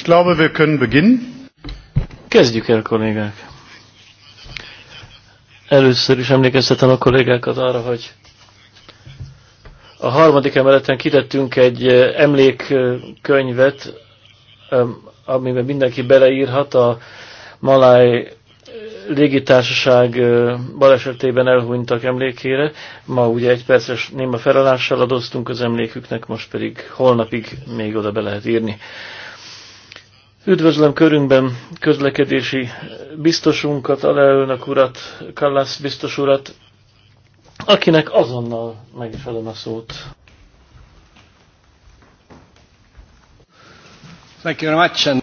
Ich glaube, wir können beginnen. Kezdjük el, kollégák. Először is emlékeztetem a kollégákat arra, hogy a harmadik emeleten kitettünk egy emlékkönyvet, amiben mindenki beleírhat a Maláj légitársaság balesetében elhunytak emlékére. Ma ugye egy perces néma felelással adoztunk az emléküknek, most pedig holnapig még oda be lehet írni Üdvözlöm körünkben közlekedési biztosunkat, alelnök urat, Kallász biztos urat, akinek azonnal meg is adom a szót. Thank you very much.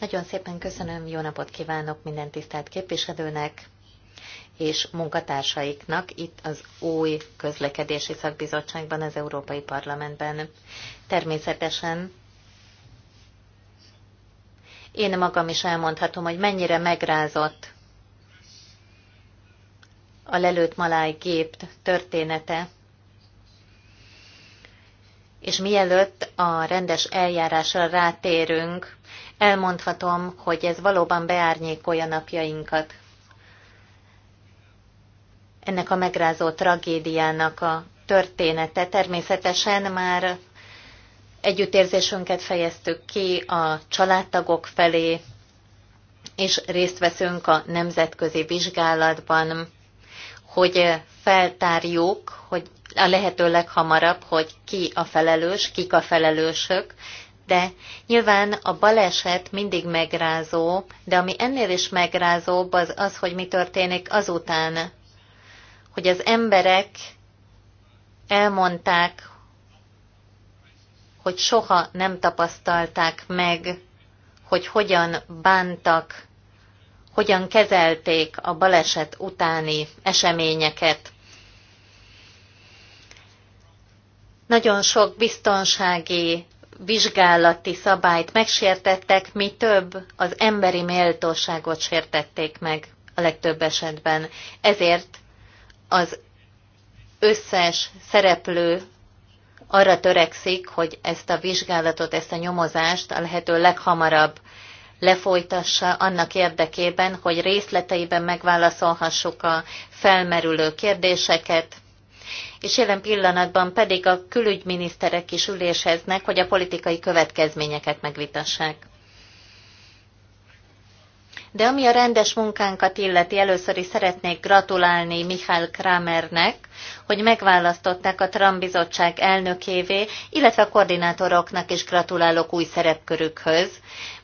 Nagyon szépen köszönöm, jó napot kívánok minden tisztelt képviselőnek és munkatársaiknak itt az új közlekedési szakbizottságban, az Európai Parlamentben. Természetesen én magam is elmondhatom, hogy mennyire megrázott a lelőtt maláj gép története. És mielőtt a rendes eljárásra rátérünk, elmondhatom, hogy ez valóban beárnyékolja napjainkat. Ennek a megrázó tragédiának a története természetesen már együttérzésünket fejeztük ki a családtagok felé, és részt veszünk a nemzetközi vizsgálatban, hogy feltárjuk, hogy a lehető leghamarabb, hogy ki a felelős, kik a felelősök, de nyilván a baleset mindig megrázó, de ami ennél is megrázóbb az az, hogy mi történik azután, hogy az emberek elmondták, hogy soha nem tapasztalták meg, hogy hogyan bántak, hogyan kezelték a baleset utáni eseményeket. Nagyon sok biztonsági vizsgálati szabályt megsértettek, mi több az emberi méltóságot sértették meg a legtöbb esetben. Ezért az összes szereplő arra törekszik, hogy ezt a vizsgálatot, ezt a nyomozást a lehető leghamarabb lefolytassa annak érdekében, hogy részleteiben megválaszolhassuk a felmerülő kérdéseket, és jelen pillanatban pedig a külügyminiszterek is üléseznek, hogy a politikai következményeket megvitassák. De ami a rendes munkánkat illeti, először is szeretnék gratulálni Mihály Kramernek, hogy megválasztották a Trump bizottság elnökévé, illetve a koordinátoroknak is gratulálok új szerepkörükhöz.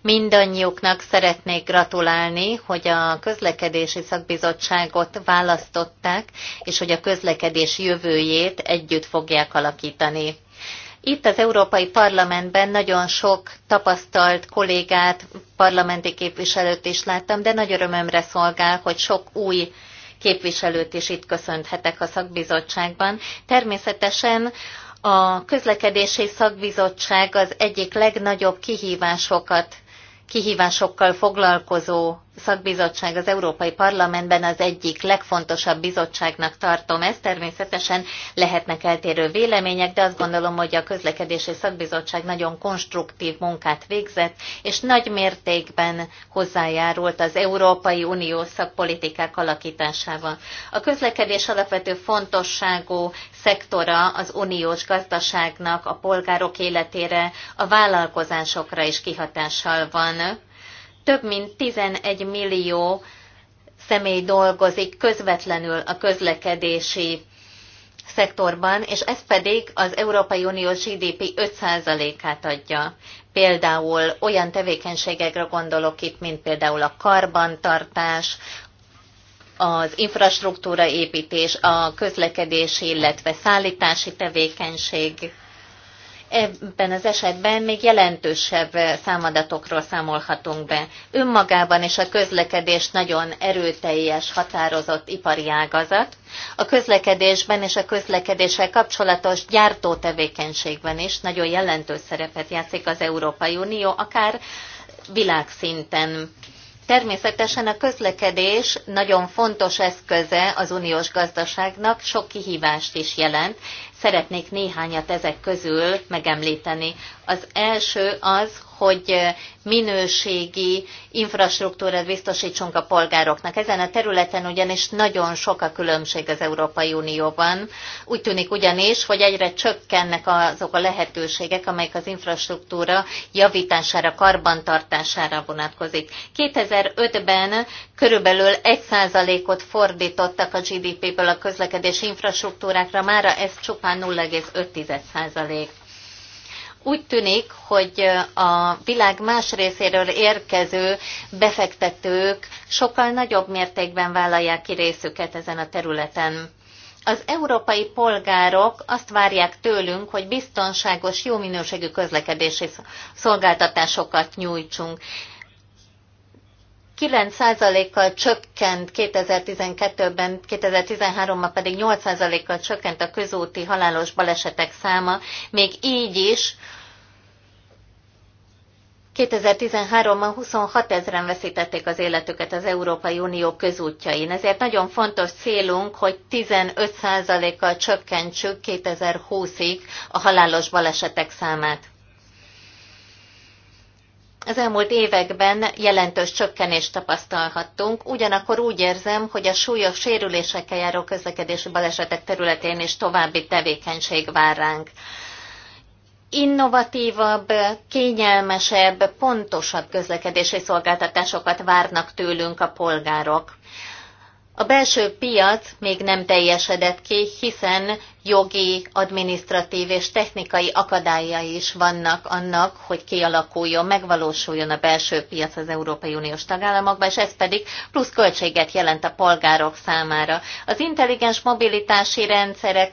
Mindannyiuknak szeretnék gratulálni, hogy a közlekedési szakbizottságot választották, és hogy a közlekedés jövőjét együtt fogják alakítani. Itt az Európai Parlamentben nagyon sok tapasztalt kollégát, parlamenti képviselőt is láttam, de nagy örömömre szolgál, hogy sok új képviselőt is itt köszönhetek a szakbizottságban. Természetesen a közlekedési szakbizottság az egyik legnagyobb kihívásokat, kihívásokkal foglalkozó szakbizottság az Európai Parlamentben az egyik legfontosabb bizottságnak tartom ezt. Természetesen lehetnek eltérő vélemények, de azt gondolom, hogy a közlekedési szakbizottság nagyon konstruktív munkát végzett, és nagy mértékben hozzájárult az Európai Unió szakpolitikák alakításával. A közlekedés alapvető fontosságú szektora az uniós gazdaságnak, a polgárok életére, a vállalkozásokra is kihatással van több mint 11 millió személy dolgozik közvetlenül a közlekedési szektorban, és ez pedig az Európai Unió GDP 5%-át adja. Például olyan tevékenységekre gondolok itt, mint például a karbantartás, az infrastruktúra építés, a közlekedési, illetve szállítási tevékenység, ebben az esetben még jelentősebb számadatokról számolhatunk be. Önmagában is a közlekedés nagyon erőteljes, határozott ipari ágazat. A közlekedésben és a közlekedéssel kapcsolatos gyártótevékenységben is nagyon jelentős szerepet játszik az Európai Unió, akár világszinten. Természetesen a közlekedés nagyon fontos eszköze az uniós gazdaságnak, sok kihívást is jelent, Szeretnék néhányat ezek közül megemlíteni. Az első az, hogy minőségi infrastruktúrát biztosítsunk a polgároknak. Ezen a területen ugyanis nagyon sok a különbség az Európai Unióban. Úgy tűnik ugyanis, hogy egyre csökkennek azok a lehetőségek, amelyek az infrastruktúra javítására, karbantartására vonatkozik. 2005-ben körülbelül 1%-ot fordítottak a GDP-ből a közlekedési infrastruktúrákra, mára ez csupán csupán 0,5%. Úgy tűnik, hogy a világ más részéről érkező befektetők sokkal nagyobb mértékben vállalják ki részüket ezen a területen. Az európai polgárok azt várják tőlünk, hogy biztonságos, jó minőségű közlekedési szolgáltatásokat nyújtsunk. 9%-kal csökkent 2012-ben, 2013-ban pedig 8%-kal csökkent a közúti halálos balesetek száma, még így is 2013-ban 26 ezeren veszítették az életüket az Európai Unió közútjain, ezért nagyon fontos célunk, hogy 15%-kal csökkentsük 2020-ig a halálos balesetek számát az elmúlt években jelentős csökkenést tapasztalhattunk, ugyanakkor úgy érzem, hogy a súlyos sérülésekkel járó közlekedési balesetek területén is további tevékenység vár ránk. Innovatívabb, kényelmesebb, pontosabb közlekedési szolgáltatásokat várnak tőlünk a polgárok. A belső piac még nem teljesedett ki, hiszen jogi, adminisztratív és technikai akadályai is vannak annak, hogy kialakuljon, megvalósuljon a belső piac az Európai Uniós tagállamokban, és ez pedig plusz költséget jelent a polgárok számára. Az intelligens mobilitási rendszerek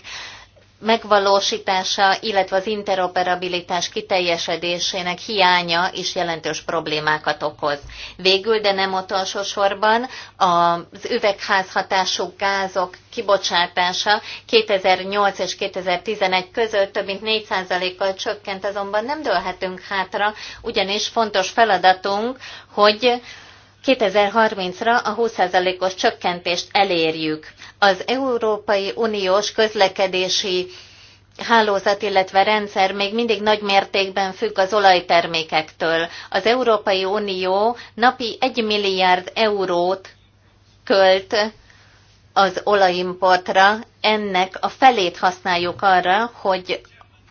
megvalósítása, illetve az interoperabilitás kiteljesedésének hiánya is jelentős problémákat okoz. Végül, de nem utolsó sorban, az üvegházhatású gázok kibocsátása 2008 és 2011 között több mint 4%-kal csökkent, azonban nem dőlhetünk hátra, ugyanis fontos feladatunk, hogy 2030-ra a 20%-os csökkentést elérjük. Az Európai Uniós közlekedési hálózat, illetve rendszer még mindig nagy mértékben függ az olajtermékektől. Az Európai Unió napi 1 milliárd eurót költ az olajimportra, ennek a felét használjuk arra, hogy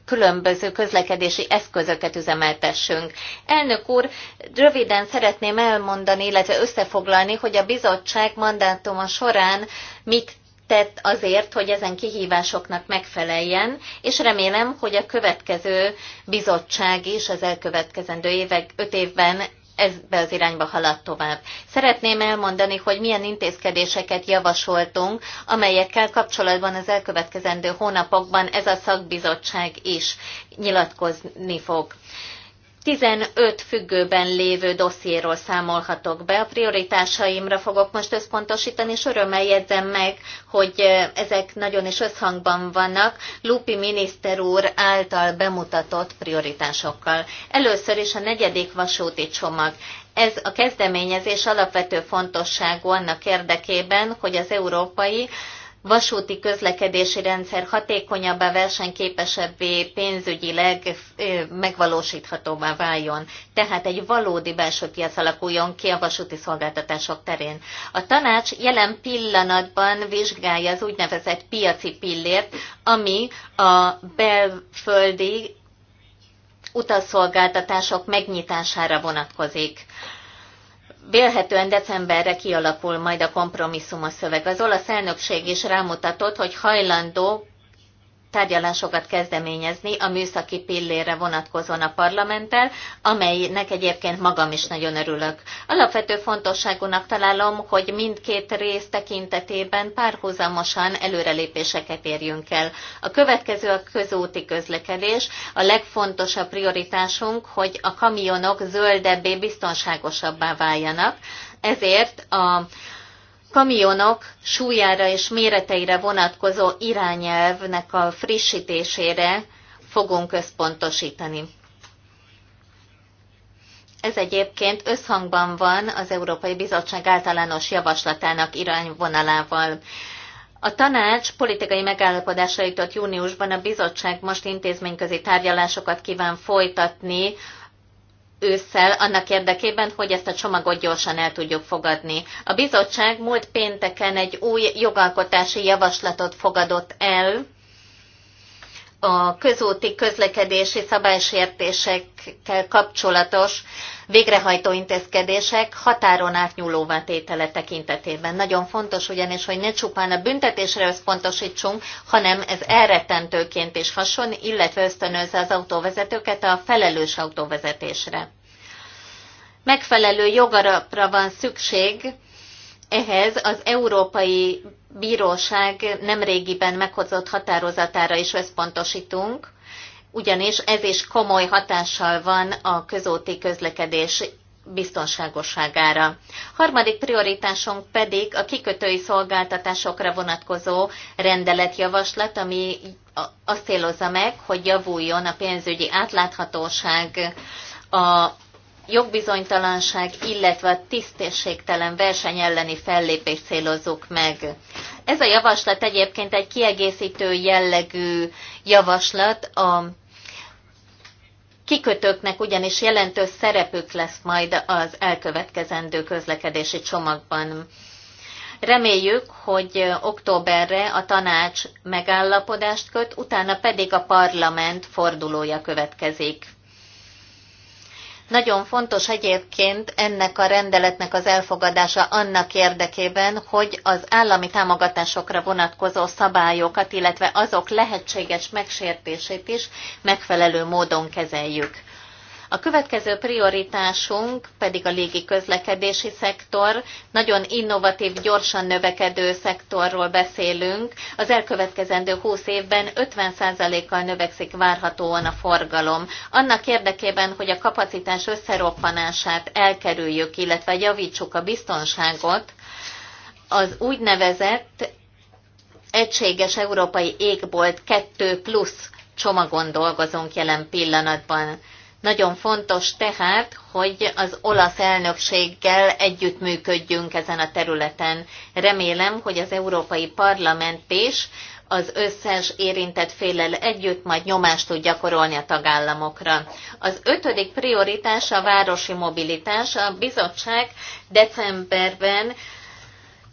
különböző közlekedési eszközöket üzemeltessünk. Elnök úr, röviden szeretném elmondani, illetve összefoglalni, hogy a bizottság mandátuma során mit tett azért, hogy ezen kihívásoknak megfeleljen, és remélem, hogy a következő bizottság is az elkövetkezendő évek, öt évben ebbe az irányba halad tovább. Szeretném elmondani, hogy milyen intézkedéseket javasoltunk, amelyekkel kapcsolatban az elkövetkezendő hónapokban ez a szakbizottság is nyilatkozni fog. 15 függőben lévő dossziéról számolhatok be. A prioritásaimra fogok most összpontosítani, és örömmel jegyzem meg, hogy ezek nagyon is összhangban vannak Lupi miniszter úr által bemutatott prioritásokkal. Először is a negyedik vasúti csomag. Ez a kezdeményezés alapvető fontosságú annak érdekében, hogy az európai vasúti közlekedési rendszer hatékonyabbá, versenyképesebbé, pénzügyileg megvalósíthatóbbá váljon. Tehát egy valódi belső piac alakuljon ki a vasúti szolgáltatások terén. A tanács jelen pillanatban vizsgálja az úgynevezett piaci pillért, ami a belföldi utasszolgáltatások megnyitására vonatkozik vélhetően decemberre kialakul majd a kompromisszum a szöveg. Az olasz elnökség is rámutatott, hogy hajlandó tárgyalásokat kezdeményezni a műszaki pillére vonatkozóan a parlamenttel, amelynek egyébként magam is nagyon örülök. Alapvető fontosságúnak találom, hogy mindkét rész tekintetében párhuzamosan előrelépéseket érjünk el. A következő a közúti közlekedés. A legfontosabb prioritásunk, hogy a kamionok zöldebbé, biztonságosabbá váljanak. Ezért a kamionok súlyára és méreteire vonatkozó irányelvnek a frissítésére fogunk összpontosítani. Ez egyébként összhangban van az Európai Bizottság általános javaslatának irányvonalával. A tanács politikai megállapodásra jutott júniusban a bizottság most intézményközi tárgyalásokat kíván folytatni ősszel annak érdekében, hogy ezt a csomagot gyorsan el tudjuk fogadni. A bizottság múlt pénteken egy új jogalkotási javaslatot fogadott el, a közúti közlekedési szabálysértésekkel kapcsolatos végrehajtó intézkedések határon átnyúló tétele tekintetében. Nagyon fontos ugyanis, hogy ne csupán a büntetésre összpontosítsunk, hanem ez elrettentőként is hason, illetve ösztönözze az autóvezetőket a felelős autóvezetésre. Megfelelő jogarapra van szükség, ehhez az európai bíróság nemrégiben meghozott határozatára is összpontosítunk, ugyanis ez is komoly hatással van a közúti közlekedés biztonságosságára. Harmadik prioritásunk pedig a kikötői szolgáltatásokra vonatkozó rendeletjavaslat, ami azt célozza meg, hogy javuljon a pénzügyi átláthatóság, a jogbizonytalanság, illetve a tisztességtelen verseny elleni fellépést célozzuk meg. Ez a javaslat egyébként egy kiegészítő jellegű javaslat, a kikötőknek ugyanis jelentős szerepük lesz majd az elkövetkezendő közlekedési csomagban. Reméljük, hogy októberre a tanács megállapodást köt, utána pedig a parlament fordulója következik. Nagyon fontos egyébként ennek a rendeletnek az elfogadása annak érdekében, hogy az állami támogatásokra vonatkozó szabályokat, illetve azok lehetséges megsértését is megfelelő módon kezeljük. A következő prioritásunk pedig a légi közlekedési szektor. Nagyon innovatív, gyorsan növekedő szektorról beszélünk. Az elkövetkezendő 20 évben 50%-kal növekszik várhatóan a forgalom. Annak érdekében, hogy a kapacitás összeroppanását elkerüljük, illetve javítsuk a biztonságot, az úgynevezett egységes európai égbolt 2 plusz csomagon dolgozunk jelen pillanatban. Nagyon fontos tehát, hogy az olasz elnökséggel együttműködjünk ezen a területen. Remélem, hogy az Európai Parlament is az összes érintett félel együtt majd nyomást tud gyakorolni a tagállamokra. Az ötödik prioritás a városi mobilitás. A bizottság decemberben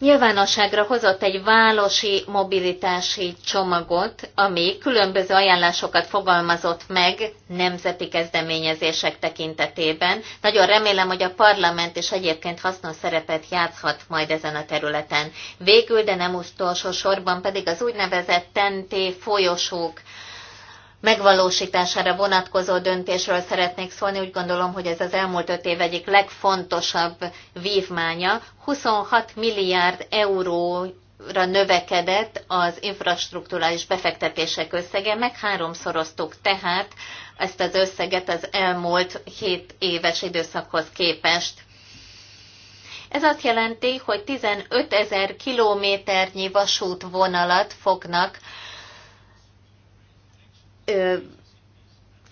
nyilvánosságra hozott egy városi mobilitási csomagot, ami különböző ajánlásokat fogalmazott meg nemzeti kezdeményezések tekintetében. Nagyon remélem, hogy a parlament is egyébként hasznos szerepet játszhat majd ezen a területen. Végül, de nem utolsó sorban pedig az úgynevezett tenté folyosók megvalósítására vonatkozó döntésről szeretnék szólni. Úgy gondolom, hogy ez az elmúlt öt év egyik legfontosabb vívmánya. 26 milliárd euróra növekedett az infrastruktúrális befektetések összege, meg háromszoroztuk tehát ezt az összeget az elmúlt 7 éves időszakhoz képest. Ez azt jelenti, hogy 15 ezer kilométernyi vasútvonalat fognak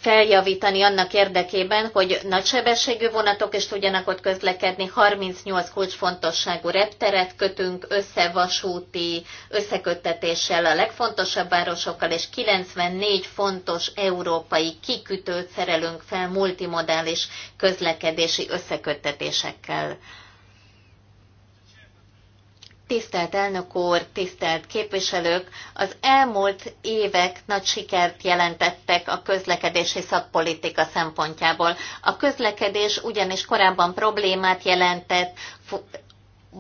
feljavítani annak érdekében, hogy nagysebességű vonatok is tudjanak ott közlekedni, 38 kulcsfontosságú repteret kötünk összevasúti összeköttetéssel a legfontosabb városokkal, és 94 fontos európai kikütőt szerelünk fel multimodális közlekedési összeköttetésekkel. Tisztelt elnök úr, tisztelt képviselők, az elmúlt évek nagy sikert jelentettek a közlekedési szakpolitika szempontjából. A közlekedés ugyanis korábban problémát jelentett,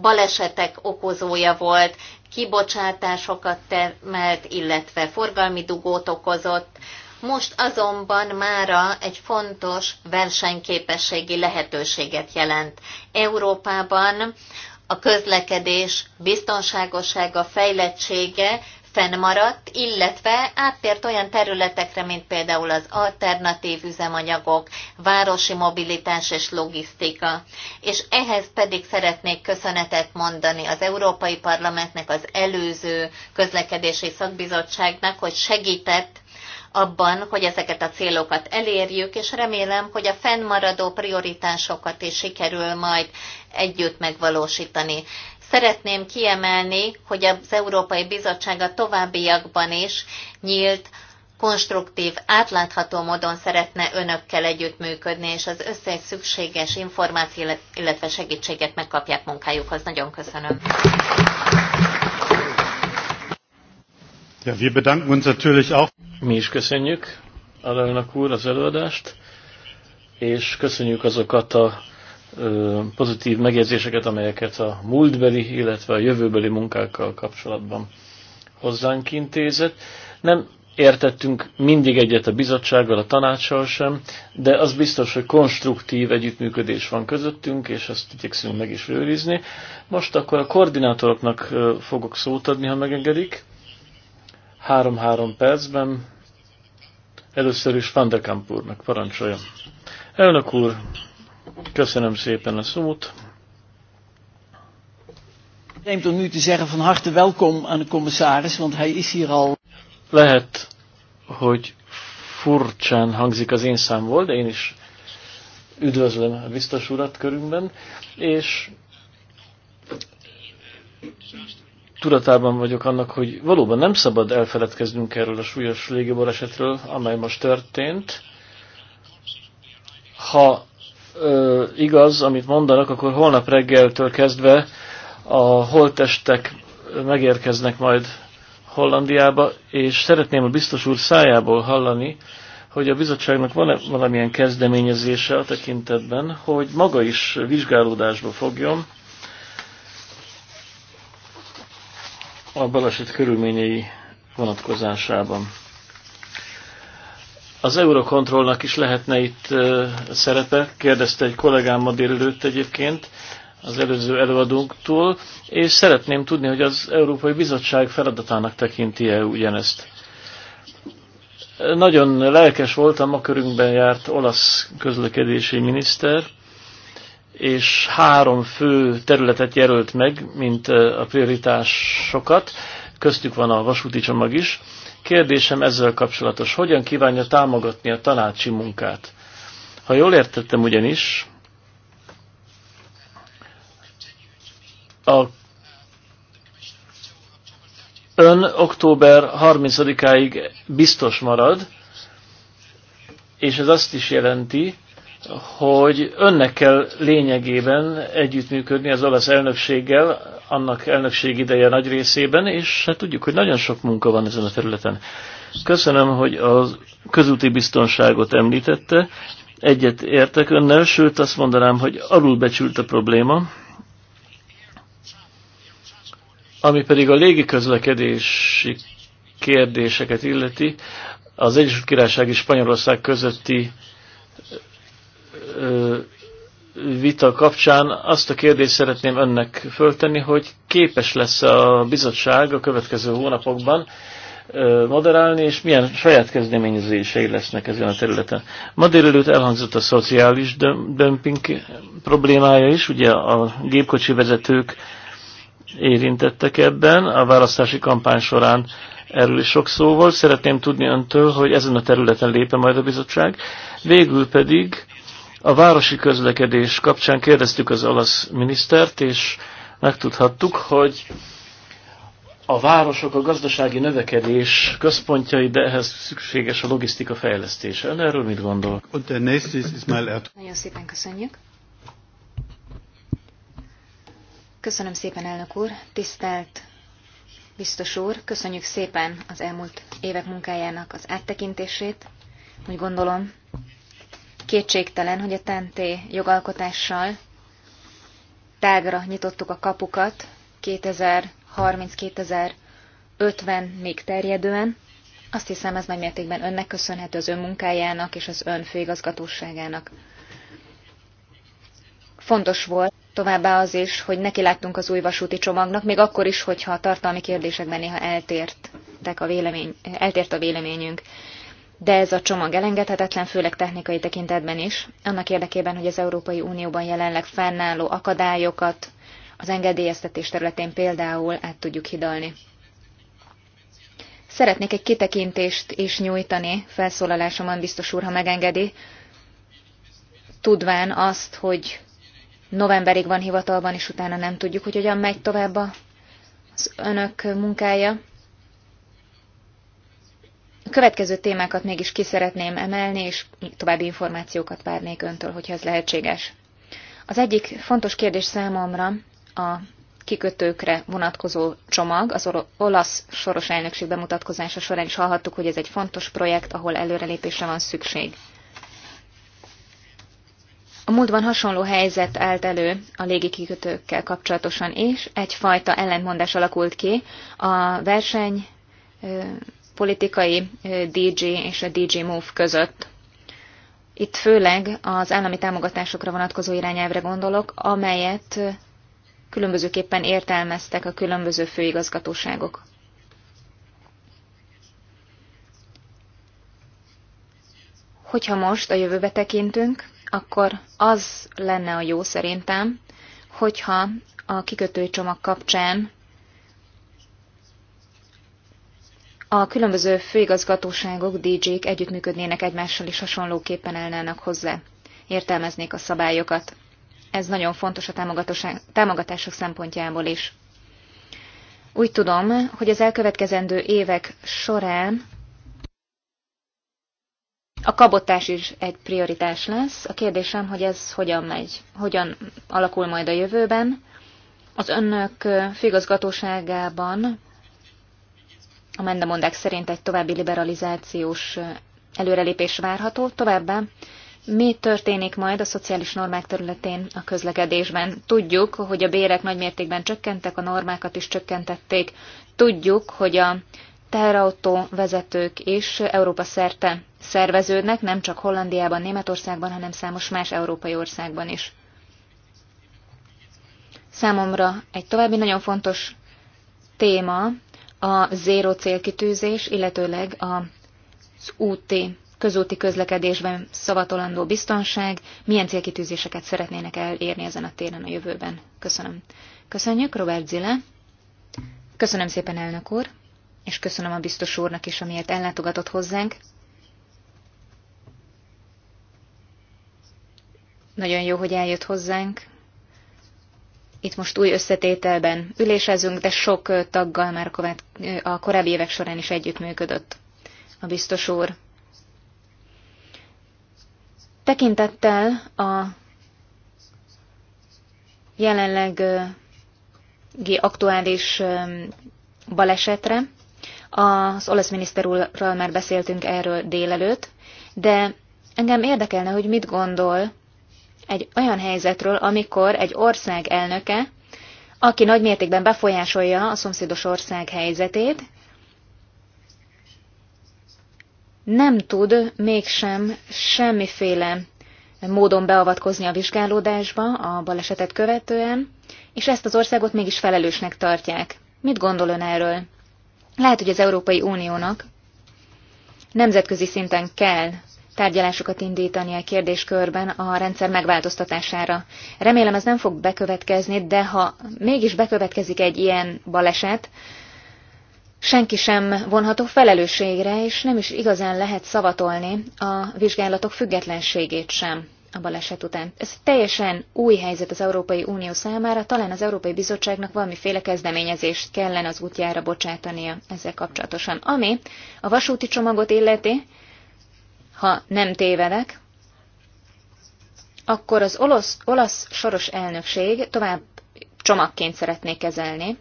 balesetek okozója volt, kibocsátásokat termelt, illetve forgalmi dugót okozott. Most azonban mára egy fontos versenyképességi lehetőséget jelent. Európában a közlekedés biztonságossága, fejlettsége fennmaradt, illetve áttért olyan területekre, mint például az alternatív üzemanyagok, városi mobilitás és logisztika. És ehhez pedig szeretnék köszönetet mondani az Európai Parlamentnek, az előző közlekedési szakbizottságnak, hogy segített abban, hogy ezeket a célokat elérjük, és remélem, hogy a fennmaradó prioritásokat is sikerül majd együtt megvalósítani. Szeretném kiemelni, hogy az Európai Bizottság a továbbiakban is nyílt, konstruktív, átlátható módon szeretne önökkel együttműködni, és az összes szükséges információ, illetve segítséget megkapják munkájukhoz. Nagyon köszönöm. Ja, wir bedanken uns natürlich auch. Mi is köszönjük alelnök úr az előadást, és köszönjük azokat a ö, pozitív megjegyzéseket, amelyeket a múltbeli, illetve a jövőbeli munkákkal kapcsolatban hozzánk intézett. Nem értettünk mindig egyet a bizottsággal, a tanácssal sem, de az biztos, hogy konstruktív együttműködés van közöttünk, és ezt igyekszünk meg is őrizni. Most akkor a koordinátoroknak fogok szót adni, ha megengedik. Három-három percben először is Van de Kamp úrnak parancsolja. Elnök úr, köszönöm szépen a szót. Neemt om nu te zeggen van harte welkom aan de commissaris, want hij is hier al. Lehet, hogy furcsán hangzik az én számból, de én is üdvözlöm a biztos urat körünkben, és tudatában vagyok annak, hogy valóban nem szabad elfeledkeznünk erről a súlyos légibalesetről, amely most történt. Ha ö, igaz, amit mondanak, akkor holnap reggeltől kezdve a holtestek megérkeznek majd Hollandiába, és szeretném a biztos úr szájából hallani, hogy a bizottságnak van-e valamilyen kezdeményezése a tekintetben, hogy maga is vizsgálódásba fogjon, a baleset körülményei vonatkozásában. Az Eurocontrolnak is lehetne itt szerepe, kérdezte egy kollégám ma délelőtt egyébként az előző előadónktól, és szeretném tudni, hogy az Európai Bizottság feladatának tekinti-e ugyanezt. Nagyon lelkes voltam, a körünkben járt olasz közlekedési miniszter, és három fő területet jelölt meg, mint a prioritásokat, köztük van a vasúti csomag is. Kérdésem ezzel kapcsolatos, hogyan kívánja támogatni a tanácsi munkát? Ha jól értettem ugyanis, a ön október 30-áig biztos marad, és ez azt is jelenti, hogy önnek kell lényegében együttműködni az olasz elnökséggel, annak elnökség ideje nagy részében, és hát tudjuk, hogy nagyon sok munka van ezen a területen. Köszönöm, hogy a közúti biztonságot említette. Egyet értek önnel, sőt azt mondanám, hogy alulbecsült a probléma, ami pedig a légiközlekedési kérdéseket illeti, az Egyesült Királyság és Spanyolország közötti vita kapcsán azt a kérdést szeretném önnek föltenni, hogy képes lesz a bizottság a következő hónapokban moderálni, és milyen saját kezdeményezései lesznek ezen a területen. Ma délelőtt elhangzott a szociális dömping problémája is, ugye a gépkocsi vezetők érintettek ebben, a választási kampány során erről is sok szó volt. Szeretném tudni öntől, hogy ezen a területen lépe majd a bizottság. Végül pedig a városi közlekedés kapcsán kérdeztük az olasz minisztert, és megtudhattuk, hogy a városok a gazdasági növekedés központjai, de ehhez szükséges a logisztika fejlesztése. Ön erről mit gondol? Nagyon szépen köszönjük. Köszönöm szépen, elnök úr. Tisztelt biztos úr, köszönjük szépen az elmúlt évek munkájának az áttekintését. Úgy gondolom, Kétségtelen, hogy a tenté jogalkotással tágra nyitottuk a kapukat 2030-2050-ig terjedően. Azt hiszem, ez nagy mértékben önnek köszönhető az ön munkájának és az ön főigazgatóságának. Fontos volt továbbá az is, hogy neki láttunk az új vasúti csomagnak, még akkor is, hogyha a tartalmi kérdésekben néha eltértek a vélemény, eltért a véleményünk de ez a csomag elengedhetetlen, főleg technikai tekintetben is, annak érdekében, hogy az Európai Unióban jelenleg fennálló akadályokat az engedélyeztetés területén például át tudjuk hidalni. Szeretnék egy kitekintést is nyújtani felszólalásomon, biztos úr, ha megengedi, tudván azt, hogy novemberig van hivatalban, és utána nem tudjuk, hogy hogyan megy tovább az önök munkája következő témákat mégis ki szeretném emelni, és további információkat várnék öntől, hogyha ez lehetséges. Az egyik fontos kérdés számomra a kikötőkre vonatkozó csomag, az olasz soros elnökség bemutatkozása során is hallhattuk, hogy ez egy fontos projekt, ahol előrelépésre van szükség. A múltban hasonló helyzet állt elő a légikikötőkkel kapcsolatosan, és egyfajta ellentmondás alakult ki a verseny politikai DJ és a DJ Move között. Itt főleg az állami támogatásokra vonatkozó irányelvre gondolok, amelyet különbözőképpen értelmeztek a különböző főigazgatóságok. Hogyha most a jövőbe tekintünk, akkor az lenne a jó szerintem, hogyha a kikötői csomag kapcsán a különböző főigazgatóságok, DJ-k együttműködnének egymással, is hasonlóképpen állnának hozzá, értelmeznék a szabályokat. Ez nagyon fontos a támogatások szempontjából is. Úgy tudom, hogy az elkövetkezendő évek során a kabotás is egy prioritás lesz. A kérdésem, hogy ez hogyan megy, hogyan alakul majd a jövőben. Az önök főigazgatóságában a mendemondák szerint egy további liberalizációs előrelépés várható. Továbbá mi történik majd a szociális normák területén a közlekedésben? Tudjuk, hogy a bérek nagymértékben csökkentek, a normákat is csökkentették. Tudjuk, hogy a teherautó vezetők is Európa szerte szerveződnek, nem csak Hollandiában, Németországban, hanem számos más európai országban is. Számomra egy további nagyon fontos téma a zéró célkitűzés, illetőleg az úti, közúti közlekedésben szavatolandó biztonság, milyen célkitűzéseket szeretnének elérni ezen a téren a jövőben. Köszönöm. Köszönjük, Robert Zile. Köszönöm szépen, elnök úr, és köszönöm a biztos úrnak is, amiért ellátogatott hozzánk. Nagyon jó, hogy eljött hozzánk, itt most új összetételben ülésezünk, de sok taggal már a korábbi évek során is együttműködött a biztos úr. Tekintettel a jelenleg aktuális balesetre, az olasz miniszter úrral már beszéltünk erről délelőtt, de engem érdekelne, hogy mit gondol egy olyan helyzetről, amikor egy ország elnöke, aki nagy mértékben befolyásolja a szomszédos ország helyzetét, nem tud mégsem semmiféle módon beavatkozni a vizsgálódásba a balesetet követően, és ezt az országot mégis felelősnek tartják. Mit gondol ön erről? Lehet, hogy az Európai Uniónak nemzetközi szinten kell tárgyalásokat indítani a kérdéskörben a rendszer megváltoztatására. Remélem ez nem fog bekövetkezni, de ha mégis bekövetkezik egy ilyen baleset, senki sem vonható felelősségre, és nem is igazán lehet szavatolni a vizsgálatok függetlenségét sem a baleset után. Ez teljesen új helyzet az Európai Unió számára, talán az Európai Bizottságnak valamiféle kezdeményezést kellene az útjára bocsátania ezzel kapcsolatosan. Ami a vasúti csomagot illeti, ha nem tévedek, akkor az olasz, olasz soros elnökség tovább csomagként szeretné kezelni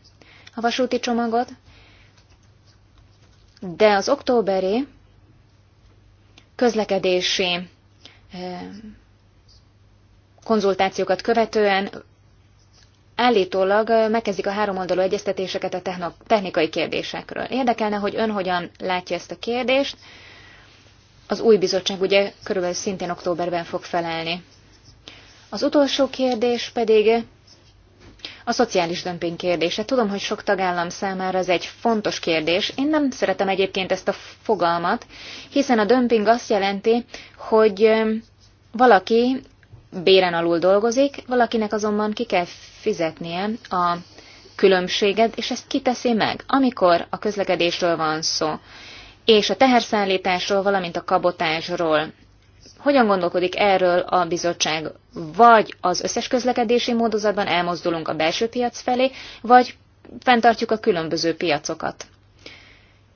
a vasúti csomagot, de az októberi közlekedési eh, konzultációkat követően állítólag eh, megkezdik a háromoldalú egyeztetéseket a technikai kérdésekről. Érdekelne, hogy ön hogyan látja ezt a kérdést, az új bizottság ugye körülbelül szintén októberben fog felelni. Az utolsó kérdés pedig a szociális dömping kérdése. Tudom, hogy sok tagállam számára ez egy fontos kérdés. Én nem szeretem egyébként ezt a fogalmat, hiszen a dömping azt jelenti, hogy valaki béren alul dolgozik, valakinek azonban ki kell fizetnie a különbséget, és ezt kiteszi meg, amikor a közlekedésről van szó és a teherszállításról, valamint a kabotásról. Hogyan gondolkodik erről a bizottság? Vagy az összes közlekedési módozatban elmozdulunk a belső piac felé, vagy fenntartjuk a különböző piacokat?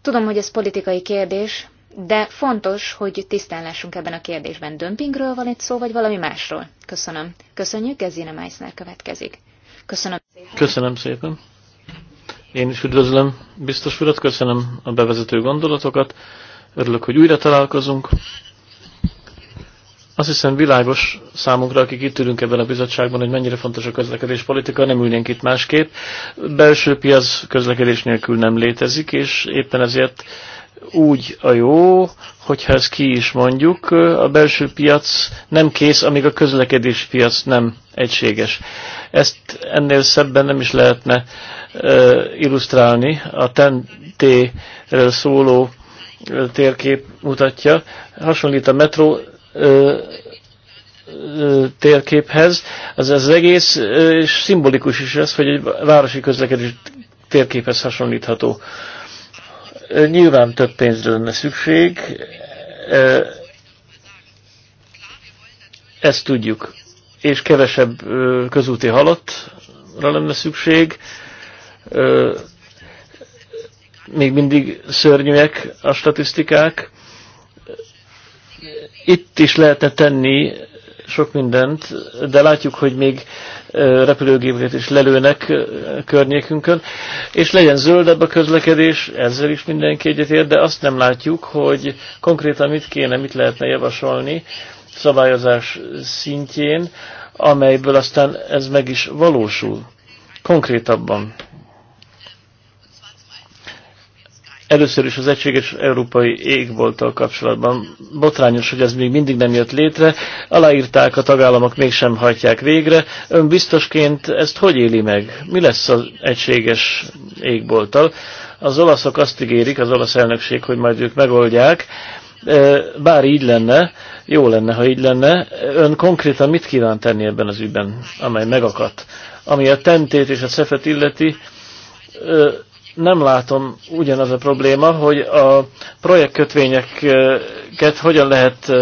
Tudom, hogy ez politikai kérdés, de fontos, hogy tisztán lássunk ebben a kérdésben. Dömpingről van itt szó, vagy valami másról? Köszönöm. Köszönjük, Gezina Meissner következik. Köszönöm szépen. Köszönöm szépen. Én is üdvözlöm, biztos urat, köszönöm a bevezető gondolatokat. Örülök, hogy újra találkozunk. Azt hiszem világos számunkra, akik itt ülünk ebben a bizottságban, hogy mennyire fontos a közlekedés politika, nem ülnénk itt másképp. Belső piac közlekedés nélkül nem létezik, és éppen ezért úgy a jó, hogyha ezt ki is mondjuk, a belső piac nem kész, amíg a közlekedési piac nem egységes. Ezt ennél szebben nem is lehetne illusztrálni. A ten ről szóló térkép mutatja. Hasonlít a metró térképhez. Az, az egész, és szimbolikus is ez, hogy egy városi közlekedés térképhez hasonlítható. Nyilván több pénzre lenne szükség, ezt tudjuk. És kevesebb közúti halottra lenne szükség. Még mindig szörnyűek a statisztikák. Itt is lehetne tenni sok mindent, de látjuk, hogy még repülőgépeket is lelőnek környékünkön, és legyen zöldebb a közlekedés, ezzel is mindenki egyetért, de azt nem látjuk, hogy konkrétan mit kéne, mit lehetne javasolni szabályozás szintjén, amelyből aztán ez meg is valósul konkrétabban. Először is az egységes európai égbolttal kapcsolatban. Botrányos, hogy ez még mindig nem jött létre. Aláírták, a tagállamok mégsem hajtják végre. Ön biztosként ezt hogy éli meg? Mi lesz az egységes égbolttal? Az olaszok azt ígérik, az olasz elnökség, hogy majd ők megoldják. Bár így lenne, jó lenne, ha így lenne, ön konkrétan mit kíván tenni ebben az ügyben, amely megakadt? Ami a tentét és a szefet illeti, nem látom ugyanaz a probléma, hogy a projektkötvényeket hogyan lehet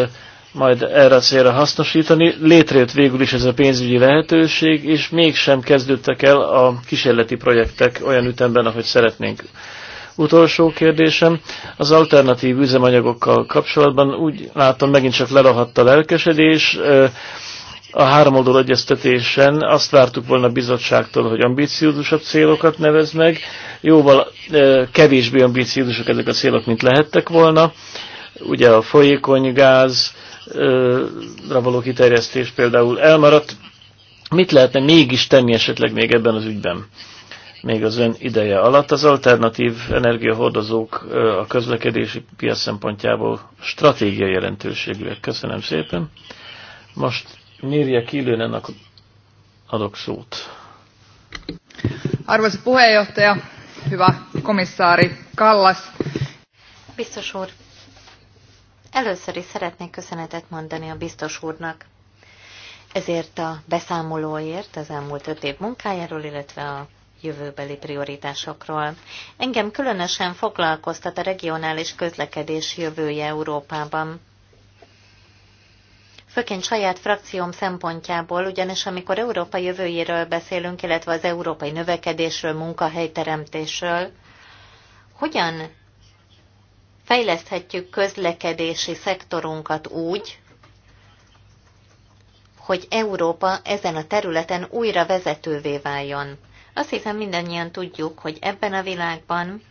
majd erre a célra hasznosítani. Létrejött végül is ez a pénzügyi lehetőség, és mégsem kezdődtek el a kísérleti projektek olyan ütemben, ahogy szeretnénk. Utolsó kérdésem, az alternatív üzemanyagokkal kapcsolatban úgy látom, megint csak lerahadt a lelkesedés, a háromoldal egyeztetésen azt vártuk volna a bizottságtól, hogy ambíciózusabb célokat nevez meg, jóval e, kevésbé ambíciózusok ezek a célok, mint lehettek volna. Ugye a folyékony gázra e, való kiterjesztés például elmaradt. Mit lehetne mégis tenni esetleg még ebben az ügyben? még az ön ideje alatt. Az alternatív energiahordozók e, a közlekedési piac szempontjából stratégiai jelentőségűek. Köszönöm szépen. Most Mirja Kilönen, adok szót. Arvoisa puheenjohtaja, hyvä komissaari Kallas. Biztos úr, először is szeretnék köszönetet mondani a biztos úrnak ezért a beszámolóért az elmúlt öt év munkájáról, illetve a jövőbeli prioritásokról. Engem különösen foglalkoztat a regionális közlekedés jövője Európában főként saját frakcióm szempontjából, ugyanis amikor Európa jövőjéről beszélünk, illetve az európai növekedésről, munkahelyteremtésről, hogyan fejleszthetjük közlekedési szektorunkat úgy, hogy Európa ezen a területen újra vezetővé váljon. Azt hiszem mindannyian tudjuk, hogy ebben a világban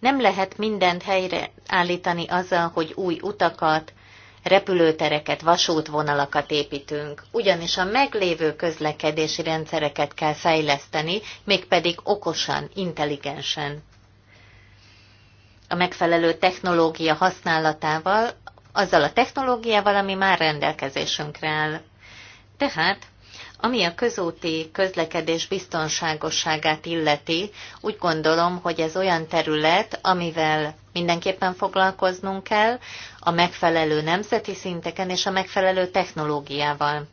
Nem lehet mindent helyre állítani azzal, hogy új utakat, repülőtereket, vasútvonalakat építünk, ugyanis a meglévő közlekedési rendszereket kell fejleszteni, mégpedig okosan, intelligensen. A megfelelő technológia használatával, azzal a technológiával, ami már rendelkezésünkre áll. Tehát ami a közúti közlekedés biztonságosságát illeti, úgy gondolom, hogy ez olyan terület, amivel mindenképpen foglalkoznunk kell, a megfelelő nemzeti szinteken és a megfelelő technológiával.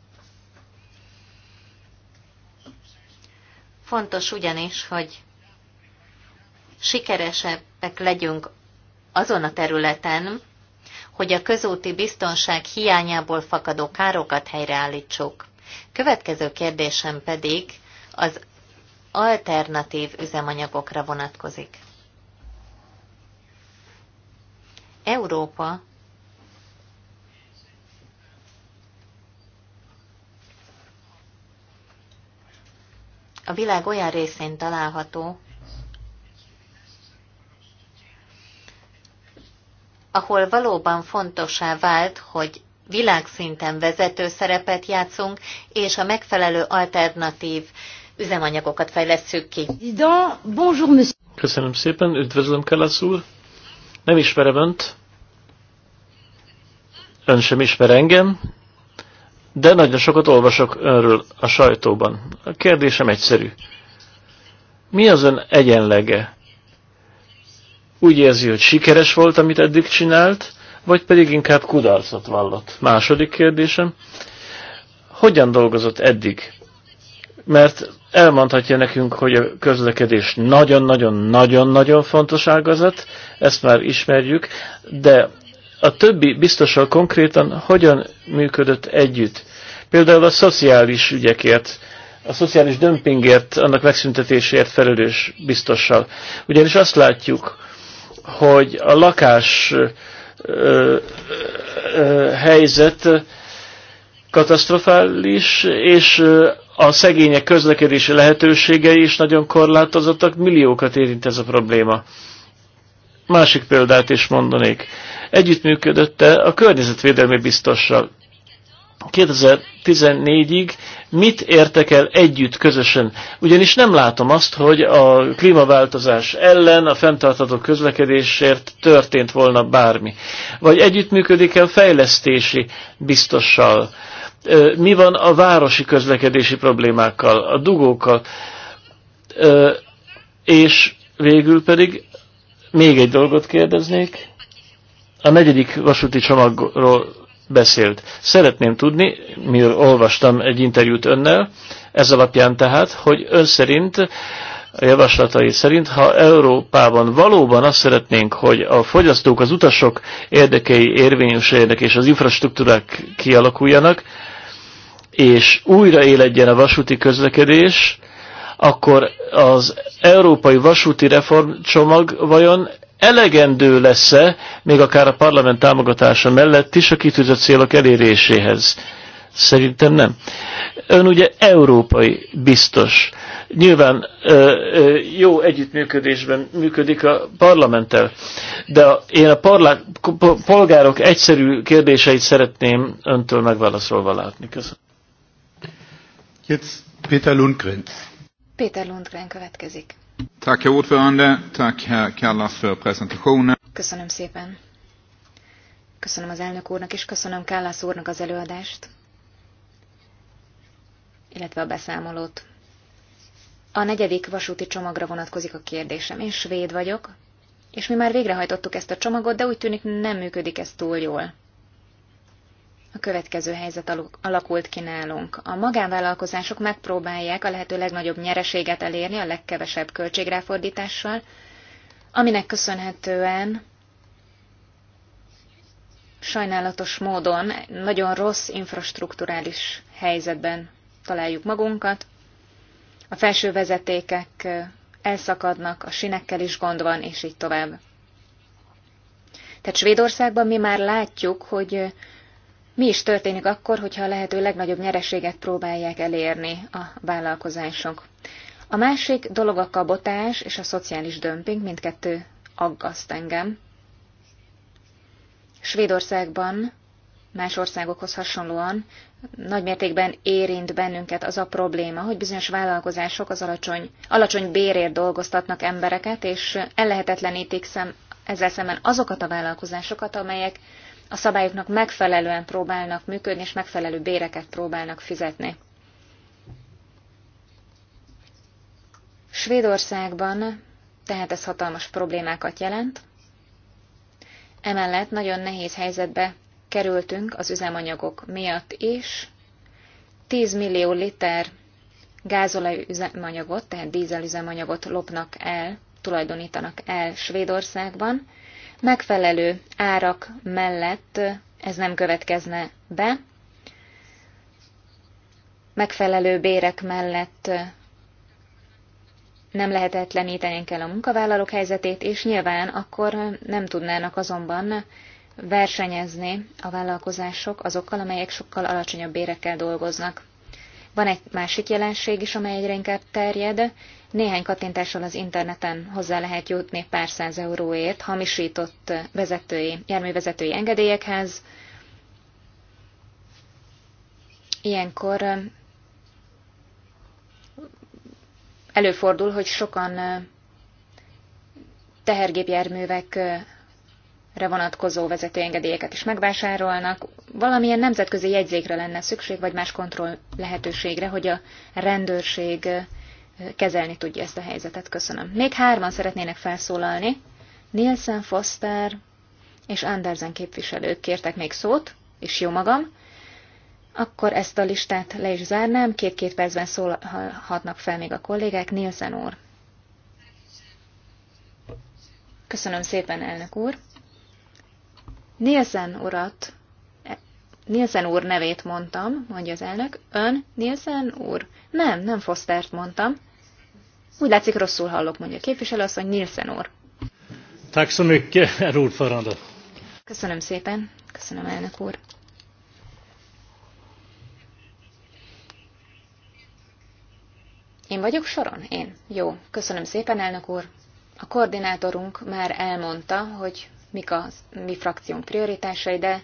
Fontos ugyanis, hogy sikeresebbek legyünk azon a területen, hogy a közúti biztonság hiányából fakadó károkat helyreállítsuk. Következő kérdésem pedig az alternatív üzemanyagokra vonatkozik. Európa a világ olyan részén található, ahol valóban fontosá vált, hogy világszinten vezető szerepet játszunk, és a megfelelő alternatív üzemanyagokat fejlesztjük ki. Köszönöm szépen, üdvözlöm Kalasz úr. Nem ismerem önt. Ön sem ismer engem, de nagyon sokat olvasok önről a sajtóban. A kérdésem egyszerű. Mi az ön egyenlege? Úgy érzi, hogy sikeres volt, amit eddig csinált, vagy pedig inkább kudarcot vallott? Második kérdésem, hogyan dolgozott eddig? Mert elmondhatja nekünk, hogy a közlekedés nagyon-nagyon-nagyon-nagyon fontos ágazat, ezt már ismerjük, de a többi biztosan konkrétan hogyan működött együtt? Például a szociális ügyekért, a szociális dömpingért, annak megszüntetéséért felelős biztossal. Ugyanis azt látjuk, hogy a lakás ö, ö, helyzet katasztrofális, és a szegények közlekedési lehetőségei is nagyon korlátozottak, milliókat érint ez a probléma. Másik példát is mondanék. Együttműködötte a környezetvédelmi biztossal. 2014-ig mit értek el együtt, közösen. Ugyanis nem látom azt, hogy a klímaváltozás ellen, a fenntartató közlekedésért történt volna bármi. Vagy együttműködik-e a fejlesztési biztossal? Mi van a városi közlekedési problémákkal, a dugókkal? És végül pedig még egy dolgot kérdeznék. A negyedik vasúti csomagról beszélt. Szeretném tudni, miről olvastam egy interjút önnel, ez alapján tehát, hogy ön szerint, a javaslatai szerint, ha Európában valóban azt szeretnénk, hogy a fogyasztók, az utasok érdekei érvényesüljenek és az infrastruktúrák kialakuljanak, és újra éledjen a vasúti közlekedés, akkor az európai vasúti reformcsomag vajon elegendő lesz-e, még akár a parlament támogatása mellett is a kitűzött célok eléréséhez. Szerintem nem. Ön ugye európai biztos. Nyilván ö, ö, jó együttműködésben működik a parlamenttel, de a, én a parlá, polgárok egyszerű kérdéseit szeretném öntől megválaszolva látni. Köszönöm. Jetzt Péter Lundgren. Péter Lundgren következik. Tack, ordförande. Tack, herr Kallas, för presentationen. Köszönöm szépen. Köszönöm az elnök úrnak, és köszönöm Kállász úrnak az előadást, illetve a beszámolót. A negyedik vasúti csomagra vonatkozik a kérdésem. Én svéd vagyok, és mi már végrehajtottuk ezt a csomagot, de úgy tűnik nem működik ez túl jól a következő helyzet alakult ki nálunk. A magánvállalkozások megpróbálják a lehető legnagyobb nyereséget elérni a legkevesebb költségráfordítással, aminek köszönhetően sajnálatos módon nagyon rossz infrastruktúrális helyzetben találjuk magunkat. A felső vezetékek elszakadnak, a sinekkel is gond van, és így tovább. Tehát Svédországban mi már látjuk, hogy mi is történik akkor, hogyha a lehető legnagyobb nyereséget próbálják elérni a vállalkozások. A másik dolog a kabotás és a szociális dömping, mindkettő aggaszt engem. Svédországban más országokhoz hasonlóan nagymértékben érint bennünket az a probléma, hogy bizonyos vállalkozások az alacsony, alacsony bérért dolgoztatnak embereket, és ellehetetlenítik szem, ezzel szemben azokat a vállalkozásokat, amelyek a szabályoknak megfelelően próbálnak működni, és megfelelő béreket próbálnak fizetni. Svédországban tehát ez hatalmas problémákat jelent. Emellett nagyon nehéz helyzetbe kerültünk az üzemanyagok miatt is. 10 millió liter gázolaj üzemanyagot, tehát dízelüzemanyagot lopnak el, tulajdonítanak el Svédországban, megfelelő árak mellett ez nem következne be, megfelelő bérek mellett nem lehetetlenítenénk el a munkavállalók helyzetét, és nyilván akkor nem tudnának azonban versenyezni a vállalkozások azokkal, amelyek sokkal alacsonyabb bérekkel dolgoznak. Van egy másik jelenség is, amely egyre inkább terjed, néhány kattintással az interneten hozzá lehet jutni pár száz euróért hamisított vezetői, járművezetői engedélyekhez. Ilyenkor előfordul, hogy sokan tehergépjárművekre vonatkozó vezetőengedélyeket is megvásárolnak. Valamilyen nemzetközi jegyzékre lenne szükség, vagy más kontroll lehetőségre, hogy a rendőrség kezelni tudja ezt a helyzetet. Köszönöm. Még hárman szeretnének felszólalni. Nielsen, Foster és Andersen képviselők kértek még szót, és jó magam. Akkor ezt a listát le is zárnám, két-két percben szólhatnak fel még a kollégák. Nielsen úr. Köszönöm szépen, elnök úr. Nielsen urat Nielsen úr nevét mondtam, mondja az elnök. Ön, Nielsen úr? Nem, nem Fostert mondtam. Úgy látszik, rosszul hallok, mondja a képviselő mondja, Nielsen úr. Köszönöm szépen. Köszönöm, elnök úr. Én vagyok soron? Én. Jó. Köszönöm szépen, elnök úr. A koordinátorunk már elmondta, hogy mik a mi frakciónk prioritásai, de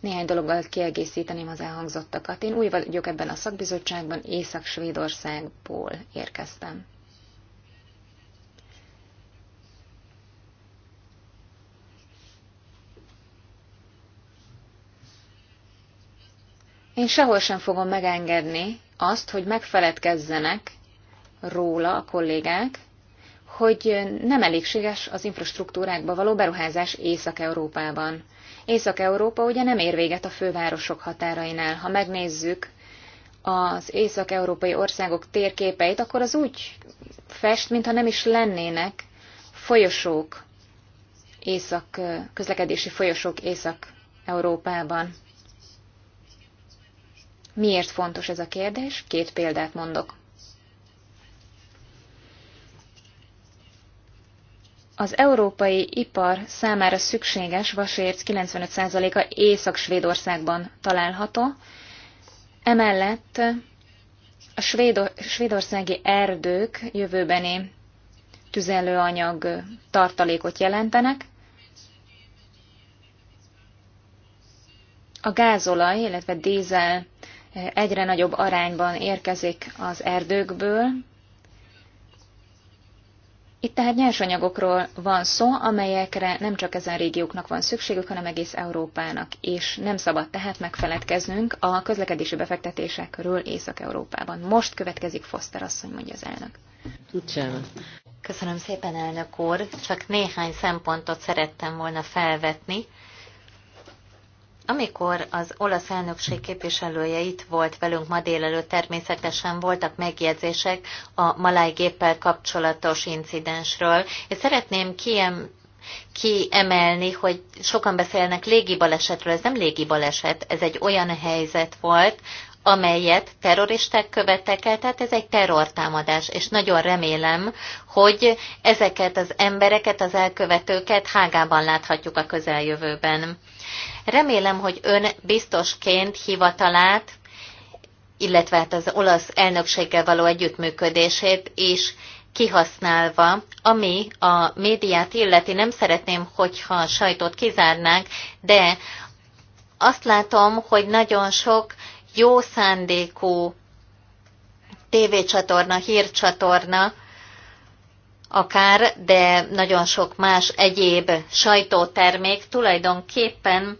néhány dologgal kiegészíteném az elhangzottakat. Én új vagyok ebben a szakbizottságban, Észak-Svédországból érkeztem. Én sehol sem fogom megengedni azt, hogy megfeledkezzenek róla a kollégák, hogy nem elégséges az infrastruktúrákba való beruházás Észak-Európában. Észak-Európa ugye nem ér véget a fővárosok határainál. Ha megnézzük az észak-európai országok térképeit, akkor az úgy fest, mintha nem is lennének folyosók, észak, közlekedési folyosók Észak-Európában. Miért fontos ez a kérdés? Két példát mondok. az európai ipar számára szükséges vasérc 95%-a Észak-Svédországban található, emellett a svédo- svédországi erdők jövőbeni tüzelőanyag tartalékot jelentenek, a gázolaj, illetve dízel egyre nagyobb arányban érkezik az erdőkből, itt tehát nyersanyagokról van szó, amelyekre nem csak ezen régióknak van szükségük, hanem egész Európának, és nem szabad tehát megfeledkeznünk a közlekedési befektetésekről Észak-Európában. Most következik Foster asszony, mondja az elnök. Köszönöm. Köszönöm szépen, elnök úr. Csak néhány szempontot szerettem volna felvetni, amikor az olasz elnökség képviselője itt volt velünk ma délelőtt, természetesen voltak megjegyzések a maláj géppel kapcsolatos incidensről, és szeretném kiem kiemelni, hogy sokan beszélnek légi balesetről, ez nem légi baleset, ez egy olyan helyzet volt, amelyet terroristák követtek el, tehát ez egy terrortámadás, és nagyon remélem, hogy ezeket az embereket, az elkövetőket hágában láthatjuk a közeljövőben. Remélem, hogy ön biztosként hivatalát, illetve hát az olasz elnökséggel való együttműködését is kihasználva, ami a médiát illeti, nem szeretném, hogyha a sajtót kizárnánk, de azt látom, hogy nagyon sok jó szándékú tévécsatorna, hírcsatorna, akár, de nagyon sok más egyéb sajtótermék tulajdonképpen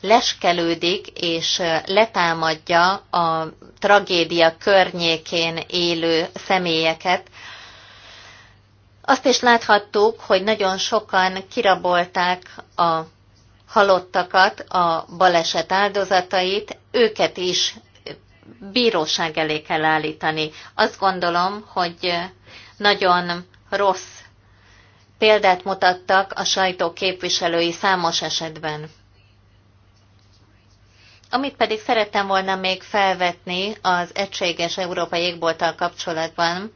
leskelődik és letámadja a tragédia környékén élő személyeket. Azt is láthattuk, hogy nagyon sokan kirabolták a halottakat, a baleset áldozatait, őket is bíróság elé kell állítani. Azt gondolom, hogy nagyon rossz példát mutattak a sajtó képviselői számos esetben. Amit pedig szerettem volna még felvetni az egységes európai égbolttal kapcsolatban,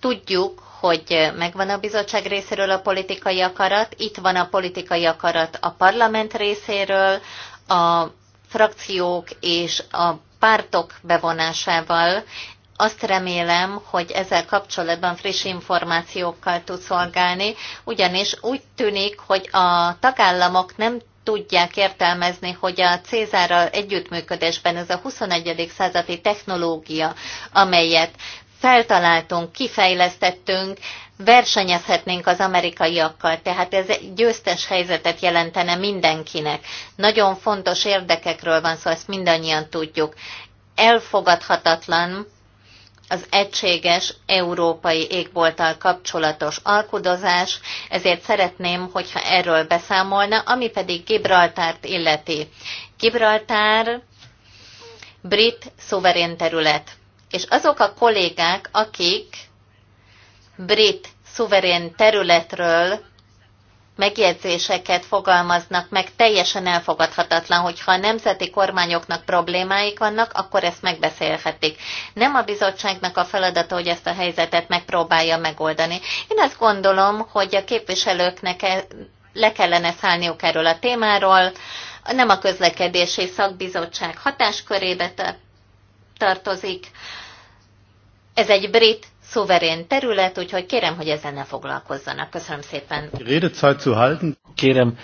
tudjuk, hogy megvan a bizottság részéről a politikai akarat, itt van a politikai akarat a parlament részéről, a frakciók és a pártok bevonásával. Azt remélem, hogy ezzel kapcsolatban friss információkkal tud szolgálni, ugyanis úgy tűnik, hogy a tagállamok nem tudják értelmezni, hogy a Cézárral együttműködésben ez a 21. századi technológia, amelyet feltaláltunk, kifejlesztettünk, versenyezhetnénk az amerikaiakkal, tehát ez egy győztes helyzetet jelentene mindenkinek. Nagyon fontos érdekekről van szó, ezt mindannyian tudjuk. Elfogadhatatlan az egységes európai égbolttal kapcsolatos alkudozás, ezért szeretném, hogyha erről beszámolna, ami pedig Gibraltárt illeti. Gibraltár brit szuverén terület és azok a kollégák, akik brit szuverén területről megjegyzéseket fogalmaznak meg, teljesen elfogadhatatlan, hogyha a nemzeti kormányoknak problémáik vannak, akkor ezt megbeszélhetik. Nem a bizottságnak a feladata, hogy ezt a helyzetet megpróbálja megoldani. Én azt gondolom, hogy a képviselőknek e- le kellene szállniuk erről a témáról, nem a közlekedési szakbizottság hatáskörébe tartozik, ez egy brit szuverén terület, úgyhogy kérem, hogy ezzel ne foglalkozzanak. Köszönöm szépen. Redezeit zu halten. Kérem,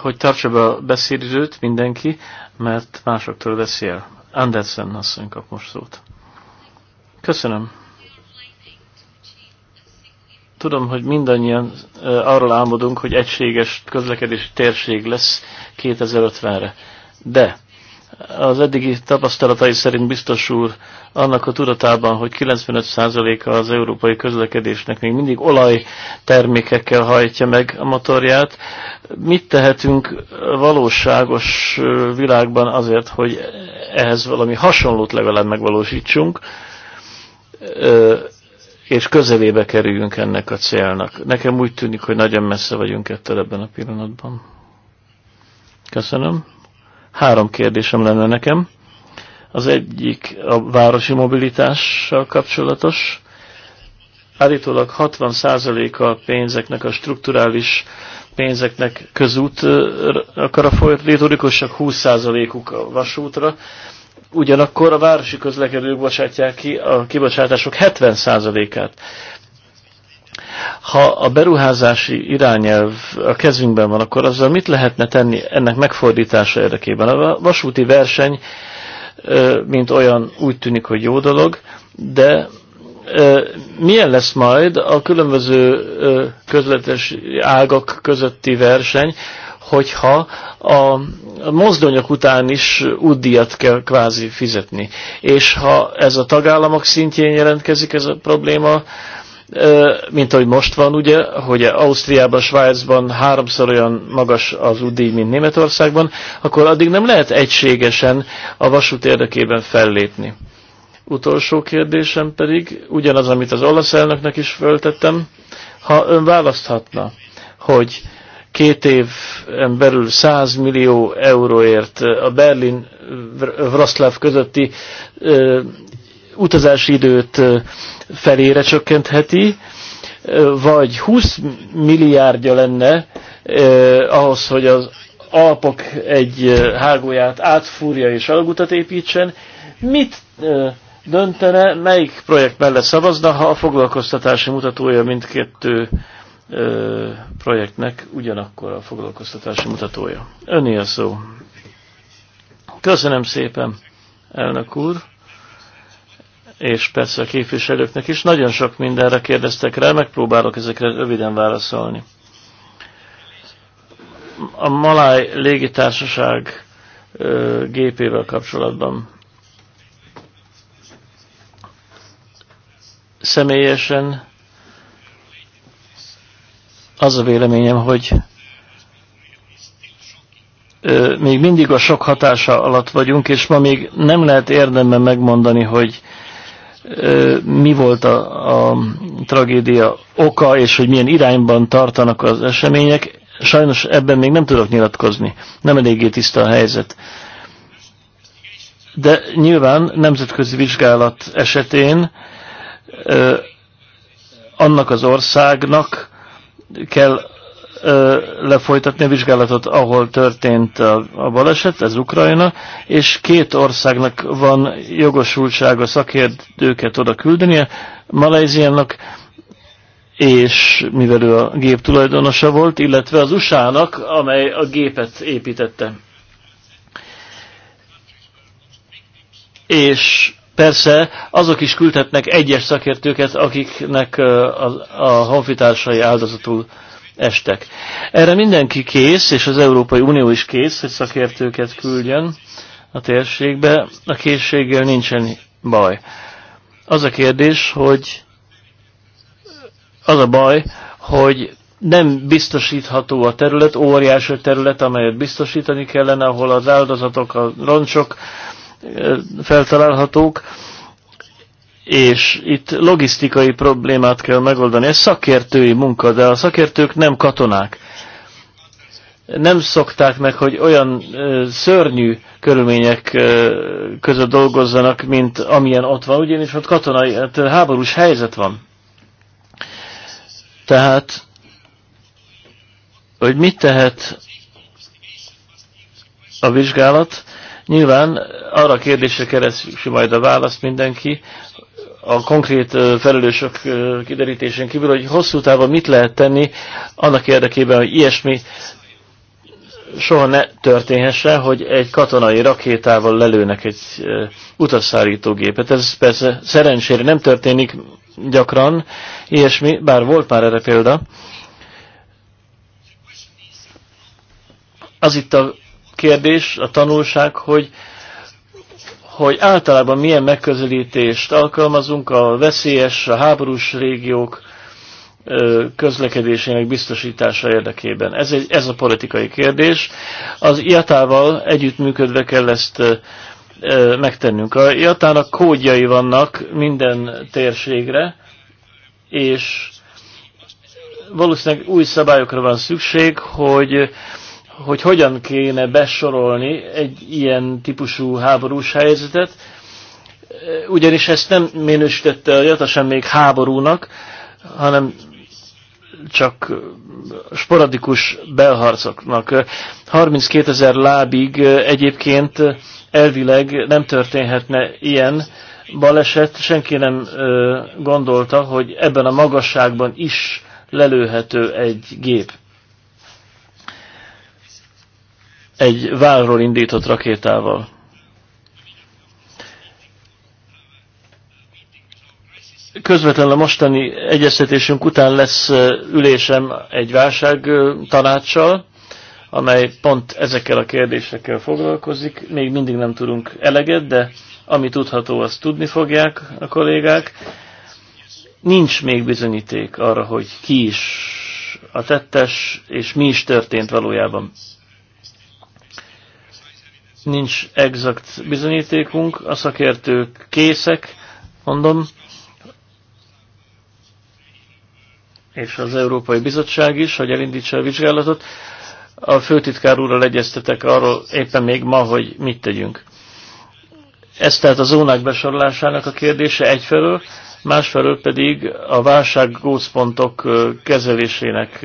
hogy tartsa be a beszélőt mindenki, mert másoktól beszél. Andersen asszony kap most szót. Köszönöm. Tudom, hogy mindannyian arról álmodunk, hogy egységes közlekedési térség lesz 2050-re. De az eddigi tapasztalatai szerint biztos úr annak a tudatában, hogy 95%-a az európai közlekedésnek még mindig olajtermékekkel hajtja meg a motorját. Mit tehetünk valóságos világban azért, hogy ehhez valami hasonlót legalább megvalósítsunk? és közelébe kerüljünk ennek a célnak. Nekem úgy tűnik, hogy nagyon messze vagyunk ettől ebben a pillanatban. Köszönöm. Három kérdésem lenne nekem. Az egyik a városi mobilitással kapcsolatos. Állítólag 60% a pénzeknek, a strukturális pénzeknek akar a folyt, csak 20%-uk a vasútra. Ugyanakkor a városi közlekedők bocsátják ki a kibocsátások 70%-át. Ha a beruházási irányelv a kezünkben van, akkor azzal mit lehetne tenni ennek megfordítása érdekében? A vasúti verseny, mint olyan úgy tűnik, hogy jó dolog, de milyen lesz majd a különböző közletes ágak közötti verseny, hogyha a mozdonyok után is útdíjat kell kvázi fizetni. És ha ez a tagállamok szintjén jelentkezik ez a probléma, mint ahogy most van, ugye, hogy Ausztriában, Svájcban háromszor olyan magas az UDI, mint Németországban, akkor addig nem lehet egységesen a vasút érdekében fellépni. Utolsó kérdésem pedig, ugyanaz, amit az olasz elnöknek is föltettem, ha ön választhatna, hogy két év belül 100 millió euróért a Berlin-Vraszláv közötti utazási időt felére csökkentheti, vagy 20 milliárdja lenne eh, ahhoz, hogy az Alpok egy hágóját átfúrja és alagutat építsen, mit eh, döntene, melyik projekt mellett szavazna, ha a foglalkoztatási mutatója mindkettő eh, projektnek ugyanakkor a foglalkoztatási mutatója. Öné a szó. Köszönöm szépen, elnök úr és persze a képviselőknek is. Nagyon sok mindenre kérdeztek rá, megpróbálok ezekre röviden válaszolni. A Maláj légitársaság gépével kapcsolatban személyesen az a véleményem, hogy még mindig a sok hatása alatt vagyunk, és ma még nem lehet érdemben megmondani, hogy mi volt a, a tragédia oka, és hogy milyen irányban tartanak az események. Sajnos ebben még nem tudok nyilatkozni. Nem eléggé tiszta a helyzet. De nyilván nemzetközi vizsgálat esetén annak az országnak kell lefolytatni a vizsgálatot, ahol történt a, a baleset, ez Ukrajna, és két országnak van jogosultsága szakértőket oda küldenie, Malajziának, és mivel ő a gép tulajdonosa volt, illetve az USA-nak, amely a gépet építette. És persze azok is küldhetnek egyes szakértőket, akiknek a, a honfitársai áldozatul estek. Erre mindenki kész, és az Európai Unió is kész, hogy szakértőket küldjen a térségbe. A készséggel nincsen baj. Az a kérdés, hogy az a baj, hogy nem biztosítható a terület, óriási a terület, amelyet biztosítani kellene, ahol az áldozatok, a roncsok feltalálhatók, és itt logisztikai problémát kell megoldani. Ez szakértői munka, de a szakértők nem katonák. Nem szokták meg, hogy olyan szörnyű körülmények között dolgozzanak, mint amilyen ott van, ugyanis ott katonai, hát háborús helyzet van. Tehát, hogy mit tehet a vizsgálat, Nyilván arra kérdésre keresztül majd a választ mindenki, a konkrét felelősök kiderítésén kívül, hogy hosszú távon mit lehet tenni annak érdekében, hogy ilyesmi soha ne történhessen, hogy egy katonai rakétával lelőnek egy utasszállítógépet. Ez persze szerencsére nem történik gyakran, ilyesmi, bár volt már erre példa. Az itt a kérdés, a tanulság, hogy hogy általában milyen megközelítést alkalmazunk a veszélyes, a háborús régiók közlekedésének biztosítása érdekében. Ez, egy, ez a politikai kérdés. Az IATA-val együttműködve kell ezt megtennünk. A IATA-nak kódjai vannak minden térségre, és valószínűleg új szabályokra van szükség, hogy hogy hogyan kéne besorolni egy ilyen típusú háborús helyzetet, ugyanis ezt nem minősítette a Jata sem még háborúnak, hanem csak sporadikus belharcoknak. 32 ezer lábig egyébként elvileg nem történhetne ilyen baleset, senki nem gondolta, hogy ebben a magasságban is lelőhető egy gép. egy várról indított rakétával. Közvetlenül a mostani egyeztetésünk után lesz ülésem egy válság tanácssal, amely pont ezekkel a kérdésekkel foglalkozik. Még mindig nem tudunk eleget, de ami tudható, azt tudni fogják a kollégák. Nincs még bizonyíték arra, hogy ki is a tettes, és mi is történt valójában nincs exakt bizonyítékunk, a szakértők készek, mondom, és az Európai Bizottság is, hogy elindítsa a vizsgálatot. A főtitkár úrral egyeztetek arról éppen még ma, hogy mit tegyünk. Ez tehát a zónák besorolásának a kérdése egyfelől, másfelől pedig a válság gócpontok kezelésének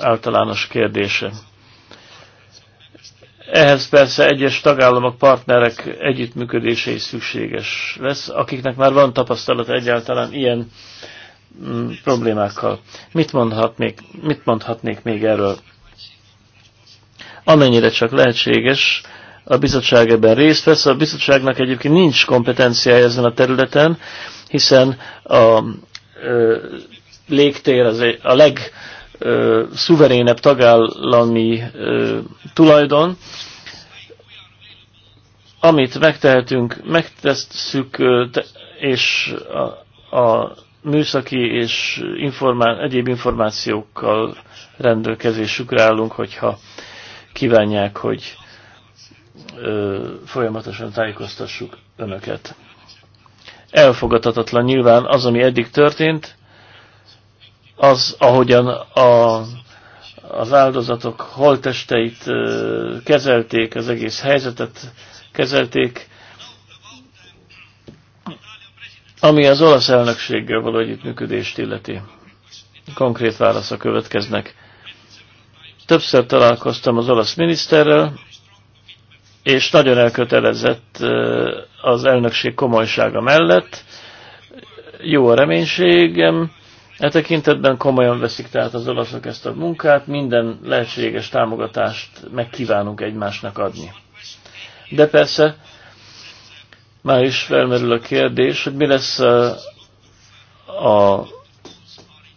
általános kérdése. Ehhez persze egyes tagállamok, partnerek együttműködése is szükséges lesz, akiknek már van tapasztalat egyáltalán ilyen mm, problémákkal. Mit, mondhatnék, mit mondhatnék még erről? Amennyire csak lehetséges, a bizottság ebben részt vesz. A bizottságnak egyébként nincs kompetenciája ezen a területen, hiszen a ö, légtér az a leg szuverénebb tagállami ö, tulajdon. Amit megtehetünk, megtesszük, ö, te, és a, a műszaki és informá egyéb információkkal rendelkezésükre állunk, hogyha kívánják, hogy ö, folyamatosan tájékoztassuk önöket. Elfogadhatatlan nyilván az, ami eddig történt, az, ahogyan a, az áldozatok holtesteit kezelték, az egész helyzetet kezelték, ami az olasz elnökséggel való együttműködést illeti. Konkrét válaszok következnek. Többször találkoztam az olasz miniszterrel, és nagyon elkötelezett az elnökség komolysága mellett. Jó a reménységem, E tekintetben komolyan veszik tehát az olaszok ezt a munkát, minden lehetséges támogatást megkívánunk egymásnak adni. De persze már is felmerül a kérdés, hogy mi lesz a, a,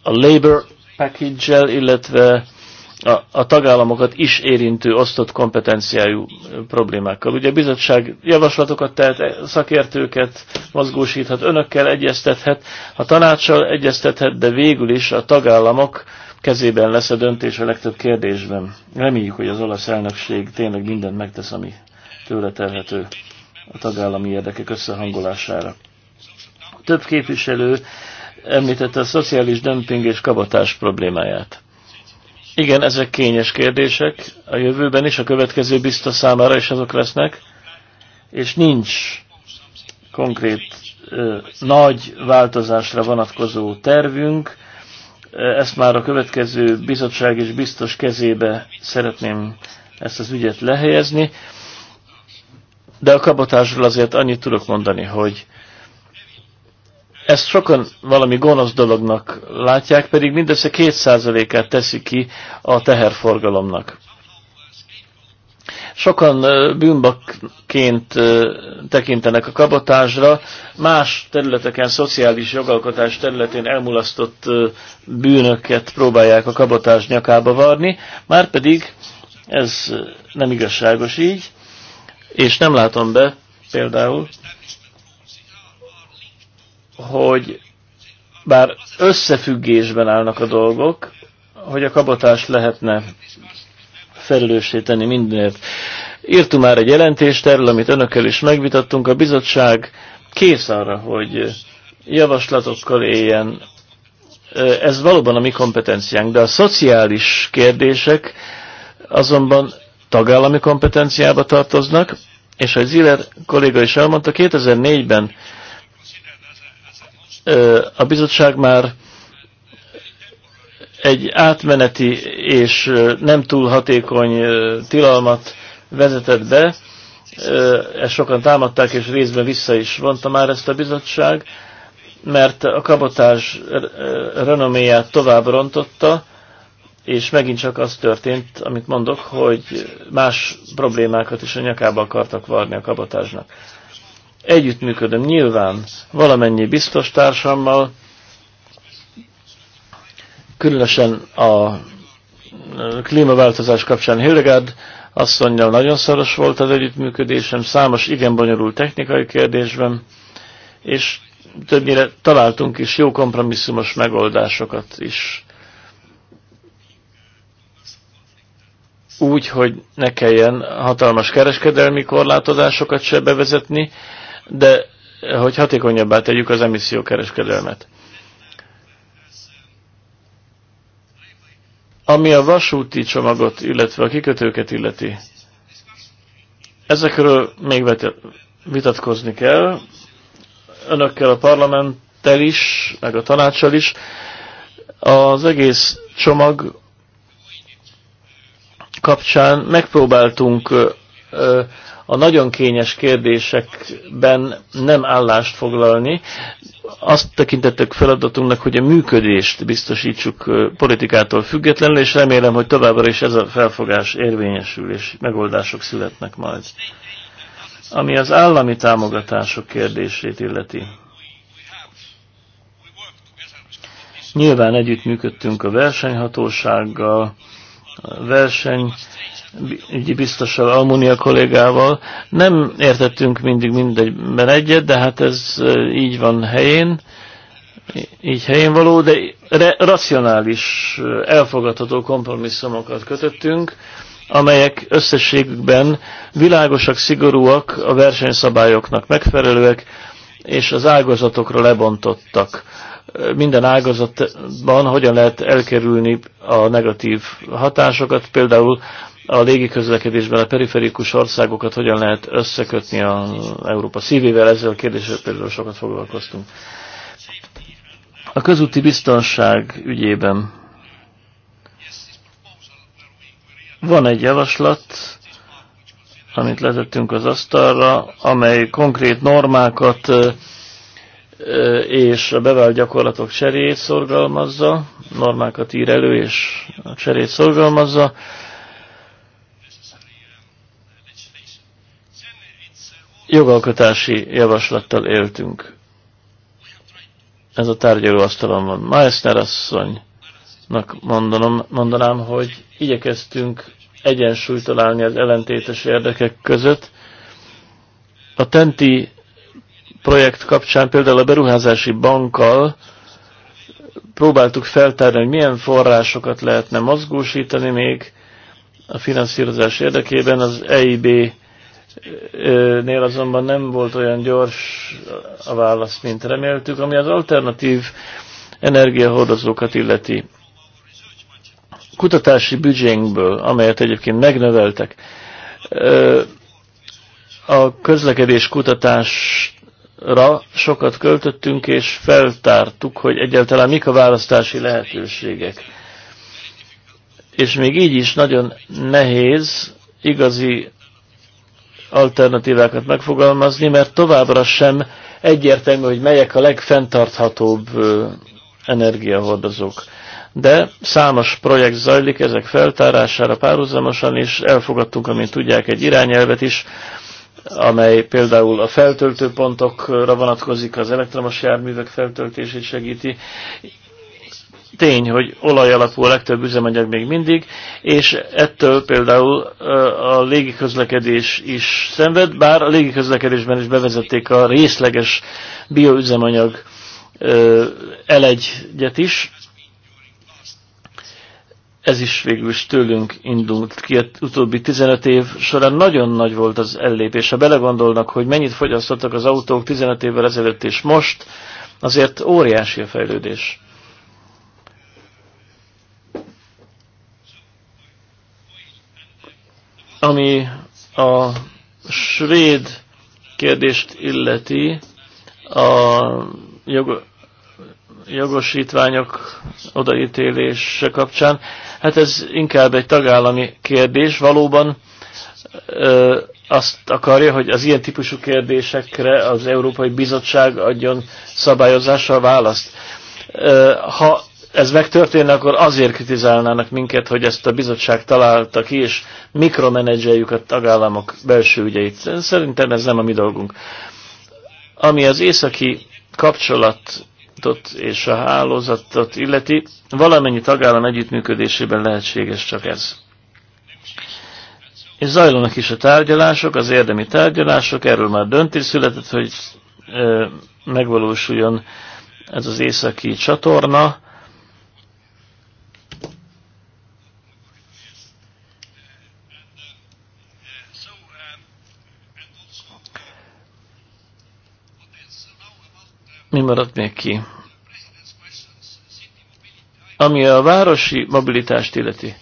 a labor package-el, illetve a, a tagállamokat is érintő osztott kompetenciájú problémákkal. Ugye a bizottság javaslatokat tehet, e, szakértőket mozgósíthat, önökkel egyeztethet, a tanácssal egyeztethet, de végül is a tagállamok kezében lesz a döntés a legtöbb kérdésben. Reméljük, hogy az olasz elnökség tényleg mindent megtesz, ami tőle terhető a tagállami érdekek összehangolására. Több képviselő említette a szociális dömping és kabatás problémáját. Igen, ezek kényes kérdések a jövőben is, a következő biztos számára is azok lesznek, és nincs konkrét ö, nagy változásra vonatkozó tervünk. Ezt már a következő bizottság és biztos kezébe szeretném ezt az ügyet lehelyezni. De a kabotásról azért annyit tudok mondani, hogy ezt sokan valami gonosz dolognak látják, pedig mindössze kétszázalékát át teszi ki a teherforgalomnak. Sokan bűnbakként tekintenek a kabotásra, más területeken, szociális jogalkotás területén elmulasztott bűnöket próbálják a kabotás nyakába varni, már pedig ez nem igazságos így, és nem látom be például, hogy bár összefüggésben állnak a dolgok, hogy a kabotás lehetne felelősíteni mindenért. Írtunk már egy jelentést erről, amit önökkel is megvitattunk. A bizottság kész arra, hogy javaslatokkal éljen. Ez valóban a mi kompetenciánk, de a szociális kérdések azonban tagállami kompetenciába tartoznak, és ahogy Ziller kolléga is elmondta, 2004-ben a bizottság már egy átmeneti és nem túl hatékony tilalmat vezetett be, ezt sokan támadták, és részben vissza is vonta már ezt a bizottság, mert a kabotás renoméját tovább rontotta, és megint csak az történt, amit mondok, hogy más problémákat is a nyakába akartak varni a kabotásnak. Együttműködöm nyilván valamennyi biztos társammal, különösen a klímaváltozás kapcsán Hildegard asszonynal nagyon szoros volt az együttműködésem, számos igen bonyolult technikai kérdésben, és többnyire találtunk is jó kompromisszumos megoldásokat is. Úgy, hogy ne kelljen hatalmas kereskedelmi korlátozásokat se bevezetni, de hogy hatékonyabbá tegyük az emissziókereskedelmet. Ami a vasúti csomagot, illetve a kikötőket illeti, ezekről még vitatkozni kell, önökkel, a parlamenttel is, meg a tanácssal is. Az egész csomag kapcsán megpróbáltunk a nagyon kényes kérdésekben nem állást foglalni. Azt tekintettük feladatunknak, hogy a működést biztosítsuk politikától függetlenül, és remélem, hogy továbbra is ez a felfogás érvényesül, és megoldások születnek majd. Ami az állami támogatások kérdését illeti. Nyilván együttműködtünk a versenyhatósággal, a verseny ügyi biztossal, Almunia kollégával. Nem értettünk mindig mindegyben egyet, de hát ez így van helyén, így helyén való, de racionális, elfogadható kompromisszumokat kötöttünk, amelyek összességükben világosak, szigorúak, a versenyszabályoknak megfelelőek, és az ágazatokra lebontottak. Minden ágazatban hogyan lehet elkerülni a negatív hatásokat, például a légiközlekedésben a periferikus országokat hogyan lehet összekötni a Európa szívével, ezzel a kérdéssel például sokat foglalkoztunk. A közúti biztonság ügyében van egy javaslat, amit letettünk az asztalra, amely konkrét normákat és a bevált gyakorlatok cserét szorgalmazza, normákat ír elő és a cserét szorgalmazza. jogalkotási javaslattal éltünk. Ez a tárgyalóasztalon van. Meissner asszonynak mondanom, mondanám, hogy igyekeztünk egyensúlyt találni az ellentétes érdekek között. A Tenti projekt kapcsán például a beruházási bankkal próbáltuk feltárni, hogy milyen forrásokat lehetne mozgósítani még a finanszírozás érdekében. Az EIB nél azonban nem volt olyan gyors a válasz, mint reméltük, ami az alternatív energiahordozókat illeti. Kutatási büdzsénkből, amelyet egyébként megnöveltek, a közlekedés kutatásra sokat költöttünk, és feltártuk, hogy egyáltalán mik a választási lehetőségek. És még így is nagyon nehéz igazi alternatívákat megfogalmazni, mert továbbra sem egyértelmű, hogy melyek a legfenntarthatóbb energiahordozók. De számos projekt zajlik ezek feltárására párhuzamosan, és elfogadtunk, amint tudják, egy irányelvet is, amely például a feltöltőpontokra vonatkozik, az elektromos járművek feltöltését segíti, tény, hogy olaj alapú a legtöbb üzemanyag még mindig, és ettől például a légiközlekedés is szenved, bár a légiközlekedésben is bevezették a részleges bioüzemanyag elegyet is. Ez is végül is tőlünk indult ki az utóbbi 15 év során. Nagyon nagy volt az ellépés. Ha belegondolnak, hogy mennyit fogyasztottak az autók 15 évvel ezelőtt és most, azért óriási a fejlődés Ami a svéd kérdést illeti, a jog, jogosítványok odaítélése kapcsán, hát ez inkább egy tagállami kérdés. Valóban ö, azt akarja, hogy az ilyen típusú kérdésekre az Európai Bizottság adjon szabályozással választ. Ö, ha ez megtörténne, akkor azért kritizálnának minket, hogy ezt a bizottság találta ki, és mikromenedzseljük a tagállamok belső ügyeit. Szerintem ez nem a mi dolgunk. Ami az északi kapcsolatot és a hálózatot illeti, valamennyi tagállam együttműködésében lehetséges csak ez. És zajlanak is a tárgyalások, az érdemi tárgyalások, erről már döntés született, hogy megvalósuljon ez az északi csatorna, Mi maradt még ki? Ami a városi mobilitást illeti.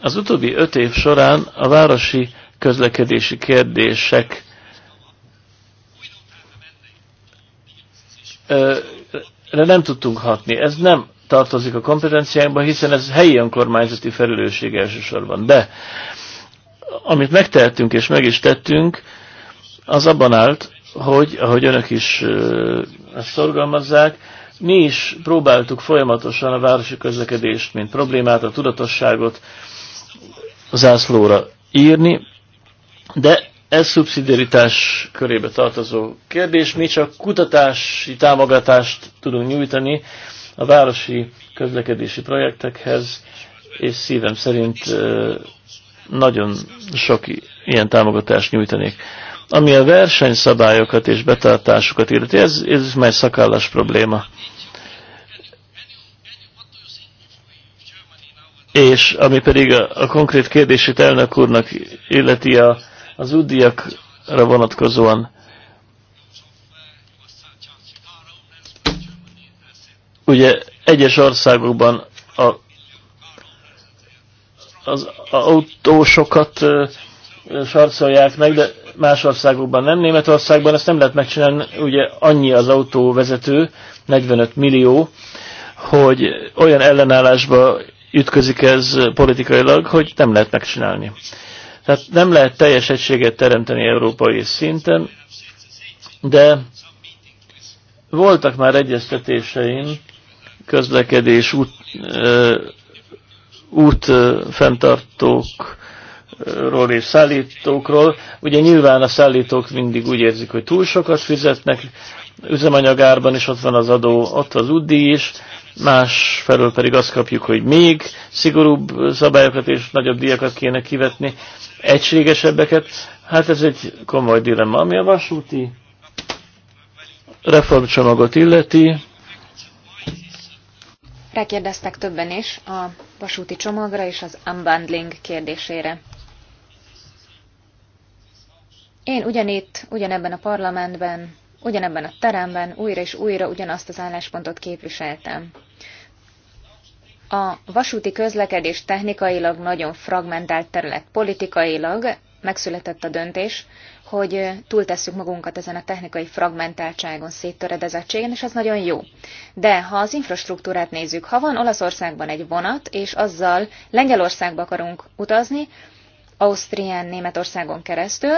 Az utóbbi öt év során a városi közlekedési kérdések nem tudtunk hatni. Ez nem tartozik a kompetenciánkba, hiszen ez helyi önkormányzati felelősség elsősorban. De amit megtehetünk és meg is tettünk, az abban állt, hogy, ahogy önök is ezt szorgalmazzák, mi is próbáltuk folyamatosan a városi közlekedést, mint problémát, a tudatosságot a zászlóra írni, de ez szubszidiaritás körébe tartozó kérdés. Mi csak kutatási támogatást tudunk nyújtani a városi közlekedési projektekhez, és szívem szerint nagyon sok ilyen támogatást nyújtanék. Ami a versenyszabályokat és betartásukat illeti, ez, ez már szakállas probléma. És ami pedig a, a konkrét kérdését elnök úrnak illeti a, az údiakra vonatkozóan, ugye egyes országokban a, az autósokat sarcolják meg, de más országokban nem. Németországban ezt nem lehet megcsinálni, ugye annyi az autóvezető, 45 millió, hogy olyan ellenállásba ütközik ez politikailag, hogy nem lehet megcsinálni. Tehát nem lehet teljes egységet teremteni európai szinten, de voltak már egyeztetéseim közlekedés út, út fenntartók szállítókról és szállítókról. Ugye nyilván a szállítók mindig úgy érzik, hogy túl sokat fizetnek, üzemanyagárban is ott van az adó, ott az UDI is, más felől pedig azt kapjuk, hogy még szigorúbb szabályokat és nagyobb díjakat kéne kivetni, egységesebbeket. Hát ez egy komoly dilemma, ami a vasúti reformcsomagot illeti. Rákérdeztek többen is a vasúti csomagra és az unbundling kérdésére. Én ugyanitt, ugyanebben a parlamentben, ugyanebben a teremben újra és újra ugyanazt az álláspontot képviseltem. A vasúti közlekedés technikailag nagyon fragmentált terület. Politikailag megszületett a döntés, hogy túltesszük magunkat ezen a technikai fragmentáltságon, széttöredezettségen, és ez nagyon jó. De ha az infrastruktúrát nézzük, ha van Olaszországban egy vonat, és azzal Lengyelországba akarunk utazni, Ausztrián, Németországon keresztül,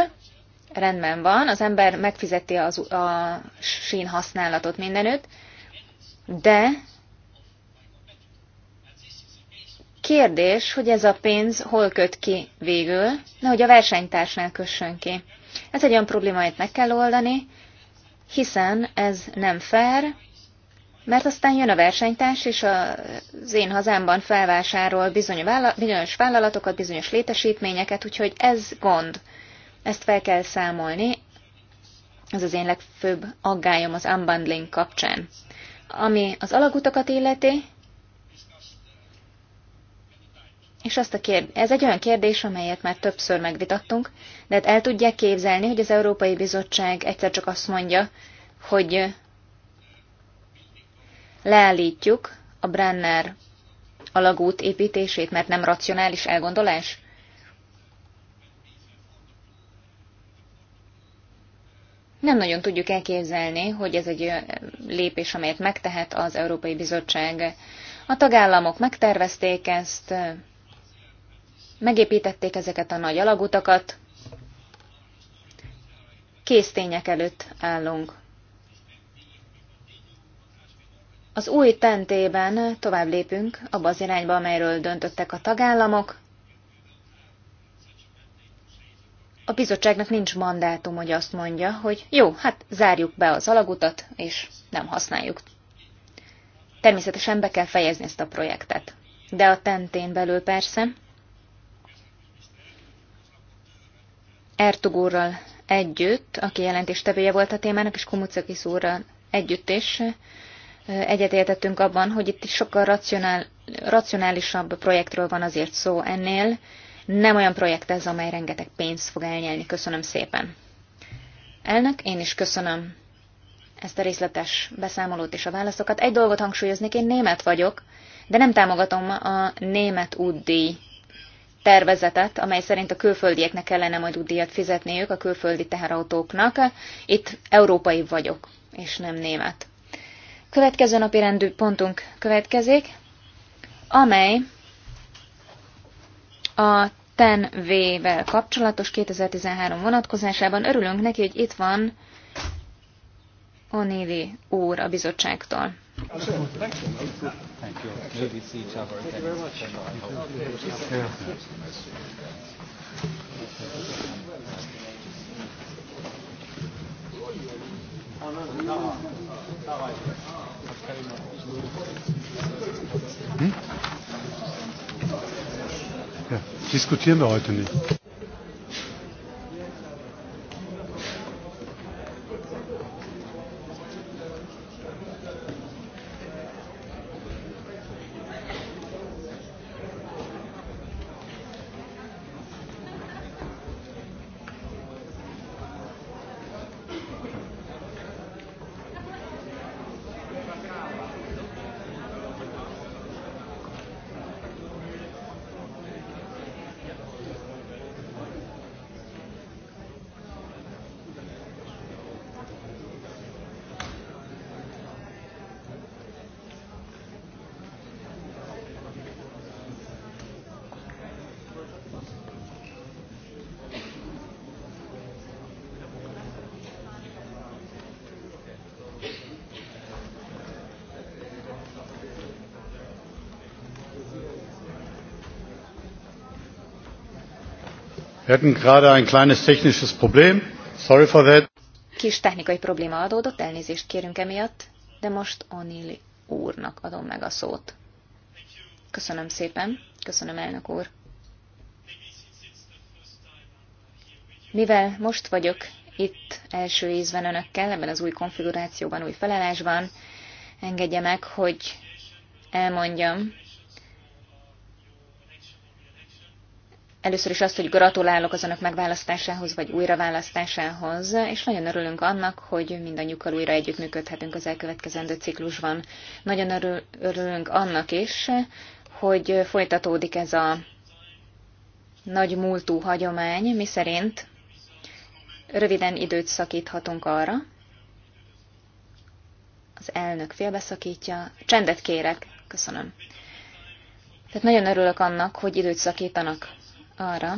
rendben van, az ember megfizeti az, a sín használatot mindenütt, de kérdés, hogy ez a pénz hol köt ki végül, nehogy a versenytársnál kössön ki. Ez egy olyan probléma, amit meg kell oldani, hiszen ez nem fair, mert aztán jön a versenytárs, és az én hazámban felvásárol bizonyos vállalatokat, bizonyos létesítményeket, úgyhogy ez gond. Ezt fel kell számolni, ez az én legfőbb aggályom az unbundling kapcsán. Ami az alagutakat illeti, és azt a kérd... ez egy olyan kérdés, amelyet már többször megvitattunk, de hát el tudják képzelni, hogy az Európai Bizottság egyszer csak azt mondja, hogy leállítjuk a Brenner alagút építését, mert nem racionális elgondolás? Nem nagyon tudjuk elképzelni, hogy ez egy lépés, amelyet megtehet az Európai Bizottság. A tagállamok megtervezték ezt, megépítették ezeket a nagy alagutakat, késztények előtt állunk. Az új tentében tovább lépünk abba az irányba, amelyről döntöttek a tagállamok, a bizottságnak nincs mandátum, hogy azt mondja, hogy jó, hát zárjuk be az alagutat, és nem használjuk. Természetesen be kell fejezni ezt a projektet. De a tentén belül persze. Ertugurral együtt, aki jelentéstevője volt a témának, és Komucakis úrral együtt is egyetértettünk abban, hogy itt sokkal racionál, racionálisabb projektről van azért szó ennél, nem olyan projekt ez, amely rengeteg pénzt fog elnyelni. Köszönöm szépen. Elnök, én is köszönöm ezt a részletes beszámolót és a válaszokat. Egy dolgot hangsúlyoznék, én német vagyok, de nem támogatom a német útdíj tervezetet, amely szerint a külföldieknek kellene majd útdíjat fizetniük, a külföldi teherautóknak. Itt európai vagyok, és nem német. Következő napi rendű pontunk következik, amely a TEN-V-vel kapcsolatos 2013 vonatkozásában. Örülünk neki, hogy itt van Onévi úr a bizottságtól. Köszönöm. you. diskutieren wir heute nicht. Kis technikai probléma adódott, elnézést kérünk emiatt, de most O'Neill úrnak adom meg a szót. Köszönöm szépen, köszönöm elnök úr. Mivel most vagyok itt első ízben önökkel, ebben az új konfigurációban, új felelásban, engedje meg, hogy elmondjam, Először is azt, hogy gratulálok az önök megválasztásához, vagy újraválasztásához, és nagyon örülünk annak, hogy mindannyiukkal újra együttműködhetünk az elkövetkezendő ciklusban. Nagyon örül, örülünk annak is, hogy folytatódik ez a nagy múltú hagyomány, miszerint röviden időt szakíthatunk arra. Az elnök félbeszakítja. Csendet kérek. Köszönöm. Tehát nagyon örülök annak, hogy időt szakítanak arra,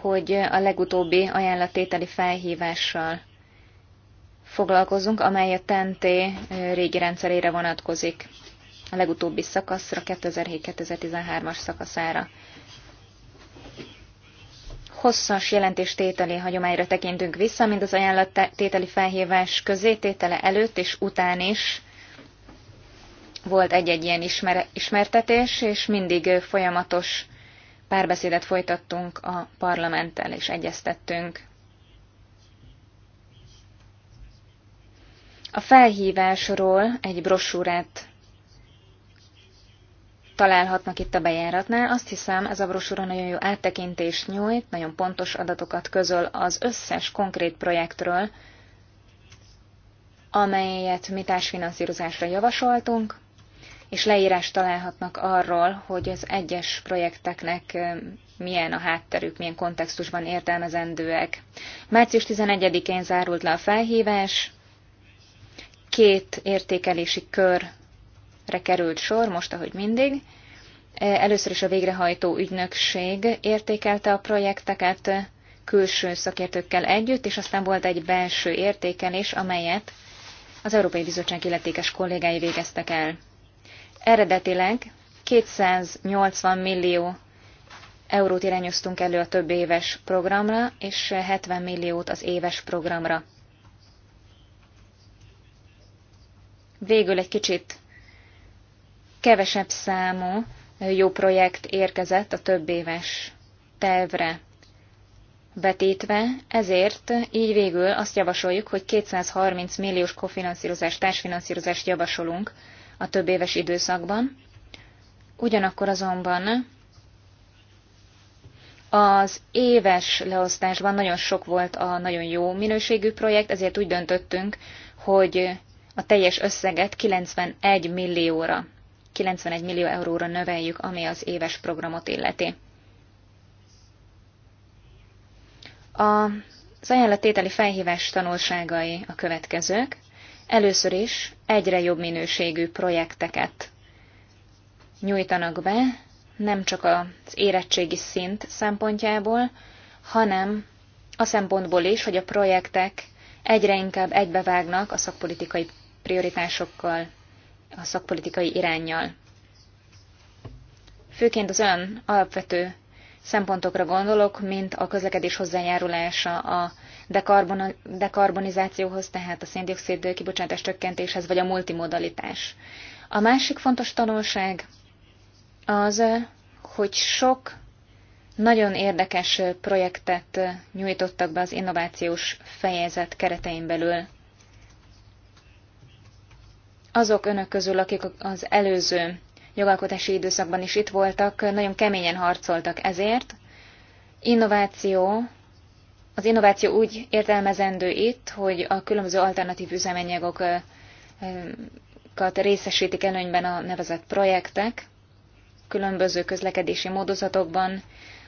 hogy a legutóbbi ajánlattételi felhívással foglalkozunk, amely a TNT régi rendszerére vonatkozik, a legutóbbi szakaszra, 2007-2013-as szakaszára. Hosszas jelentéstételi hagyományra tekintünk vissza, mind az ajánlattételi felhívás közé, előtt és után is, volt egy-egy ilyen ismer- ismertetés, és mindig folyamatos párbeszédet folytattunk a parlamenttel, és egyeztettünk. A felhívásról egy brosúrát találhatnak itt a bejáratnál. Azt hiszem, ez a brosúra nagyon jó áttekintést nyújt, nagyon pontos adatokat közöl az összes konkrét projektről, amelyet mi társfinanszírozásra javasoltunk, és leírást találhatnak arról, hogy az egyes projekteknek milyen a hátterük, milyen kontextusban értelmezendőek. Március 11-én zárult le a felhívás, két értékelési körre került sor, most ahogy mindig. Először is a végrehajtó ügynökség értékelte a projekteket külső szakértőkkel együtt, és aztán volt egy belső értékelés, amelyet az Európai Bizottság illetékes kollégái végeztek el. Eredetileg 280 millió eurót irányoztunk elő a több éves programra, és 70 milliót az éves programra. Végül egy kicsit kevesebb számú jó projekt érkezett a több éves tervre vetítve, ezért így végül azt javasoljuk, hogy 230 milliós kofinanszírozást, társfinanszírozást javasolunk a több éves időszakban. Ugyanakkor azonban az éves leosztásban nagyon sok volt a nagyon jó minőségű projekt, ezért úgy döntöttünk, hogy a teljes összeget 91 millióra, 91 millió euróra növeljük, ami az éves programot illeti. A az ajánlattételi felhívás tanulságai a következők először is egyre jobb minőségű projekteket nyújtanak be, nem csak az érettségi szint szempontjából, hanem a szempontból is, hogy a projektek egyre inkább egybevágnak a szakpolitikai prioritásokkal, a szakpolitikai irányjal. Főként az olyan alapvető szempontokra gondolok, mint a közlekedés hozzájárulása a dekarbon, dekarbonizációhoz, tehát a széndiokszid kibocsátás csökkentéshez, vagy a multimodalitás. A másik fontos tanulság az, hogy sok nagyon érdekes projektet nyújtottak be az innovációs fejezet keretein belül. Azok önök közül, akik az előző jogalkotási időszakban is itt voltak, nagyon keményen harcoltak ezért. Innováció az innováció úgy értelmezendő itt, hogy a különböző alternatív üzemanyagokat részesítik előnyben a nevezett projektek, különböző közlekedési módozatokban,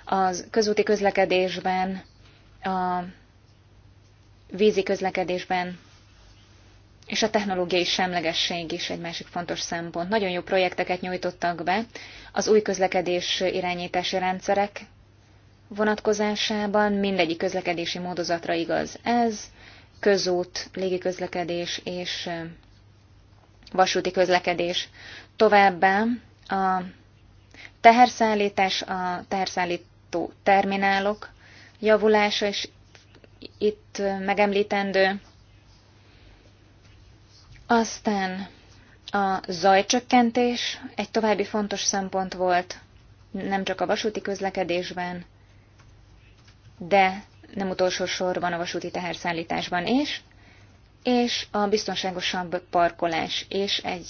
az közúti közlekedésben, a vízi közlekedésben, és a technológiai semlegesség is egy másik fontos szempont. Nagyon jó projekteket nyújtottak be az új közlekedés irányítási rendszerek vonatkozásában mindegyik közlekedési módozatra igaz ez, közút, légiközlekedés és vasúti közlekedés. Továbbá a teherszállítás, a teherszállító terminálok javulása is itt megemlítendő. Aztán a zajcsökkentés egy további fontos szempont volt, nem csak a vasúti közlekedésben, de nem utolsó sorban a vasúti teherszállításban is, és a biztonságosabb parkolás is egy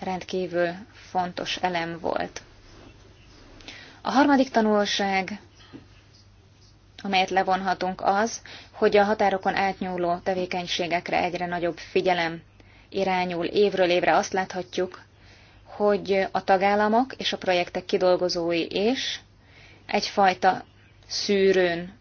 rendkívül fontos elem volt. A harmadik tanulság, amelyet levonhatunk az, hogy a határokon átnyúló tevékenységekre egyre nagyobb figyelem irányul évről évre. Azt láthatjuk, hogy a tagállamok és a projektek kidolgozói is egyfajta szűrőn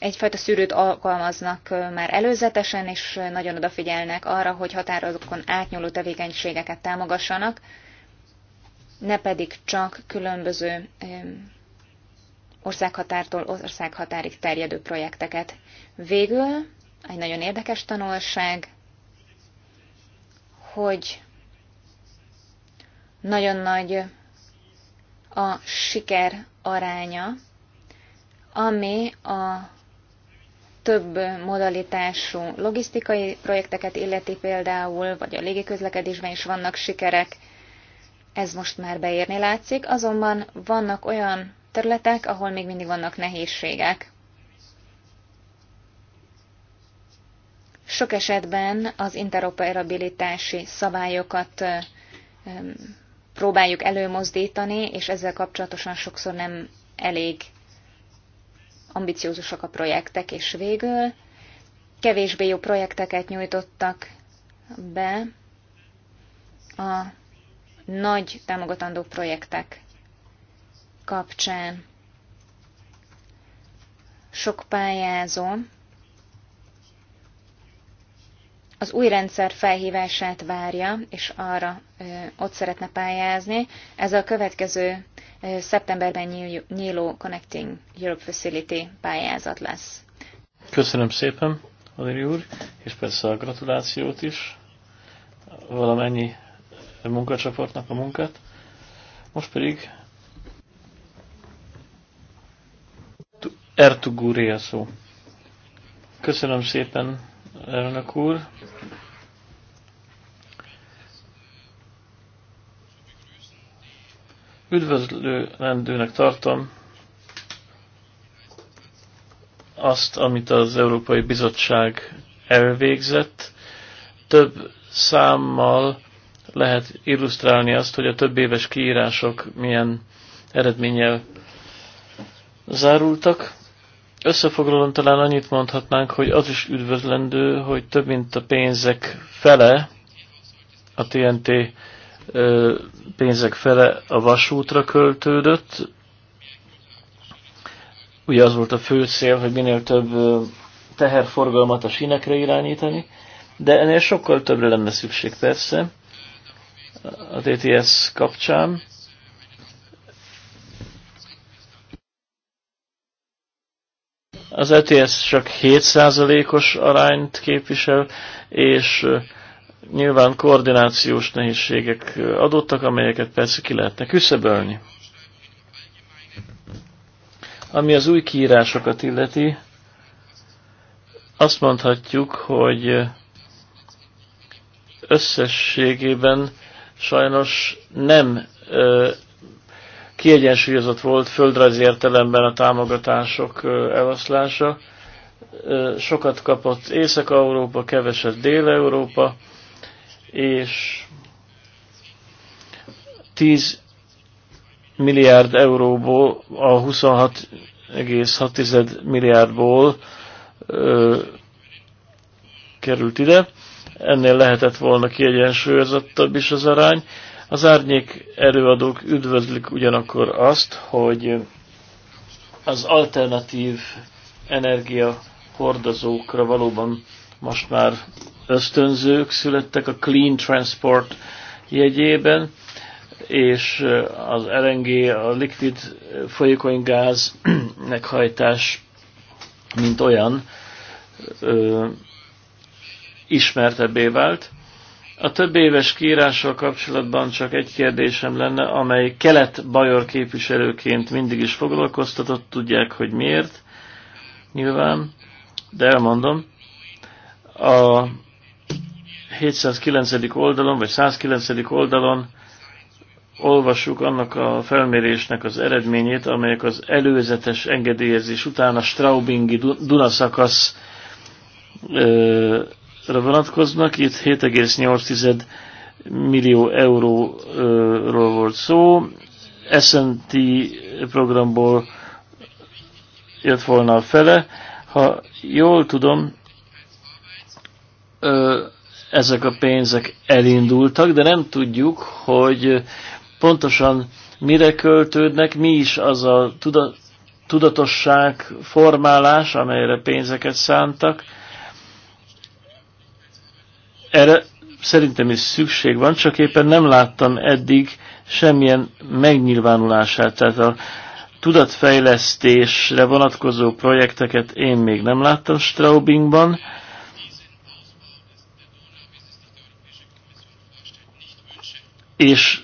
egyfajta szűrőt alkalmaznak már előzetesen, és nagyon odafigyelnek arra, hogy határozókon átnyúló tevékenységeket támogassanak, ne pedig csak különböző országhatártól országhatárig terjedő projekteket. Végül egy nagyon érdekes tanulság, hogy nagyon nagy a siker aránya, ami a több modalitású logisztikai projekteket illeti például, vagy a légiközlekedésben is vannak sikerek, ez most már beérni látszik, azonban vannak olyan területek, ahol még mindig vannak nehézségek. Sok esetben az interoperabilitási szabályokat próbáljuk előmozdítani, és ezzel kapcsolatosan sokszor nem elég ambiciózusak a projektek, és végül kevésbé jó projekteket nyújtottak be a nagy támogatandó projektek kapcsán. Sok pályázó az új rendszer felhívását várja, és arra ö, ott szeretne pályázni. Ez a következő szeptemberben nyíló Connecting Europe Facility pályázat lesz. Köszönöm szépen, Adéli úr, és persze a gratulációt is valamennyi munkacsoportnak a munkát. Most pedig Ertugúré a szó. Köszönöm szépen, elnök úr. Üdvözlőrendőnek tartom azt, amit az Európai Bizottság elvégzett. Több számmal lehet illusztrálni azt, hogy a több éves kiírások milyen eredménnyel zárultak. Összefoglalom talán annyit mondhatnánk, hogy az is üdvözlendő, hogy több mint a pénzek fele a TNT pénzek fele a vasútra költődött. Ugye az volt a fő cél, hogy minél több teherforgalmat a sínekre irányítani, de ennél sokkal többre lenne szükség persze a DTS kapcsán. Az ETS csak 7%-os arányt képvisel, és Nyilván koordinációs nehézségek adottak, amelyeket persze ki lehetne küszöbölni. Ami az új kiírásokat illeti, azt mondhatjuk, hogy összességében sajnos nem ö, kiegyensúlyozott volt földrajzi értelemben a támogatások ö, eloszlása. Ö, sokat kapott Észak-Európa, keveset Dél-Európa, és 10 milliárd euróból, a 26,6 milliárdból ö, került ide. Ennél lehetett volna kiegyensúlyozottabb is az arány. Az árnyék erőadók üdvözlik ugyanakkor azt, hogy az alternatív energia hordozókra valóban most már ösztönzők születtek a Clean Transport jegyében, és eh, az LNG, a liquid folyékony gáz meghajtás, mint olyan, ö, eh, ismertebbé vált. A több éves kiírással kapcsolatban csak egy kérdésem lenne, amely kelet-bajor képviselőként mindig is foglalkoztatott, tudják, hogy miért, nyilván, de elmondom. A 709. oldalon, vagy 109. oldalon olvassuk annak a felmérésnek az eredményét, amelyek az előzetes engedélyezés után a Straubingi Dunaszakasz vonatkoznak. Itt 7,8 millió euróról volt szó. S&T programból jött volna a fele. Ha jól tudom, ezek a pénzek elindultak, de nem tudjuk, hogy pontosan mire költődnek, mi is az a tuda, tudatosság formálás, amelyre pénzeket szántak. Erre szerintem is szükség van, csak éppen nem láttam eddig semmilyen megnyilvánulását. Tehát a tudatfejlesztésre vonatkozó projekteket én még nem láttam Straubingban. és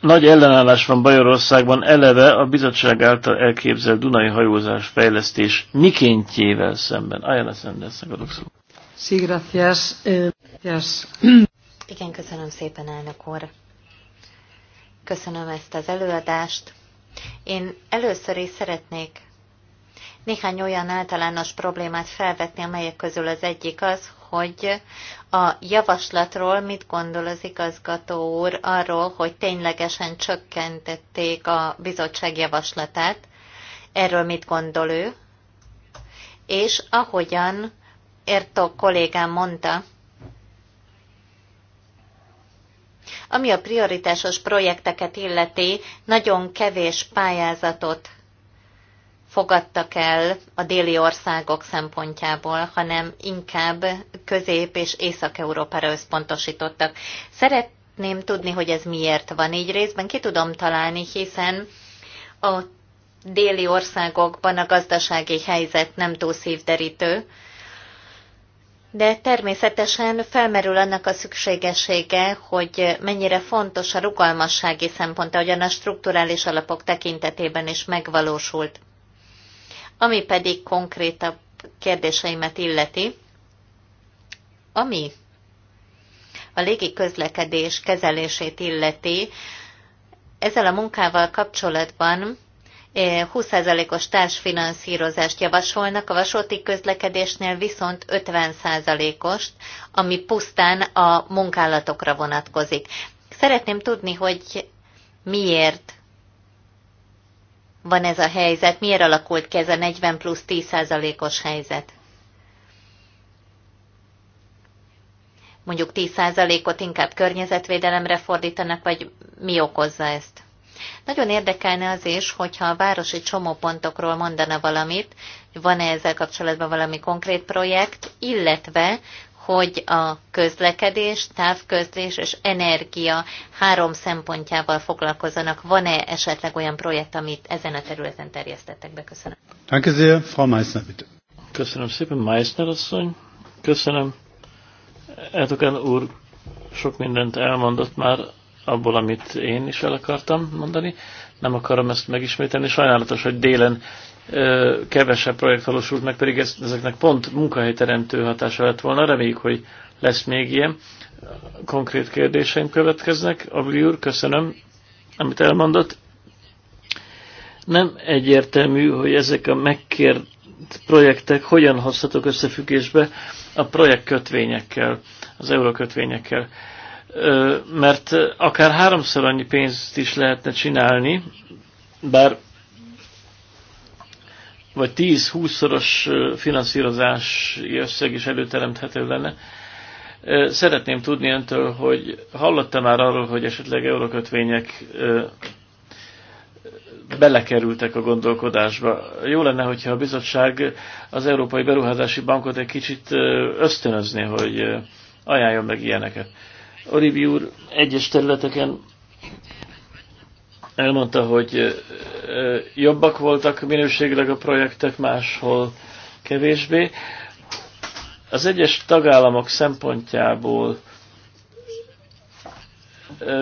nagy ellenállás van Bajorországban eleve a bizottság által elképzelt Dunai hajózás fejlesztés mikéntjével szemben. Ajánlás Szendersznek adok szó. Sí, gracias. Yes. Eh, Igen, köszönöm szépen, elnök úr. Köszönöm ezt az előadást. Én először is szeretnék néhány olyan általános problémát felvetni, amelyek közül az egyik az, hogy a javaslatról mit gondol az igazgató úr arról, hogy ténylegesen csökkentették a bizottság javaslatát. Erről mit gondol ő? És ahogyan Értó kollégám mondta, ami a prioritásos projekteket illeti, nagyon kevés pályázatot fogadtak el a déli országok szempontjából, hanem inkább Közép- és Észak-Európára összpontosítottak. Szeretném tudni, hogy ez miért van így részben, ki tudom találni, hiszen a déli országokban a gazdasági helyzet nem túl szívderítő, de természetesen felmerül annak a szükségessége, hogy mennyire fontos a rugalmassági szempont, ahogyan a strukturális alapok tekintetében is megvalósult. Ami pedig konkrétabb kérdéseimet illeti, ami a légi közlekedés kezelését illeti, ezzel a munkával kapcsolatban 20%-os eh, társfinanszírozást javasolnak, a vasúti közlekedésnél viszont 50%-ost, ami pusztán a munkálatokra vonatkozik. Szeretném tudni, hogy miért van ez a helyzet? Miért alakult ki ez a 40 plusz 10 százalékos helyzet? Mondjuk 10 százalékot inkább környezetvédelemre fordítanak, vagy mi okozza ezt? Nagyon érdekelne az is, hogyha a városi csomópontokról mondana valamit, van-e ezzel kapcsolatban valami konkrét projekt, illetve hogy a közlekedés, távközlés és energia három szempontjával foglalkozzanak. Van-e esetleg olyan projekt, amit ezen a területen terjesztettek be? Köszönöm. Danke sehr, Frau Meissner, bitte. Köszönöm szépen, Meissner asszony. Köszönöm. Etoken úr sok mindent elmondott már abból, amit én is el akartam mondani. Nem akarom ezt megismételni. Sajnálatos, hogy délen kevesebb projekt valósult meg, pedig ez, ezeknek pont munkahelyteremtő hatása lett volna. Reméljük, hogy lesz még ilyen. Konkrét kérdéseim következnek. a úr, köszönöm, amit elmondott. Nem egyértelmű, hogy ezek a megkért projektek hogyan hozhatók összefüggésbe a projektkötvényekkel, az eurókötvényekkel. Mert akár háromszor annyi pénzt is lehetne csinálni, bár vagy 10-20-szoros finanszírozási összeg is előteremthető lenne. Szeretném tudni öntől, hogy hallotta már arról, hogy esetleg eurokötvények belekerültek a gondolkodásba. Jó lenne, hogyha a bizottság az Európai Beruházási Bankot egy kicsit ösztönözni, hogy ajánljon meg ilyeneket. Oribi úr egyes területeken elmondta, hogy jobbak voltak minőségileg a projektek, máshol kevésbé. Az egyes tagállamok szempontjából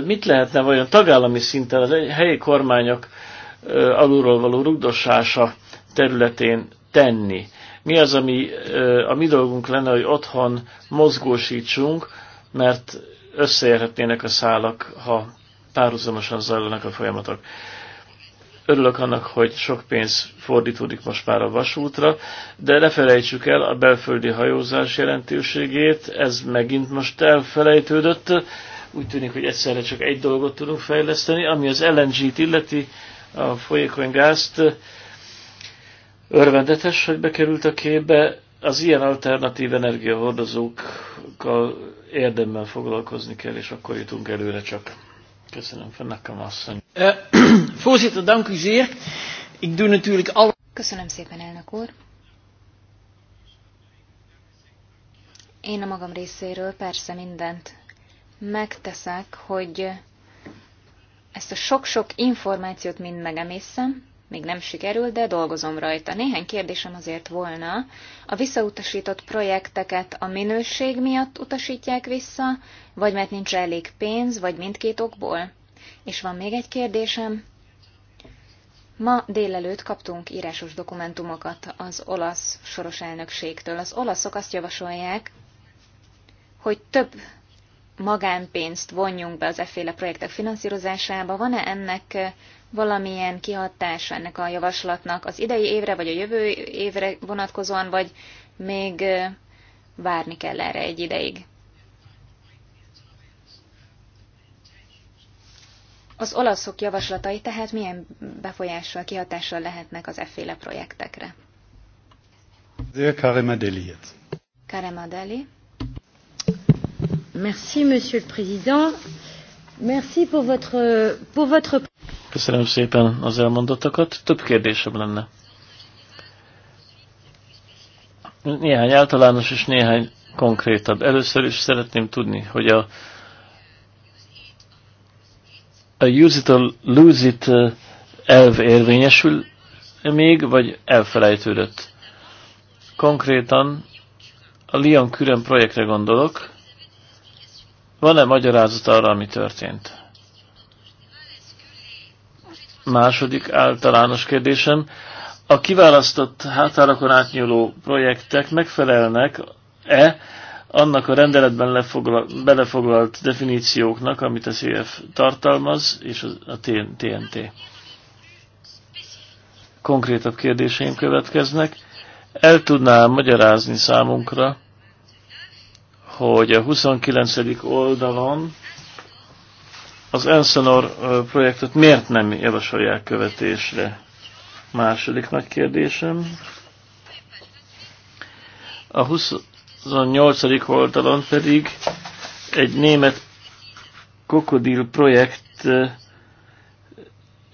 mit lehetne vajon tagállami szinten az helyi kormányok alulról való rugdosása területén tenni? Mi az, ami a mi dolgunk lenne, hogy otthon mozgósítsunk, mert összeérhetnének a szálak, ha párhuzamosan zajlanak a folyamatok. Örülök annak, hogy sok pénz fordítódik most már a vasútra, de ne felejtsük el a belföldi hajózás jelentőségét, ez megint most elfelejtődött. Úgy tűnik, hogy egyszerre csak egy dolgot tudunk fejleszteni, ami az LNG-t illeti, a folyékony gázt. Örvendetes, hogy bekerült a képbe, az ilyen alternatív energiahordozókkal érdemben foglalkozni kell, és akkor jutunk előre csak. Köszönöm, nekem, asszony. Eh, voorzitter, dank u zeer. Ik doe natuurlijk al... Köszönöm szépen, elnök úr. Én a magam részéről persze mindent megteszek, hogy ezt a sok-sok információt mind megemészem, még nem sikerült, de dolgozom rajta. Néhány kérdésem azért volna. A visszautasított projekteket a minőség miatt utasítják vissza, vagy mert nincs elég pénz, vagy mindkét okból? És van még egy kérdésem. Ma délelőtt kaptunk írásos dokumentumokat az olasz soros elnökségtől. Az olaszok azt javasolják, hogy több magánpénzt vonjunk be az efféle projektek finanszírozásába. Van-e ennek valamilyen kihatása ennek a javaslatnak az idei évre, vagy a jövő évre vonatkozóan, vagy még várni kell erre egy ideig. Az olaszok javaslatai tehát milyen befolyással, kihatással lehetnek az efféle projektekre? Karemadeli. Karemadeli. Merci, Monsieur le Président. Merci pour votre, pour votre... Köszönöm szépen az elmondottakat. Több kérdésem lenne. Néhány általános és néhány konkrétabb. Először is szeretném tudni, hogy a, a use it or lose it uh, elv érvényesül még, vagy elfelejtődött. Konkrétan a Lyon Külön projektre gondolok. Van-e magyarázat arra, ami történt? Második általános kérdésem. A kiválasztott hátárakon átnyúló projektek megfelelnek-e annak a rendeletben lefoglalt, belefoglalt definícióknak, amit a CF tartalmaz, és a TNT. Konkrétabb kérdéseim következnek. El tudná magyarázni számunkra, hogy a 29. oldalon az Ensenor projektet miért nem javasolják követésre? Második nagy kérdésem. A 28. oldalon pedig egy német krokodil projekt,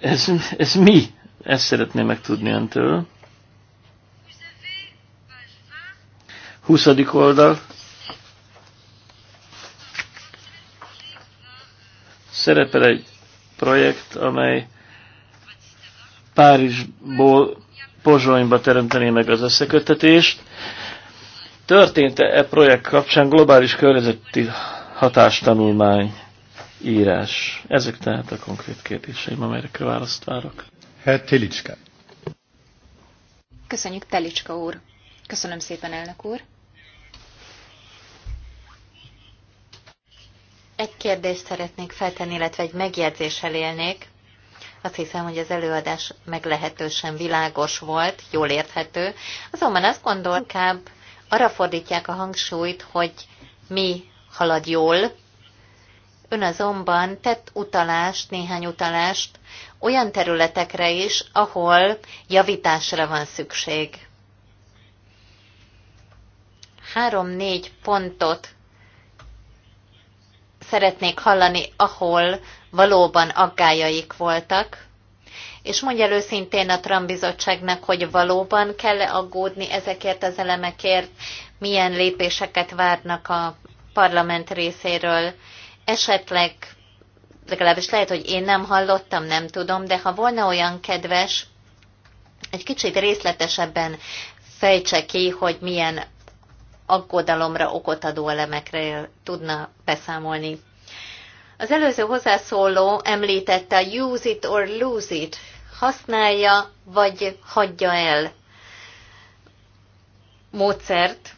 ez, ez mi? Ezt szeretném megtudni öntől. 20. oldal, szerepel egy projekt, amely Párizsból Pozsonyba teremtené meg az összeköttetést. Történt-e e projekt kapcsán globális környezeti hatástanulmány írás? Ezek tehát a konkrét kérdéseim, amelyekre választ várok. Herr Telicska. Köszönjük, Telicska úr. Köszönöm szépen, elnök úr. Egy kérdést szeretnék feltenni, illetve egy megjegyzéssel élnék. Azt hiszem, hogy az előadás meglehetősen világos volt, jól érthető. Azonban azt gondolom, inkább arra fordítják a hangsúlyt, hogy mi halad jól. Ön azonban tett utalást, néhány utalást olyan területekre is, ahol javításra van szükség. Három-négy pontot szeretnék hallani, ahol valóban aggájaik voltak, és mondja előszintén a Trump bizottságnak, hogy valóban kell -e aggódni ezekért az elemekért, milyen lépéseket várnak a parlament részéről. Esetleg, legalábbis lehet, hogy én nem hallottam, nem tudom, de ha volna olyan kedves, egy kicsit részletesebben fejtse ki, hogy milyen aggodalomra okot adó elemekre tudna beszámolni. Az előző hozzászóló említette a use it or lose it, használja vagy hagyja el módszert.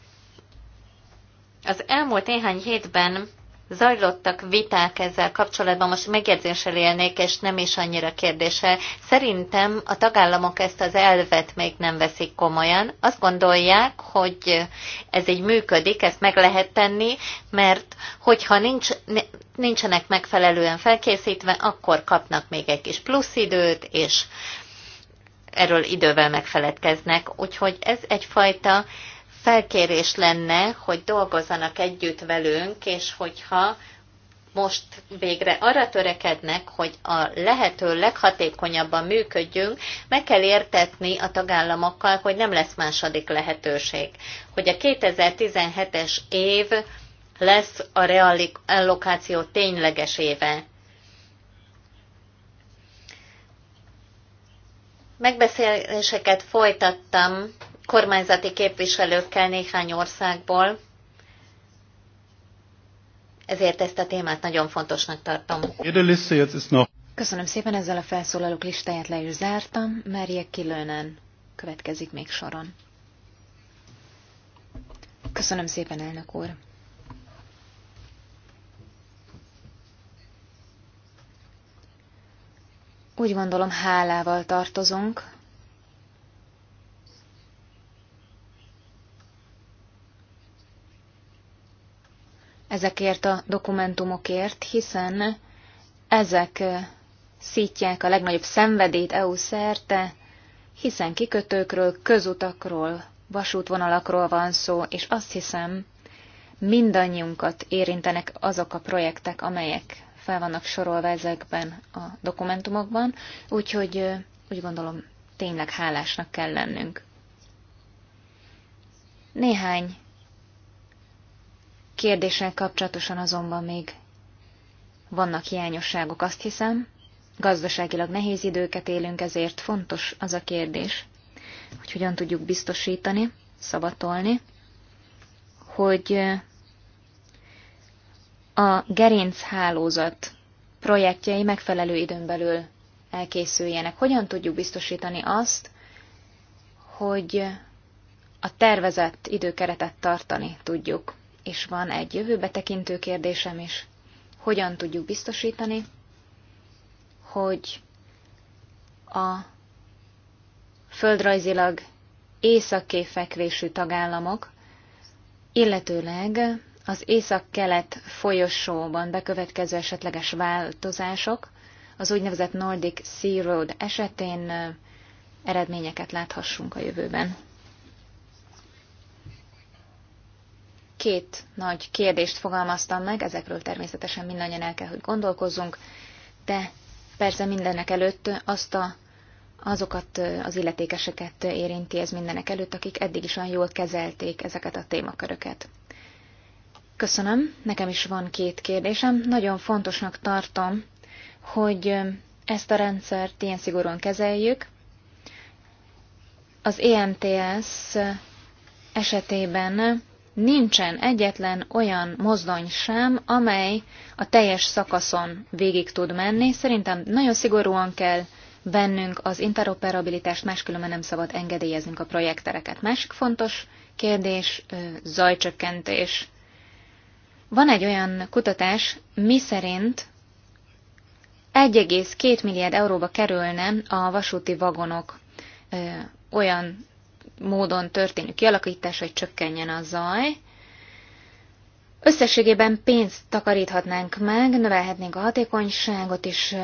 Az elmúlt néhány hétben Zajlottak viták ezzel kapcsolatban, most megjegyzéssel élnék, és nem is annyira kérdése. Szerintem a tagállamok ezt az elvet még nem veszik komolyan. Azt gondolják, hogy ez így működik, ezt meg lehet tenni, mert hogyha nincs, nincsenek megfelelően felkészítve, akkor kapnak még egy kis plusz időt, és erről idővel megfeledkeznek. Úgyhogy ez egyfajta felkérés lenne, hogy dolgozzanak együtt velünk, és hogyha most végre arra törekednek, hogy a lehető leghatékonyabban működjünk, meg kell értetni a tagállamokkal, hogy nem lesz második lehetőség. Hogy a 2017-es év lesz a reallokáció tényleges éve. Megbeszéléseket folytattam kormányzati képviselőkkel néhány országból, ezért ezt a témát nagyon fontosnak tartom. Köszönöm szépen, ezzel a felszólalók listáját le is zártam. Merje Kilőnen következik még soron. Köszönöm szépen, elnök úr. Úgy gondolom, hálával tartozunk ezekért a dokumentumokért, hiszen ezek szítják a legnagyobb szenvedét EU szerte, hiszen kikötőkről, közutakról, vasútvonalakról van szó, és azt hiszem, mindannyiunkat érintenek azok a projektek, amelyek fel vannak sorolva ezekben a dokumentumokban, úgyhogy úgy gondolom, tényleg hálásnak kell lennünk. Néhány kérdéssel kapcsolatosan azonban még vannak hiányosságok, azt hiszem. Gazdaságilag nehéz időket élünk, ezért fontos az a kérdés, hogy hogyan tudjuk biztosítani, szabatolni, hogy a gerinc hálózat projektjei megfelelő időn belül elkészüljenek. Hogyan tudjuk biztosítani azt, hogy a tervezett időkeretet tartani tudjuk és van egy jövőbe tekintő kérdésem is. Hogyan tudjuk biztosítani, hogy a földrajzilag északké fekvésű tagállamok, illetőleg az észak-kelet folyosóban bekövetkező esetleges változások, az úgynevezett Nordic Sea Road esetén eredményeket láthassunk a jövőben. két nagy kérdést fogalmaztam meg, ezekről természetesen mindannyian el kell, hogy gondolkozzunk, de persze mindenek előtt azt a, azokat az illetékeseket érinti ez mindenek előtt, akik eddig is olyan jól kezelték ezeket a témaköröket. Köszönöm, nekem is van két kérdésem. Nagyon fontosnak tartom, hogy ezt a rendszert ilyen szigorúan kezeljük. Az EMTS esetében nincsen egyetlen olyan mozdony sem, amely a teljes szakaszon végig tud menni. Szerintem nagyon szigorúan kell vennünk az interoperabilitást, máskülönben nem szabad engedélyeznünk a projektereket. Másik fontos kérdés, zajcsökkentés. Van egy olyan kutatás, mi szerint 1,2 milliárd euróba kerülne a vasúti vagonok olyan módon történő kialakítás, hogy csökkenjen a zaj. Összességében pénzt takaríthatnánk meg, növelhetnénk a hatékonyságot, és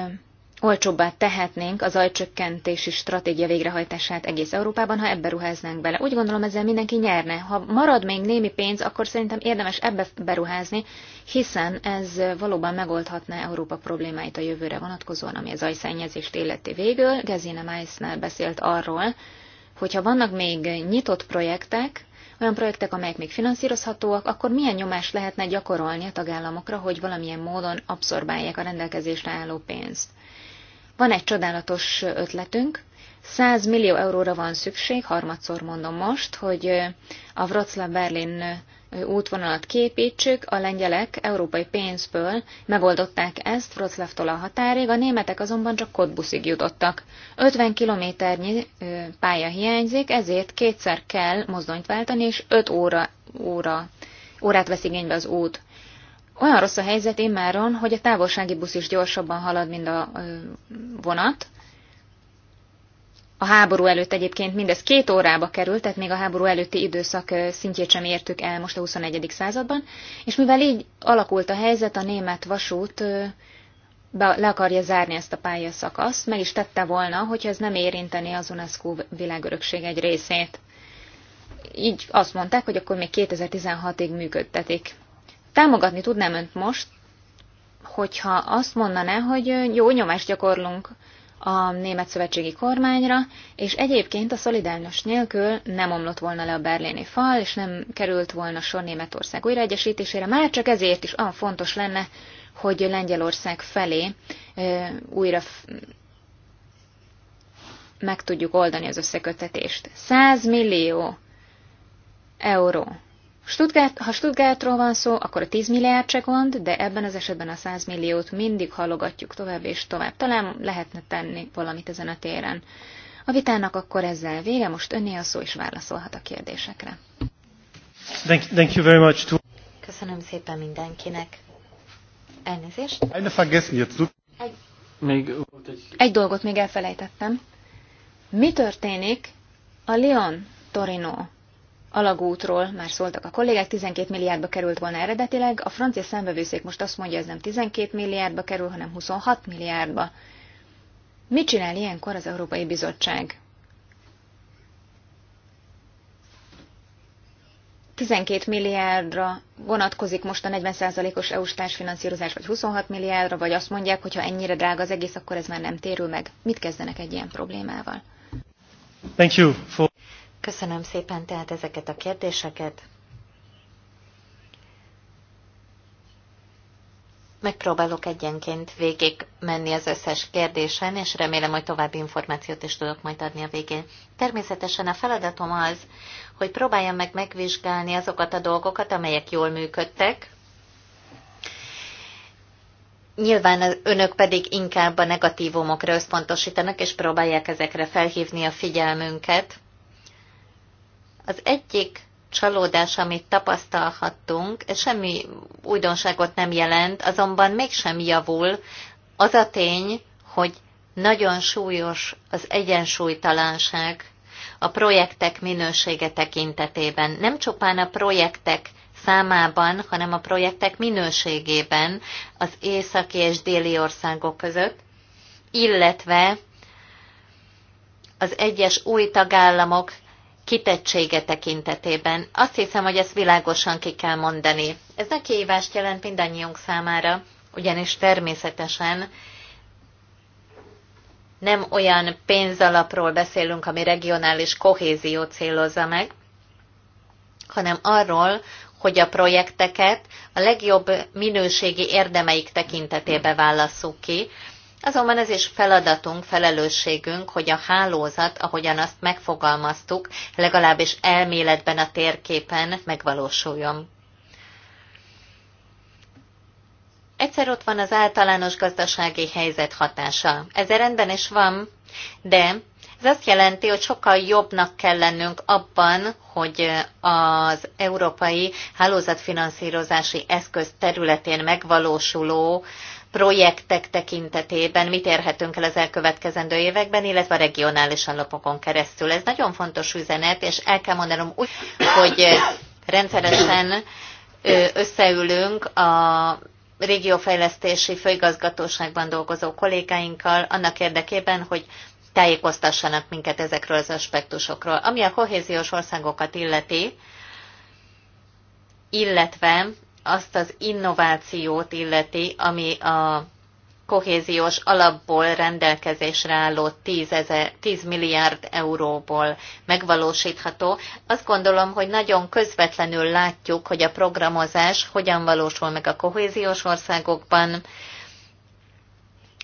olcsóbbá tehetnénk a zajcsökkentési stratégia végrehajtását egész Európában, ha ebbe ruháznánk bele. Úgy gondolom, ezzel mindenki nyerne. Ha marad még némi pénz, akkor szerintem érdemes ebbe beruházni, hiszen ez valóban megoldhatná Európa problémáit a jövőre vonatkozóan, ami a zajszennyezést illeti végül. Gezine Meissner beszélt arról, hogyha vannak még nyitott projektek, olyan projektek, amelyek még finanszírozhatóak, akkor milyen nyomás lehetne gyakorolni a tagállamokra, hogy valamilyen módon abszorbálják a rendelkezésre álló pénzt. Van egy csodálatos ötletünk, 100 millió euróra van szükség, harmadszor mondom most, hogy a Wroclaw-Berlin útvonalat képítsük. A lengyelek európai pénzből megoldották ezt Wroclawtól a határig, a németek azonban csak Kodbuszig jutottak. 50 kilométernyi pálya hiányzik, ezért kétszer kell mozdonyt váltani, és 5 óra, óra, órát vesz igénybe az út. Olyan rossz a helyzet immáron, hogy a távolsági busz is gyorsabban halad, mint a vonat, a háború előtt egyébként mindez két órába került, tehát még a háború előtti időszak szintjét sem értük el most a XXI. században, és mivel így alakult a helyzet, a német vasút be, le akarja zárni ezt a pályaszakaszt, meg is tette volna, hogyha ez nem érinteni az UNESCO világörökség egy részét. Így azt mondták, hogy akkor még 2016-ig működtetik. Támogatni tudnám önt most, hogyha azt mondaná, hogy jó nyomást gyakorlunk a német szövetségi kormányra, és egyébként a szolidárnos nélkül nem omlott volna le a berléni fal, és nem került volna sor Németország újraegyesítésére, már csak ezért is olyan fontos lenne, hogy Lengyelország felé ö, újra meg tudjuk oldani az összekötetést. 100 millió euró Stuttgart, ha Stuttgartról van szó, akkor a 10 milliárd se gond, de ebben az esetben a 100 milliót mindig halogatjuk tovább és tovább. Talán lehetne tenni valamit ezen a téren. A vitának akkor ezzel vége, most önné a szó is válaszolhat a kérdésekre. Thank, thank you very much to... Köszönöm szépen mindenkinek. Elnézést. Egy, még... egy dolgot még elfelejtettem. Mi történik a Lyon-Torino alagútról már szóltak a kollégák, 12 milliárdba került volna eredetileg, a francia szembevőszék most azt mondja, ez nem 12 milliárdba kerül, hanem 26 milliárdba. Mit csinál ilyenkor az Európai Bizottság? 12 milliárdra vonatkozik most a 40%-os EU-s társfinanszírozás, vagy 26 milliárdra, vagy azt mondják, hogy ha ennyire drága az egész, akkor ez már nem térül meg. Mit kezdenek egy ilyen problémával? Thank you for... Köszönöm szépen tehát ezeket a kérdéseket. Megpróbálok egyenként végig menni az összes kérdésen, és remélem, hogy további információt is tudok majd adni a végén. Természetesen a feladatom az, hogy próbáljam meg megvizsgálni azokat a dolgokat, amelyek jól működtek. Nyilván önök pedig inkább a negatívumokra összpontosítanak, és próbálják ezekre felhívni a figyelmünket. Az egyik csalódás, amit tapasztalhattunk, ez semmi újdonságot nem jelent, azonban mégsem javul az a tény, hogy nagyon súlyos az egyensúlytalanság a projektek minősége tekintetében. Nem csupán a projektek számában, hanem a projektek minőségében az északi és déli országok között, illetve az egyes új tagállamok kitettsége tekintetében. Azt hiszem, hogy ezt világosan ki kell mondani. Ez nagy kihívást jelent mindannyiunk számára, ugyanis természetesen nem olyan pénzalapról beszélünk, ami regionális kohézió célozza meg, hanem arról, hogy a projekteket a legjobb minőségi érdemeik tekintetébe válasszuk ki, Azonban ez is feladatunk, felelősségünk, hogy a hálózat, ahogyan azt megfogalmaztuk, legalábbis elméletben a térképen megvalósuljon. Egyszer ott van az általános gazdasági helyzet hatása. Ez rendben is van, de ez azt jelenti, hogy sokkal jobbnak kell lennünk abban, hogy az európai hálózatfinanszírozási eszköz területén megvalósuló projektek tekintetében mit érhetünk el az elkövetkezendő években, illetve a regionális alapokon keresztül. Ez nagyon fontos üzenet, és el kell mondanom úgy, hogy rendszeresen összeülünk a régiófejlesztési főigazgatóságban dolgozó kollégáinkkal annak érdekében, hogy tájékoztassanak minket ezekről az aspektusokról. Ami a kohéziós országokat illeti, illetve azt az innovációt illeti, ami a kohéziós alapból rendelkezésre álló 10, ezer, 10 milliárd euróból megvalósítható. Azt gondolom, hogy nagyon közvetlenül látjuk, hogy a programozás hogyan valósul meg a kohéziós országokban,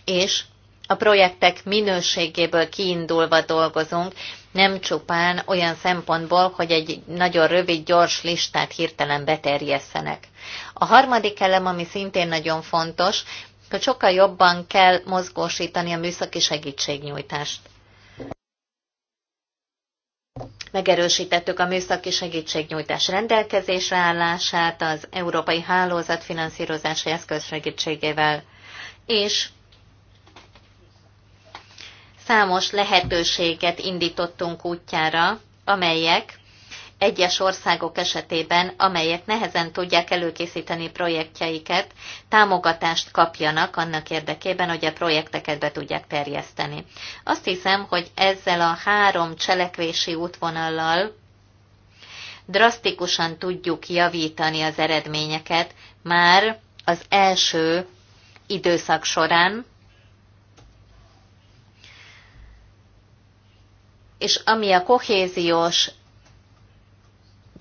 és a projektek minőségéből kiindulva dolgozunk, nem csupán olyan szempontból, hogy egy nagyon rövid, gyors listát hirtelen beterjesszenek. A harmadik elem, ami szintén nagyon fontos, hogy sokkal jobban kell mozgósítani a műszaki segítségnyújtást. Megerősítettük a műszaki segítségnyújtás rendelkezésre állását az Európai Hálózat finanszírozási eszköz segítségével, és számos lehetőséget indítottunk útjára, amelyek egyes országok esetében, amelyek nehezen tudják előkészíteni projektjeiket, támogatást kapjanak annak érdekében, hogy a projekteket be tudják terjeszteni. Azt hiszem, hogy ezzel a három cselekvési útvonallal drasztikusan tudjuk javítani az eredményeket már az első időszak során, és ami a kohéziós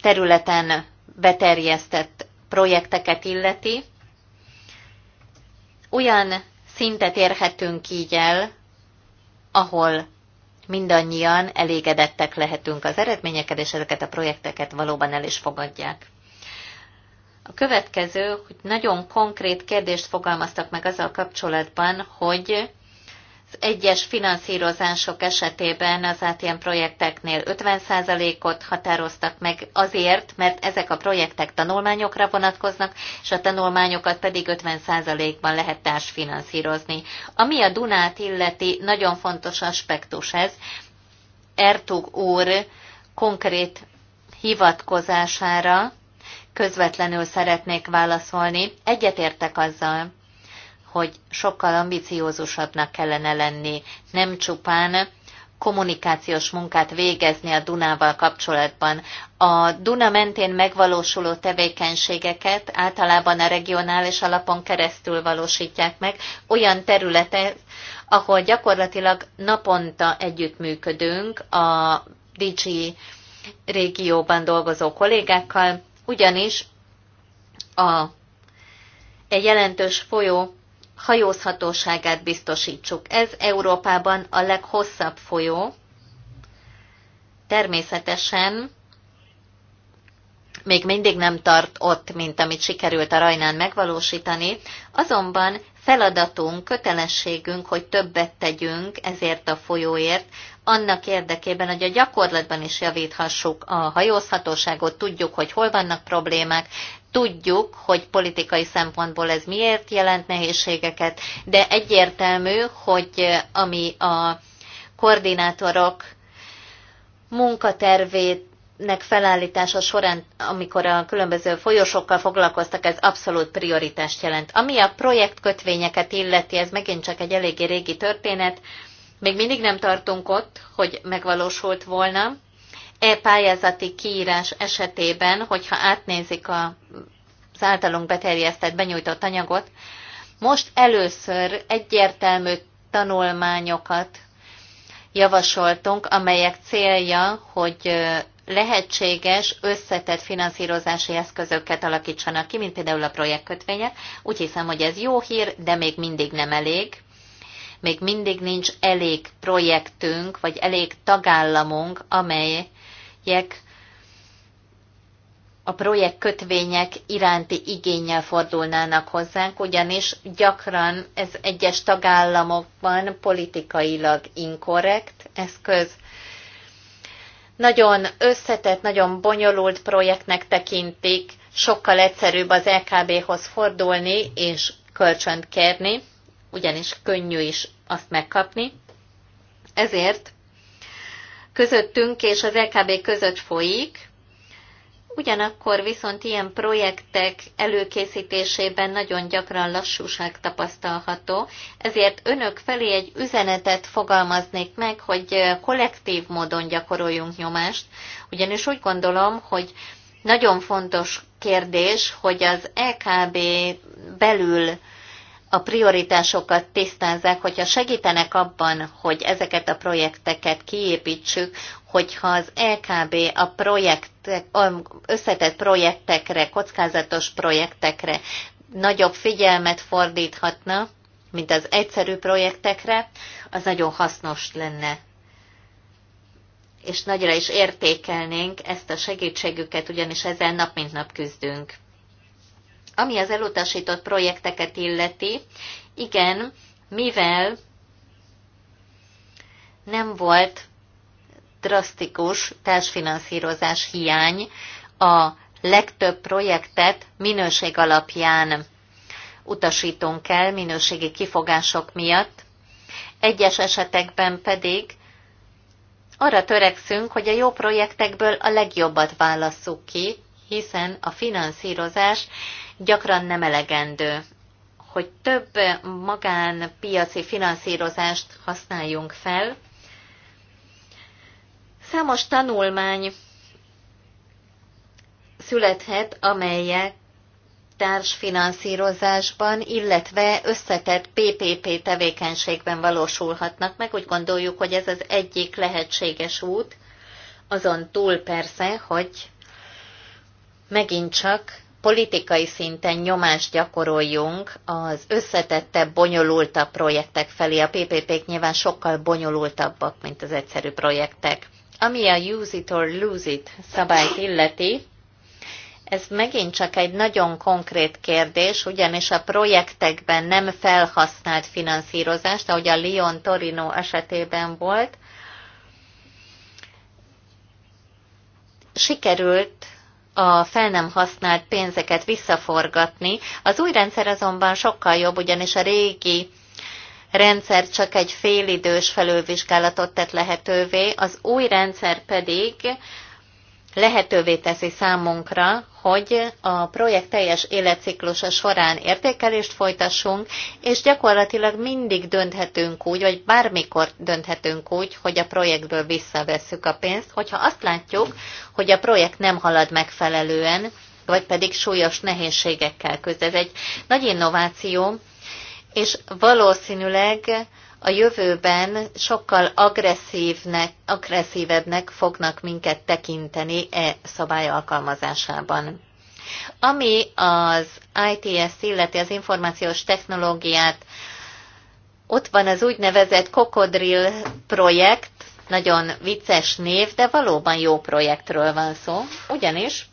területen beterjesztett projekteket illeti, olyan szintet érhetünk így el, ahol mindannyian elégedettek lehetünk az eredményeket, és ezeket a projekteket valóban el is fogadják. A következő, hogy nagyon konkrét kérdést fogalmaztak meg azzal kapcsolatban, hogy egyes finanszírozások esetében az ATM projekteknél 50%-ot határoztak meg azért, mert ezek a projektek tanulmányokra vonatkoznak, és a tanulmányokat pedig 50%-ban lehet társfinanszírozni. Ami a Dunát illeti, nagyon fontos aspektus ez. Ertug úr konkrét hivatkozására közvetlenül szeretnék válaszolni. Egyetértek azzal, hogy sokkal ambiciózusabbnak kellene lenni, nem csupán kommunikációs munkát végezni a Dunával kapcsolatban. A Duna mentén megvalósuló tevékenységeket általában a regionális alapon keresztül valósítják meg olyan területe, ahol gyakorlatilag naponta együttműködünk a DG régióban dolgozó kollégákkal, ugyanis a, egy jelentős folyó hajózhatóságát biztosítsuk. Ez Európában a leghosszabb folyó. Természetesen még mindig nem tart ott, mint amit sikerült a Rajnán megvalósítani, azonban feladatunk, kötelességünk, hogy többet tegyünk ezért a folyóért, annak érdekében, hogy a gyakorlatban is javíthassuk a hajózhatóságot, tudjuk, hogy hol vannak problémák, Tudjuk, hogy politikai szempontból ez miért jelent nehézségeket, de egyértelmű, hogy eh, ami a koordinátorok munkatervét nek felállítása során, amikor a különböző folyosókkal foglalkoztak, ez abszolút prioritást jelent. Ami a projektkötvényeket illeti, ez megint csak egy eléggé régi történet, még mindig nem tartunk ott, hogy megvalósult volna, e-pályázati kiírás esetében, hogyha átnézik a, az általunk beterjesztett, benyújtott anyagot, most először egyértelmű tanulmányokat javasoltunk, amelyek célja, hogy lehetséges, összetett finanszírozási eszközöket alakítsanak ki, mint például a projektkötvények. Úgy hiszem, hogy ez jó hír, de még mindig nem elég. Még mindig nincs elég projektünk, vagy elég tagállamunk, amely projektek a projekt kötvények iránti igényel fordulnának hozzánk, ugyanis gyakran ez egyes tagállamokban politikailag inkorrekt eszköz. Nagyon összetett, nagyon bonyolult projektnek tekintik, sokkal egyszerűbb az LKB-hoz fordulni és kölcsönt kérni, ugyanis könnyű is azt megkapni. Ezért közöttünk és az LKB között folyik, ugyanakkor viszont ilyen projektek előkészítésében nagyon gyakran lassúság tapasztalható, ezért önök felé egy üzenetet fogalmaznék meg, hogy kollektív módon gyakoroljunk nyomást, ugyanis úgy gondolom, hogy nagyon fontos kérdés, hogy az LKB belül a prioritásokat tisztázzák, hogyha segítenek abban, hogy ezeket a projekteket kiépítsük, hogyha az LKB a projektek összetett projektekre, kockázatos projektekre nagyobb figyelmet fordíthatna, mint az egyszerű projektekre, az nagyon hasznos lenne. És nagyra is értékelnénk ezt a segítségüket, ugyanis ezzel nap mint nap küzdünk. Ami az elutasított projekteket illeti, igen, mivel nem volt drasztikus társfinanszírozás hiány, a legtöbb projektet minőség alapján utasítunk el minőségi kifogások miatt, egyes esetekben pedig arra törekszünk, hogy a jó projektekből a legjobbat válasszuk ki, hiszen a finanszírozás gyakran nem elegendő, hogy több magánpiaci finanszírozást használjunk fel. Számos tanulmány születhet, amelyek társfinanszírozásban, illetve összetett PPP tevékenységben valósulhatnak meg. Úgy gondoljuk, hogy ez az egyik lehetséges út, azon túl persze, hogy megint csak politikai szinten nyomást gyakoroljunk az összetettebb, bonyolultabb projektek felé. A PPP-k nyilván sokkal bonyolultabbak, mint az egyszerű projektek. Ami a use it or lose it szabályt illeti, ez megint csak egy nagyon konkrét kérdés, ugyanis a projektekben nem felhasznált finanszírozást, ahogy a Lyon Torino esetében volt, sikerült a fel nem használt pénzeket visszaforgatni. Az új rendszer azonban sokkal jobb, ugyanis a régi rendszer csak egy félidős felülvizsgálatot tett lehetővé, az új rendszer pedig lehetővé teszi számunkra, hogy a projekt teljes életciklusa során értékelést folytassunk, és gyakorlatilag mindig dönthetünk úgy, vagy bármikor dönthetünk úgy, hogy a projektből visszavesszük a pénzt, hogyha azt látjuk, hogy a projekt nem halad megfelelően, vagy pedig súlyos nehézségekkel küzd. Ez egy nagy innováció, és valószínűleg a jövőben sokkal agresszívnek, agresszívebbnek fognak minket tekinteni e szabály alkalmazásában. Ami az ITS illeti az információs technológiát, ott van az úgynevezett Kokodril projekt, nagyon vicces név, de valóban jó projektről van szó, ugyanis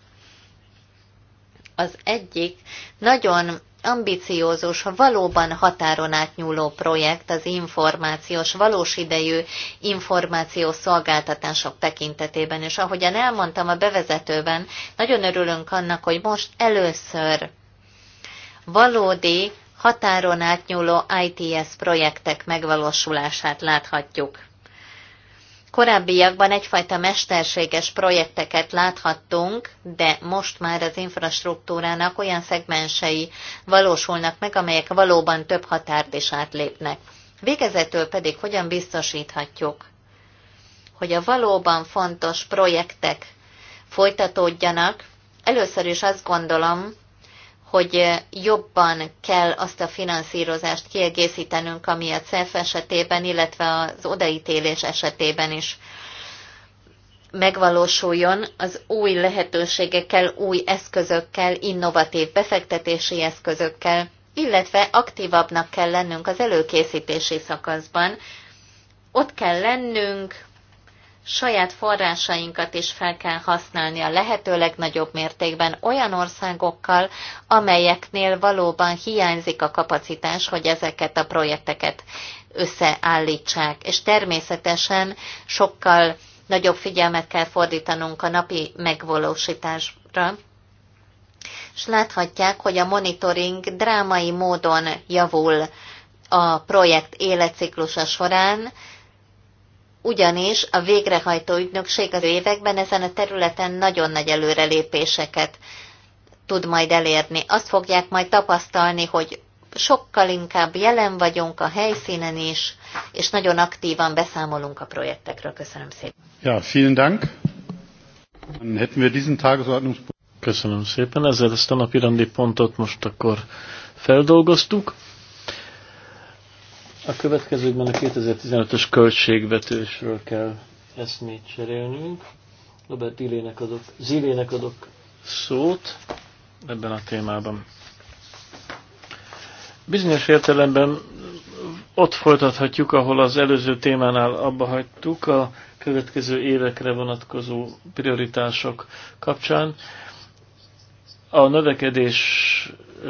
az egyik nagyon ambiciózus, valóban határon átnyúló projekt az információs, valós idejű információs szolgáltatások tekintetében. És ahogyan elmondtam a bevezetőben, nagyon örülünk annak, hogy most először valódi, határon átnyúló ITS projektek megvalósulását láthatjuk. Korábbiakban egyfajta mesterséges projekteket láthattunk, de most már az infrastruktúrának olyan szegmensei valósulnak meg, amelyek valóban több határt is átlépnek. Végezetül pedig hogyan biztosíthatjuk, hogy a valóban fontos projektek folytatódjanak. Először is azt gondolom, hogy jobban kell azt a finanszírozást kiegészítenünk, ami a CEF esetében, illetve az odaítélés esetében is megvalósuljon az új lehetőségekkel, új eszközökkel, innovatív befektetési eszközökkel, illetve aktívabbnak kell lennünk az előkészítési szakaszban. Ott kell lennünk, saját forrásainkat is fel kell használni a lehető legnagyobb mértékben olyan országokkal, amelyeknél valóban hiányzik a kapacitás, hogy ezeket a projekteket összeállítsák. És természetesen sokkal nagyobb figyelmet kell fordítanunk a napi megvalósításra. És láthatják, hogy a monitoring drámai módon javul a projekt életciklusa során, ugyanis a végrehajtó ügynökség az években ezen a területen nagyon nagy előrelépéseket tud majd elérni. Azt fogják majd tapasztalni, hogy sokkal inkább jelen vagyunk a helyszínen is, és nagyon aktívan beszámolunk a projektekről. Köszönöm szépen. Ja, vielen Dank. hätten wir diesen Tagesordnungspunkt. Köszönöm szépen. Ezzel ezt a napi pontot most akkor feldolgoztuk. A következőkben a 2015-ös költségvetésről kell eszmét cserélnünk. Robert Zilének adok, Zilének adok szót ebben a témában. Bizonyos értelemben ott folytathatjuk, ahol az előző témánál abba hagytuk a következő évekre vonatkozó prioritások kapcsán. A növekedés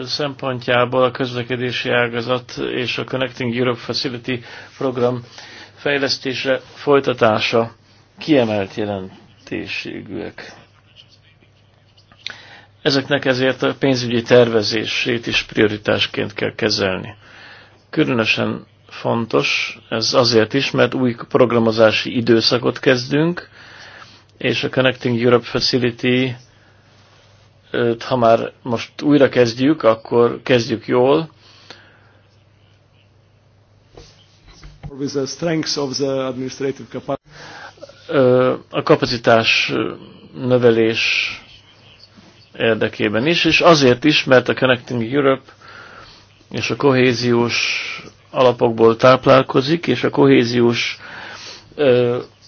szempontjából a közlekedési ágazat és a Connecting Europe Facility program fejlesztése, folytatása kiemelt jelentőségűek. Ezeknek ezért a pénzügyi tervezését is prioritásként kell kezelni. Különösen fontos ez azért is, mert új programozási időszakot kezdünk, és a Connecting Europe Facility ha már most újra kezdjük, akkor kezdjük jól. A kapacitás növelés érdekében is, és azért is, mert a Connecting Europe és a kohéziós alapokból táplálkozik, és a kohéziós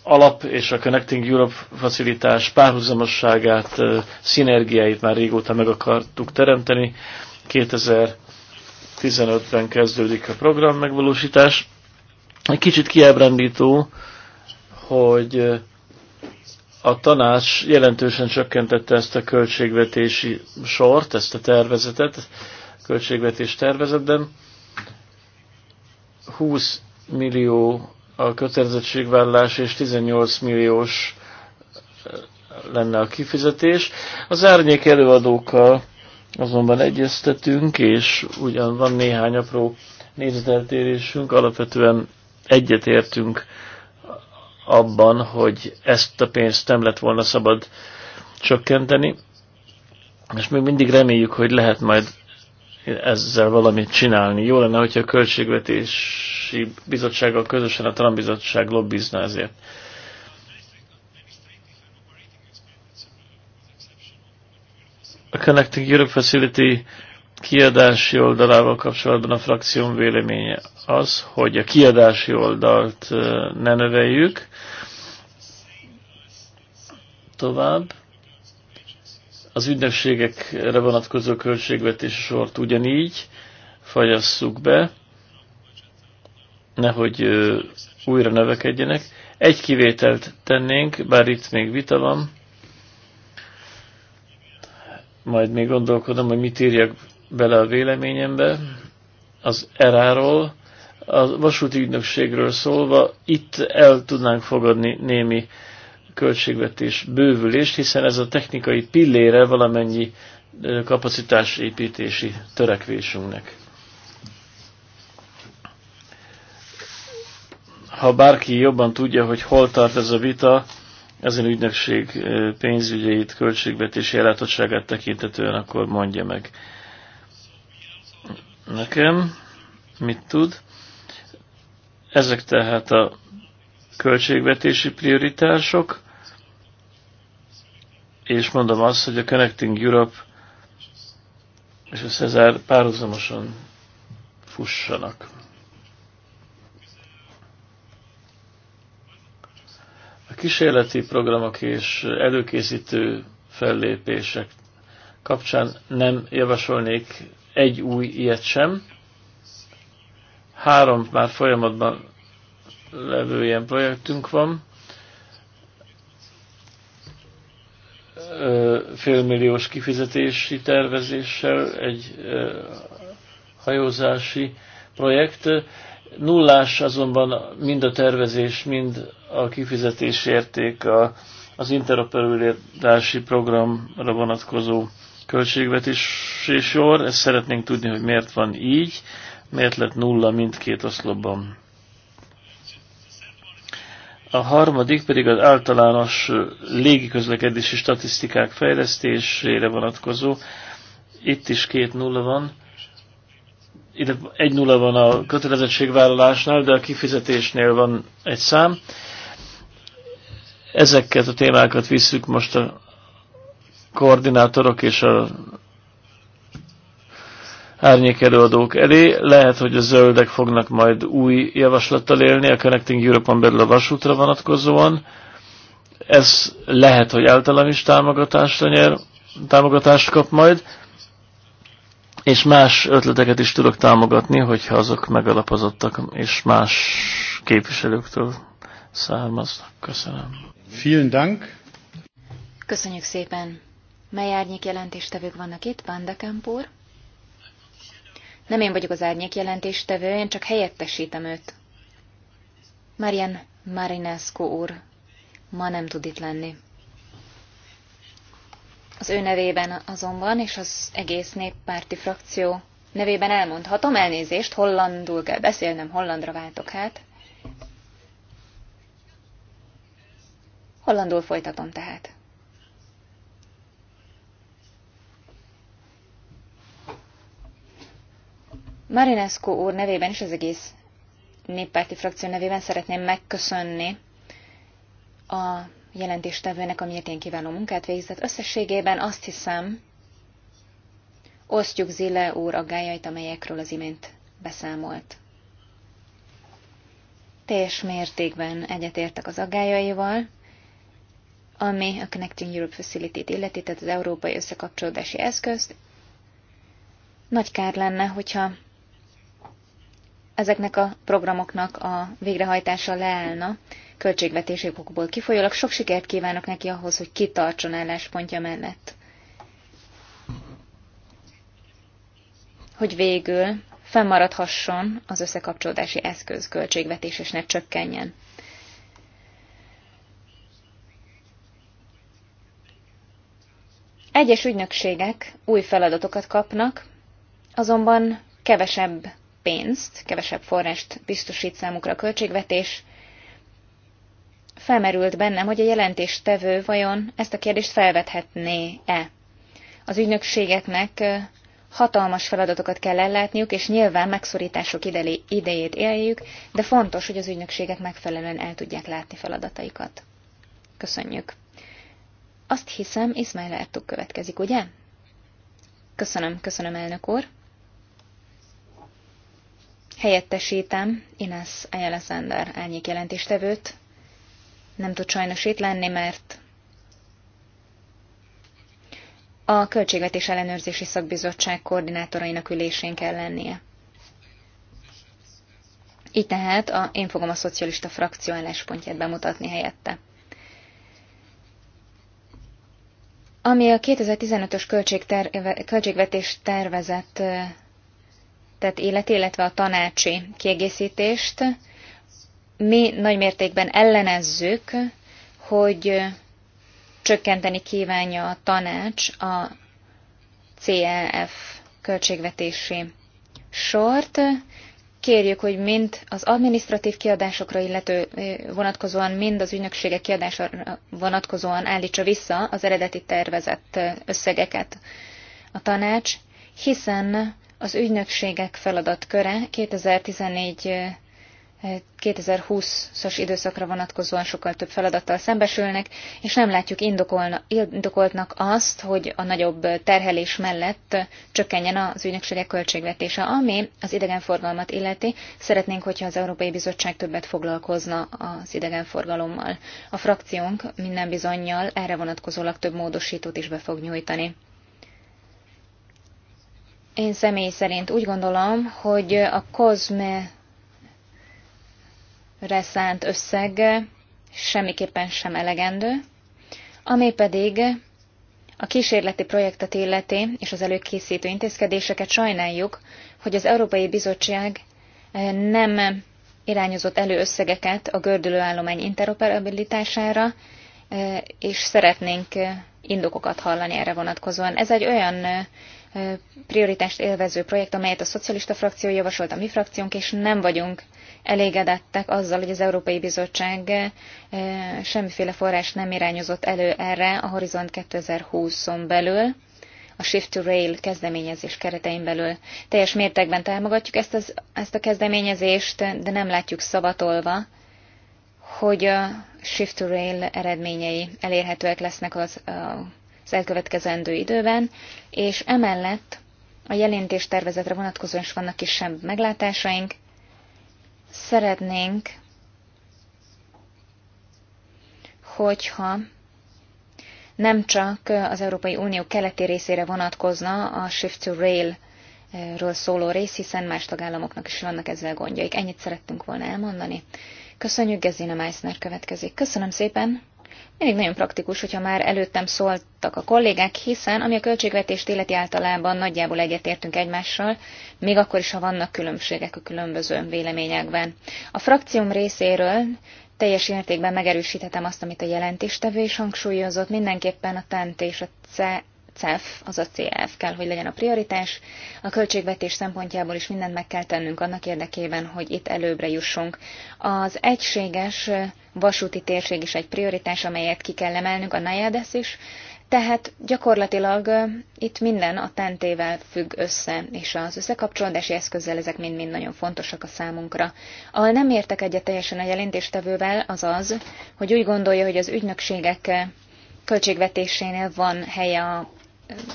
alap és a Connecting Europe facilitás párhuzamosságát, szinergiáit már régóta meg akartuk teremteni. 2015-ben kezdődik a program megvalósítás. Egy kicsit kiábrándító, hogy a tanács jelentősen csökkentette ezt a költségvetési sort, ezt a tervezetet, a költségvetés tervezetben. 20 millió a kötelezettségvállás és 18 milliós lenne a kifizetés. Az árnyék előadókkal azonban egyeztetünk, és ugyan van néhány apró nézeteltérésünk, alapvetően egyetértünk abban, hogy ezt a pénzt nem lett volna szabad csökkenteni, és még mindig reméljük, hogy lehet majd ezzel valamit csinálni. Jó lenne, hogyha a Költségvetési Bizottsággal közösen a Bizottság lobbizna ezért. A Connecting Europe Facility kiadási oldalával kapcsolatban a frakcióm véleménye az, hogy a kiadási oldalt eh, ne növeljük tovább, az ünnepségekre vonatkozó költségvetési sort ugyanígy fagyasszuk be, nehogy újra növekedjenek. Egy kivételt tennénk, bár itt még vita van, majd még gondolkodom, hogy mit írjak bele a véleményembe, az eráról, a vasúti ügynökségről szólva, itt el tudnánk fogadni némi költségvetés bővülést, hiszen ez a technikai pillére valamennyi kapacitásépítési törekvésünknek. Ha bárki jobban tudja, hogy hol tart ez a vita, ezen ügynökség pénzügyeit, költségvetési ellátottságát tekintetően, akkor mondja meg nekem, mit tud. Ezek tehát a költségvetési prioritások és mondom azt, hogy a Connecting Europe és a Cezár párhuzamosan fussanak. A kísérleti programok és előkészítő fellépések kapcsán nem javasolnék egy új ilyet sem. Három már folyamatban levő ilyen projektünk van, félmilliós kifizetési tervezéssel, egy hajózási projekt. Nullás azonban mind a tervezés, mind a kifizetés érték a, az interoperabilitási programra vonatkozó költségvetési sor. Ezt szeretnénk tudni, hogy miért van így, miért lett nulla mindkét oszlopban a harmadik pedig az általános légiközlekedési statisztikák fejlesztésére vonatkozó. Itt is két nulla van. Ide egy nulla van a kötelezettségvállalásnál, de a kifizetésnél van egy szám. Ezeket a témákat visszük most a koordinátorok és a árnyék előadók elé. Lehet, hogy a zöldek fognak majd új javaslattal élni a Connecting Europe-on belül a vasútra vonatkozóan. Ez lehet, hogy általam is támogatást, nyer, támogatást kap majd, és más ötleteket is tudok támogatni, hogyha azok megalapozottak, és más képviselőktől származnak. Köszönöm. Vielen Dank. Köszönjük szépen. Mely árnyék jelentéstevők vannak itt? Van nem én vagyok az árnyék jelentéstevő, én csak helyettesítem őt. Marian Marinescu úr ma nem tud itt lenni. Az ő nevében azonban, és az egész néppárti frakció nevében elmondhatom, elnézést, hollandul kell beszélnem, hollandra váltok hát. Hollandul folytatom tehát. Marinescu úr nevében és az egész néppárti frakció nevében szeretném megköszönni a jelentéstevőnek a én kívánom munkát végzett. Összességében azt hiszem, osztjuk Zille úr aggájait, amelyekről az imént beszámolt. Teljes mértékben egyetértek az aggájaival, ami a Connecting Europe Facility-t illeti, tehát az európai összekapcsolódási eszközt. Nagy kár lenne, hogyha ezeknek a programoknak a végrehajtása leállna, költségvetési okokból kifolyólag. Sok sikert kívánok neki ahhoz, hogy kitartson álláspontja mellett. Hogy végül fennmaradhasson az összekapcsolódási eszköz költségvetés, és ne csökkenjen. Egyes ügynökségek új feladatokat kapnak, azonban kevesebb pénzt, kevesebb forrást biztosít számukra a költségvetés, felmerült bennem, hogy a jelentéstevő vajon ezt a kérdést felvethetné-e. Az ügynökségeknek hatalmas feladatokat kell ellátniuk, és nyilván megszorítások ideli, idejét éljük, de fontos, hogy az ügynökségek megfelelően el tudják látni feladataikat. Köszönjük. Azt hiszem, Ismail Ertug következik, ugye? Köszönöm, köszönöm, elnök úr. Helyettesítem Ines Ayala-Sander jelentéstevőt. Nem tud sajnos itt lenni, mert a Költségvetés Ellenőrzési Szakbizottság koordinátorainak ülésén kell lennie. Így tehát a, én fogom a szocialista frakció álláspontját bemutatni helyette. Ami a 2015-ös költségterve, költségvetés tervezett tett élet, illetve a tanácsi kiegészítést. Mi nagy mértékben ellenezzük, hogy csökkenteni kívánja a tanács a CEF költségvetési sort. Kérjük, hogy mind az administratív kiadásokra illető vonatkozóan, mind az ügynökségek kiadásra vonatkozóan állítsa vissza az eredeti tervezett összegeket a tanács, hiszen az ügynökségek feladatköre 2014 2020-as eh, időszakra vonatkozóan sokkal több feladattal szembesülnek, és nem látjuk indokoltnak azt, hogy a nagyobb terhelés mellett csökkenjen az ügynökségek költségvetése, ami az idegenforgalmat illeti. Szeretnénk, hogyha az Európai Bizottság többet foglalkozna az idegenforgalommal. A frakciónk minden bizonyjal erre vonatkozólag több módosítót is be fog nyújtani. Én személy szerint úgy gondolom, hogy a kozme szánt összeg semmiképpen sem elegendő, ami pedig a kísérleti projektet illeti és az előkészítő intézkedéseket sajnáljuk, hogy az Európai Bizottság eh, nem irányozott elő összegeket a gördülőállomány interoperabilitására, eh, és szeretnénk eh, indokokat hallani erre vonatkozóan. Ez egy olyan prioritást élvező projekt, amelyet a szocialista frakció javasolt, a mi frakciónk, és nem vagyunk elégedettek azzal, hogy az Európai Bizottság semmiféle forrás nem irányozott elő erre a Horizont 2020-on belül, a Shift to Rail kezdeményezés keretein belül. Teljes mértékben támogatjuk ezt, az, ezt a kezdeményezést, de nem látjuk szavatolva, hogy a Shift to Rail eredményei elérhetőek lesznek az a az elkövetkezendő időben, és emellett a jelentés tervezetre vonatkozóan is vannak kisebb meglátásaink. Szeretnénk, hogyha nem csak az Európai Unió keleti részére vonatkozna a Shift to Rail ről szóló rész, hiszen más tagállamoknak is vannak ezzel gondjaik. Ennyit szerettünk volna elmondani. Köszönjük, Gezina Meissner következik. Köszönöm szépen! Mindig nagyon praktikus, hogyha már előttem szóltak a kollégák, hiszen ami a költségvetést illeti általában nagyjából egyetértünk egymással, még akkor is, ha vannak különbségek a különböző véleményekben. A frakcióm részéről teljes értékben megerősíthetem azt, amit a jelentéstevő is hangsúlyozott, mindenképpen a TENT e és a CEF, az a CEF kell, hogy legyen a prioritás. A költségvetés szempontjából is mindent meg kell tennünk annak érdekében, hogy itt előbbre jussunk. Az egységes vasúti térség is egy prioritás, amelyet ki kell emelnünk, a NAJADESZ is, tehát gyakorlatilag itt minden a tentével függ össze, és az összekapcsolódási eszközzel ezek mind-mind nagyon fontosak a számunkra. Ahol nem értek egyet teljesen a jelentéstevővel, az az, hogy úgy gondolja, hogy az ügynökségek költségvetésénél van helye a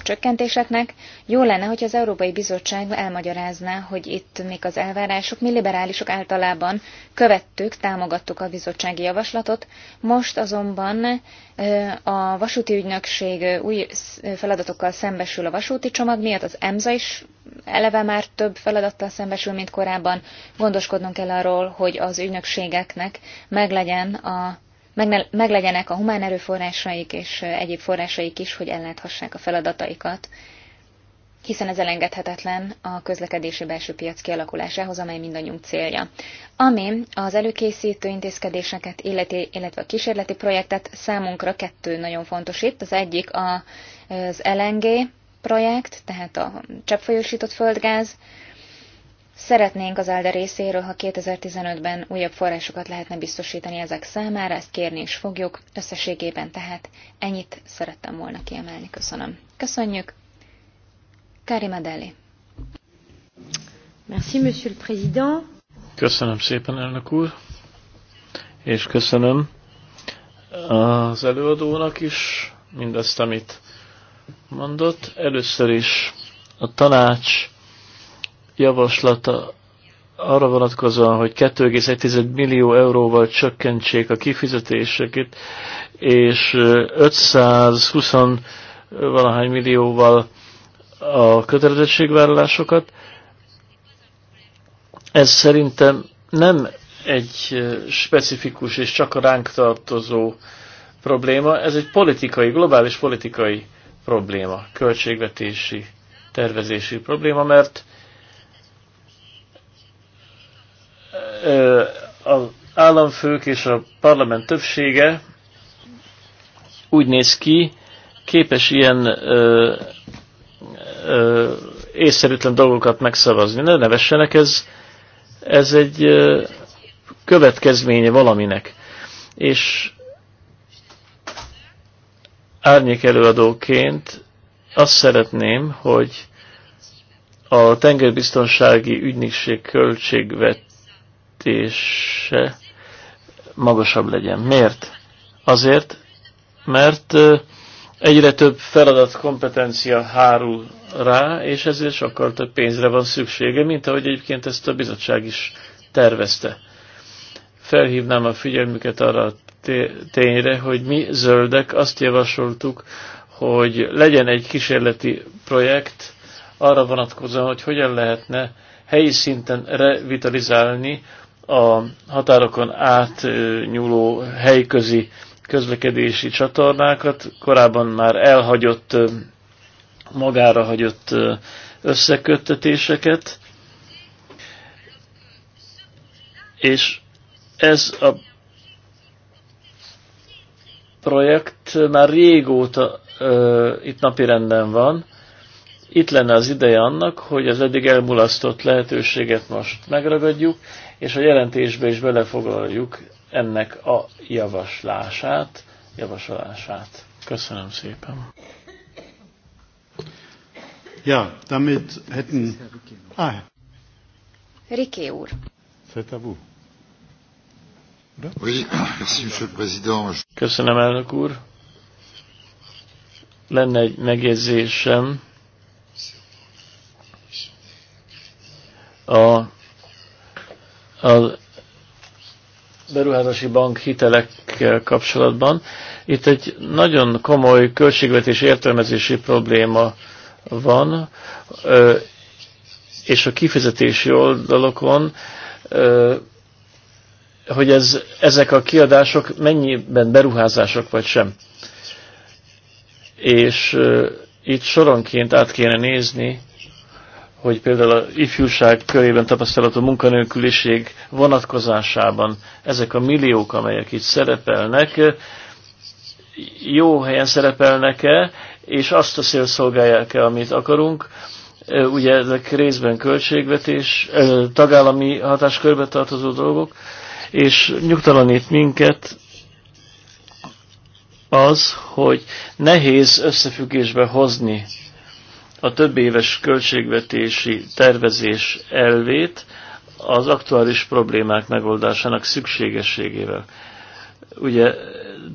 csökkentéseknek. Jó lenne, hogy az Európai Bizottság elmagyarázná, hogy itt még az elvárások, mi liberálisok általában követtük, támogattuk a bizottsági javaslatot. Most azonban a vasúti ügynökség új feladatokkal szembesül a vasúti csomag miatt, az EMSA is eleve már több feladattal szembesül, mint korábban. Gondoskodnunk kell arról, hogy az ügynökségeknek meglegyen a meglegyenek a humán erőforrásaik és egyéb forrásaik is, hogy elláthassák a feladataikat, hiszen ez elengedhetetlen a közlekedési belső piac kialakulásához, amely mindannyiunk célja. Ami az előkészítő intézkedéseket, illeti, illetve a kísérleti projektet számunkra kettő nagyon fontos itt. Az egyik az LNG projekt, tehát a cseppfolyósított földgáz, Szeretnénk az Elde részéről, ha 2015-ben újabb forrásokat lehetne biztosítani ezek számára, ezt kérni is fogjuk, összességében tehát ennyit szerettem volna kiemelni. Köszönöm. Köszönjük. Karima Deli. Merci, Monsieur le Président. Köszönöm szépen, elnök úr, és köszönöm az előadónak is mindazt, amit mondott. Először is a tanács javaslata arra vonatkozóan, hogy 2,1 millió euróval csökkentsék a kifizetéseket, és 520 valahány millióval a kötelezettségvállalásokat. Ez szerintem nem egy specifikus és csak ránk tartozó probléma, ez egy politikai, globális politikai probléma, költségvetési, tervezési probléma, mert az államfők és a parlament többsége úgy néz ki, képes ilyen ö, ö, észszerűtlen dolgokat megszavazni. Ne nevessenek, ez, ez egy ö, következménye valaminek. És árnyék előadóként azt szeretném, hogy a tengerbiztonsági ügynökség költségvet fizetése magasabb legyen. Miért? Azért, mert egyre több feladat, kompetencia hárul rá, és ezért sokkal több pénzre van szüksége, mint ahogy egyébként ezt a bizottság is tervezte. Felhívnám a figyelmüket arra a tényre, hogy mi zöldek azt javasoltuk, hogy legyen egy kísérleti projekt arra vonatkozóan, hogy hogyan lehetne helyi szinten revitalizálni a határokon átnyúló helyközi közlekedési csatornákat, korábban már elhagyott, magára hagyott összeköttetéseket, és ez a projekt már régóta uh, itt napirenden van, itt lenne az ideje annak, hogy az eddig elmulasztott lehetőséget most megragadjuk, és a jelentésbe is belefoglaljuk ennek a javaslását, javasolását. Köszönöm szépen. Ja, damit hätten... Ah. Riké úr. Köszönöm, elnök úr. Lenne egy megjegyzésem a, a beruházási bank hitelekkel kapcsolatban. Itt egy nagyon komoly költségvetés értelmezési probléma van, és a kifizetési oldalokon, hogy ez, ezek a kiadások mennyiben beruházások vagy sem. És itt soronként át kéne nézni hogy például a ifjúság körében tapasztalható munkanélküliség vonatkozásában ezek a milliók, amelyek itt szerepelnek, jó helyen szerepelnek-e, és azt a cél szolgálják-e, amit akarunk. Ugye ezek részben költségvetés, tagállami hatáskörbe tartozó dolgok, és nyugtalanít minket az, hogy nehéz összefüggésbe hozni a több éves költségvetési tervezés elvét az aktuális problémák megoldásának szükségességével. Ugye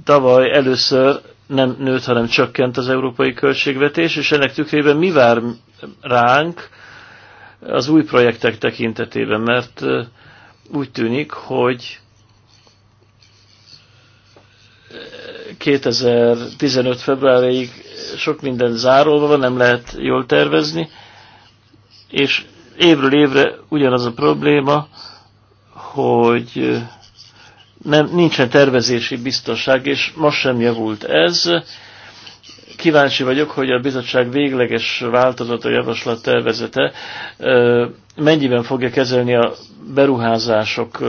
tavaly először nem nőtt, hanem csökkent az európai költségvetés, és ennek tükrében mi vár ránk az új projektek tekintetében, mert úgy tűnik, hogy 2015. februárig sok minden zárolva van, nem lehet jól tervezni, és évről évre ugyanaz a probléma, hogy nem, nincsen tervezési biztonság, és most sem javult ez. Kíváncsi vagyok, hogy a bizottság végleges változata, javaslat tervezete mennyiben fogja kezelni a beruházások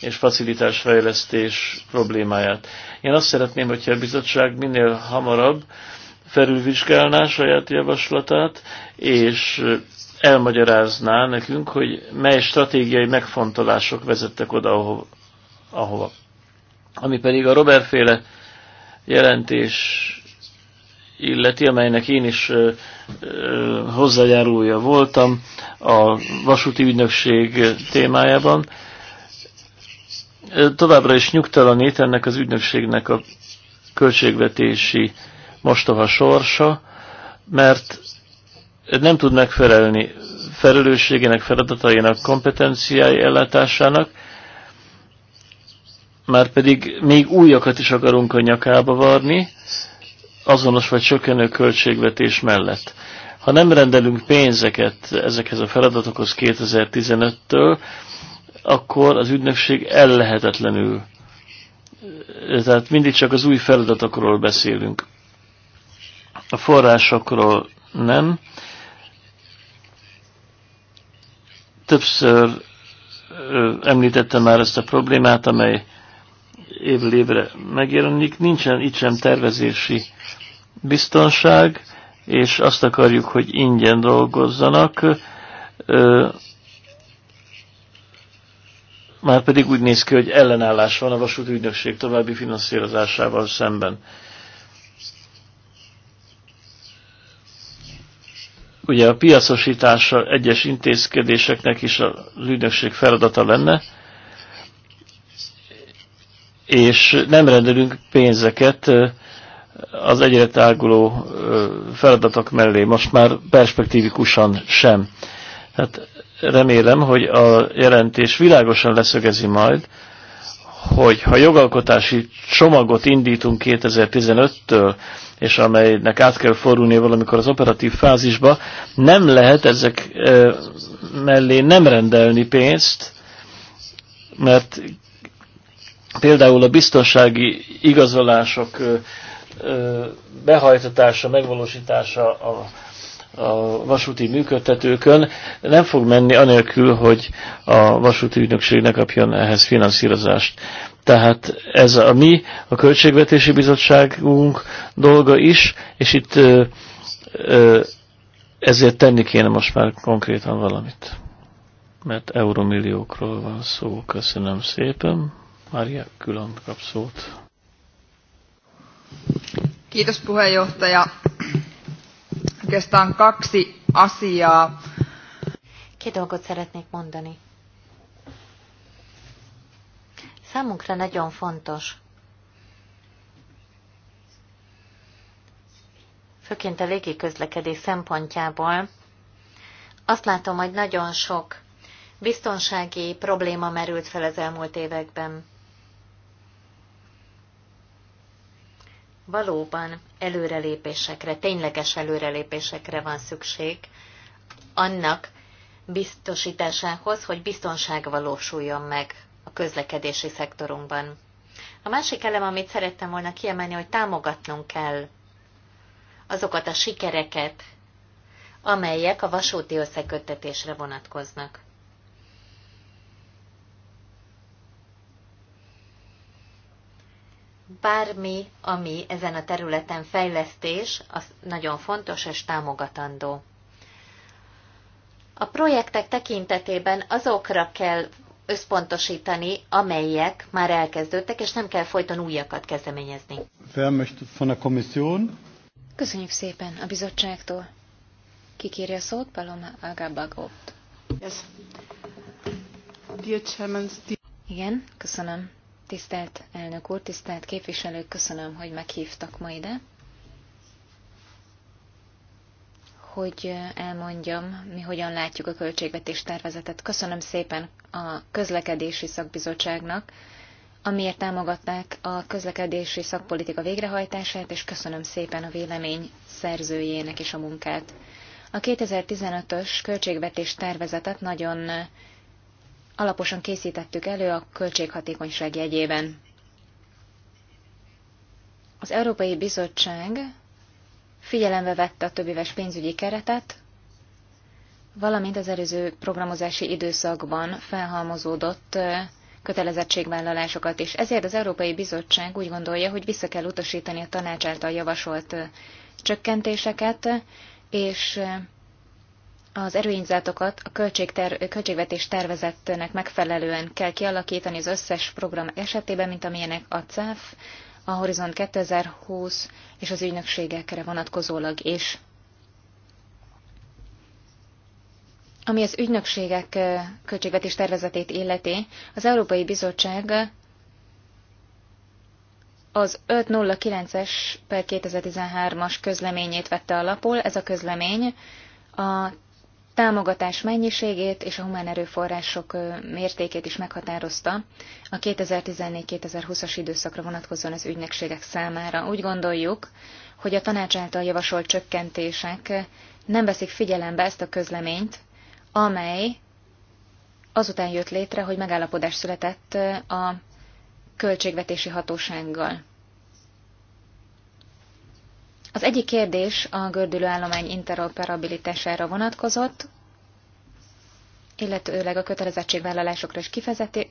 és facilitás fejlesztés problémáját. Én azt szeretném, hogyha a bizottság minél hamarabb felülvizsgálná saját javaslatát, és elmagyarázná nekünk, hogy mely stratégiai megfontolások vezettek oda, ahova. Ami pedig a Robert féle jelentés illeti, amelynek én is ö, ö, hozzájárulója voltam a vasúti ügynökség témájában. Továbbra is nyugtalanít ennek az ügynökségnek a költségvetési mostoha sorsa, mert nem tud megfelelni felelősségének, feladatainak, kompetenciái ellátásának, már pedig még újakat is akarunk a nyakába varni, azonos vagy csökkenő költségvetés mellett. Ha nem rendelünk pénzeket ezekhez a feladatokhoz 2015-től, akkor az ügynökség ellehetetlenül. Tehát mindig csak az új feladatokról beszélünk. A forrásokról nem. Többször említettem már ezt a problémát, amely évről évre megjelenik. Nincsen itt sem tervezési biztonság, és azt akarjuk, hogy ingyen dolgozzanak. Már pedig úgy néz ki, hogy ellenállás van a vasúti ügynökség további finanszírozásával szemben. ugye a piacosítása egyes intézkedéseknek is a ügynökség feladata lenne, és nem rendelünk pénzeket az egyre táguló feladatok mellé, most már perspektívikusan sem. Tehát remélem, hogy a jelentés világosan leszögezi majd, hogy ha jogalkotási csomagot indítunk 2015-től, és amelynek át kell fordulni valamikor az operatív fázisba, nem lehet ezek mellé nem rendelni pénzt, mert például a biztonsági igazolások behajtatása, megvalósítása a a vasúti működtetőkön nem fog menni anélkül, hogy a vasúti ügynökség ne kapjon ehhez finanszírozást. Tehát ez a mi, a Költségvetési Bizottságunk dolga is, és itt ö, ö, ezért tenni kéne most már konkrétan valamit. Mert euromilliókról van szó. Köszönöm szépen. Mária külön kap szót. Kiitos puheenjohtaja. Oikeastaan kaksi asiaa. Két dolgot szeretnék mondani. Számunkra nagyon fontos, főként a légiközlekedés szempontjából, azt látom, hogy nagyon sok biztonsági probléma merült fel az elmúlt években. valóban előrelépésekre, tényleges előrelépésekre van szükség annak biztosításához, hogy biztonság valósuljon meg a közlekedési szektorunkban. A másik elem, amit szerettem volna kiemelni, hogy támogatnunk kell azokat a sikereket, amelyek a vasúti összeköttetésre vonatkoznak. bármi, ami ezen a területen fejlesztés, az nagyon fontos és támogatandó. A projektek tekintetében azokra kell összpontosítani, amelyek már elkezdődtek, és nem kell folyton újakat kezdeményezni. Von a kommission? Köszönjük szépen a bizottságtól. Kikírja a szót, Paloma Agabagot. Yes. Dear chairman, Igen, köszönöm. Tisztelt elnök úr, tisztelt képviselők, köszönöm, hogy meghívtak ma ide, hogy elmondjam, mi hogyan látjuk a költségvetés tervezetet. Köszönöm szépen a közlekedési szakbizottságnak, amiért támogatták a közlekedési szakpolitika végrehajtását, és köszönöm szépen a vélemény szerzőjének is a munkát. A 2015-ös költségvetés tervezetet nagyon alaposan készítettük elő a költséghatékonyság jegyében. Az Európai Bizottság figyelembe vette a többéves pénzügyi keretet, valamint az előző programozási időszakban felhalmozódott kötelezettségvállalásokat is. Ezért az Európai Bizottság úgy gondolja, hogy vissza kell utasítani a tanács által javasolt csökkentéseket, és az erőinzátokat a költségter, költségvetés tervezetnek megfelelően kell kialakítani az összes program esetében, mint amilyenek a CEF, a Horizont 2020 és az ügynökségekre vonatkozólag is. Ami az ügynökségek költségvetés tervezetét illeti, az Európai Bizottság az 509-es per 2013-as közleményét vette alapul. Ez a közlemény a támogatás mennyiségét és a humán erőforrások mértékét is meghatározta a 2014-2020-as időszakra vonatkozóan az ügynökségek számára. Úgy gondoljuk, hogy a tanács által javasolt csökkentések nem veszik figyelembe ezt a közleményt, amely azután jött létre, hogy megállapodás született a költségvetési hatósággal. Az egyik kérdés a gördülőállomány interoperabilitására vonatkozott, illetőleg a kötelezettségvállalásokra és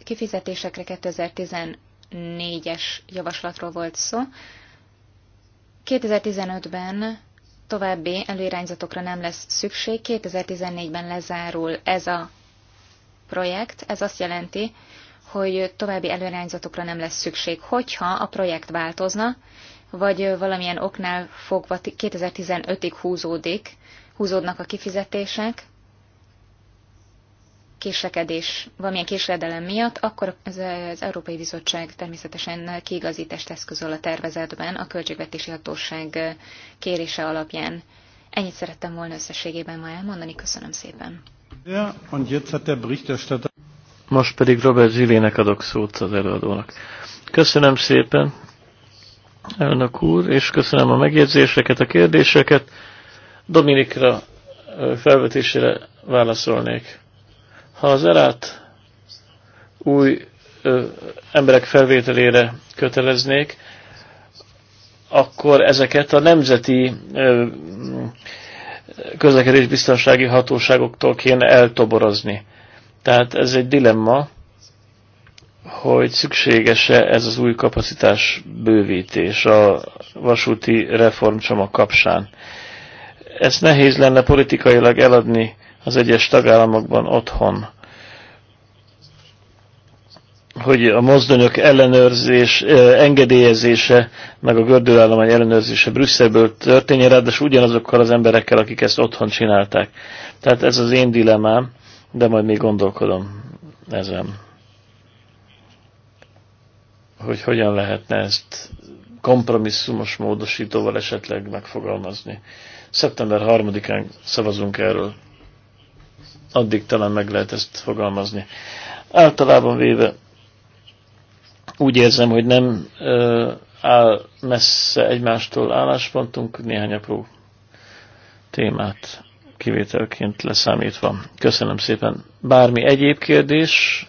kifizetésekre 2014-es javaslatról volt szó. 2015-ben további előirányzatokra nem lesz szükség, 2014-ben lezárul ez a projekt, ez azt jelenti, hogy további előirányzatokra nem lesz szükség, hogyha a projekt változna, vagy valamilyen oknál fogva 2015-ig húzódik, húzódnak a kifizetések, késlekedés, valamilyen késledelem miatt, akkor az, az Európai Bizottság természetesen kiigazítást eszközöl a tervezetben a Költségvetési Hatóság kérése alapján. Ennyit szerettem volna összességében ma elmondani, köszönöm szépen. Ja, Berichterstatter... Most pedig Robert Zilének adok szót az előadónak. Köszönöm szépen, elnök úr, és köszönöm a megjegyzéseket, a kérdéseket. Dominikra felvetésére válaszolnék. Ha az erát új ö, emberek felvételére köteleznék, akkor ezeket a nemzeti ö, közlekedésbiztonsági hatóságoktól kéne eltoborozni. Tehát ez egy dilemma, hogy szükséges-e ez az új kapacitás bővítés a vasúti reformcsomag kapcsán. Ezt nehéz lenne politikailag eladni az egyes tagállamokban otthon, hogy a mozdonyok ellenőrzés, engedélyezése, meg a gördülállomány ellenőrzése Brüsszelből történjen, ráadásul ugyanazokkal az emberekkel, akik ezt otthon csinálták. Tehát ez az én dilemám, de majd még gondolkodom ezen hogy hogyan lehetne ezt kompromisszumos módosítóval esetleg megfogalmazni. Szeptember 3-án szavazunk erről. Addig talán meg lehet ezt fogalmazni. Általában véve úgy érzem, hogy nem ö, áll messze egymástól álláspontunk, néhány apró témát kivételként leszámítva. Köszönöm szépen. Bármi egyéb kérdés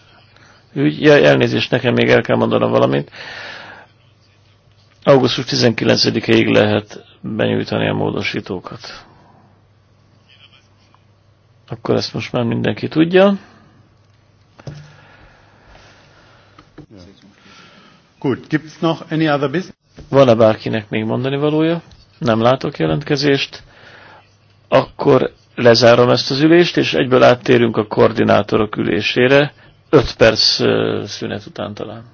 ügy. Ja, elnézést, nekem még el kell mondanom valamit. Augusztus 19-ig lehet benyújtani a módosítókat. Akkor ezt most már mindenki tudja. Gut, gibt's noch any other business? Van-e bárkinek még mondani valója? Nem látok jelentkezést. Akkor lezárom ezt az ülést, és egyből áttérünk a koordinátorok ülésére öt perc szünet után talán.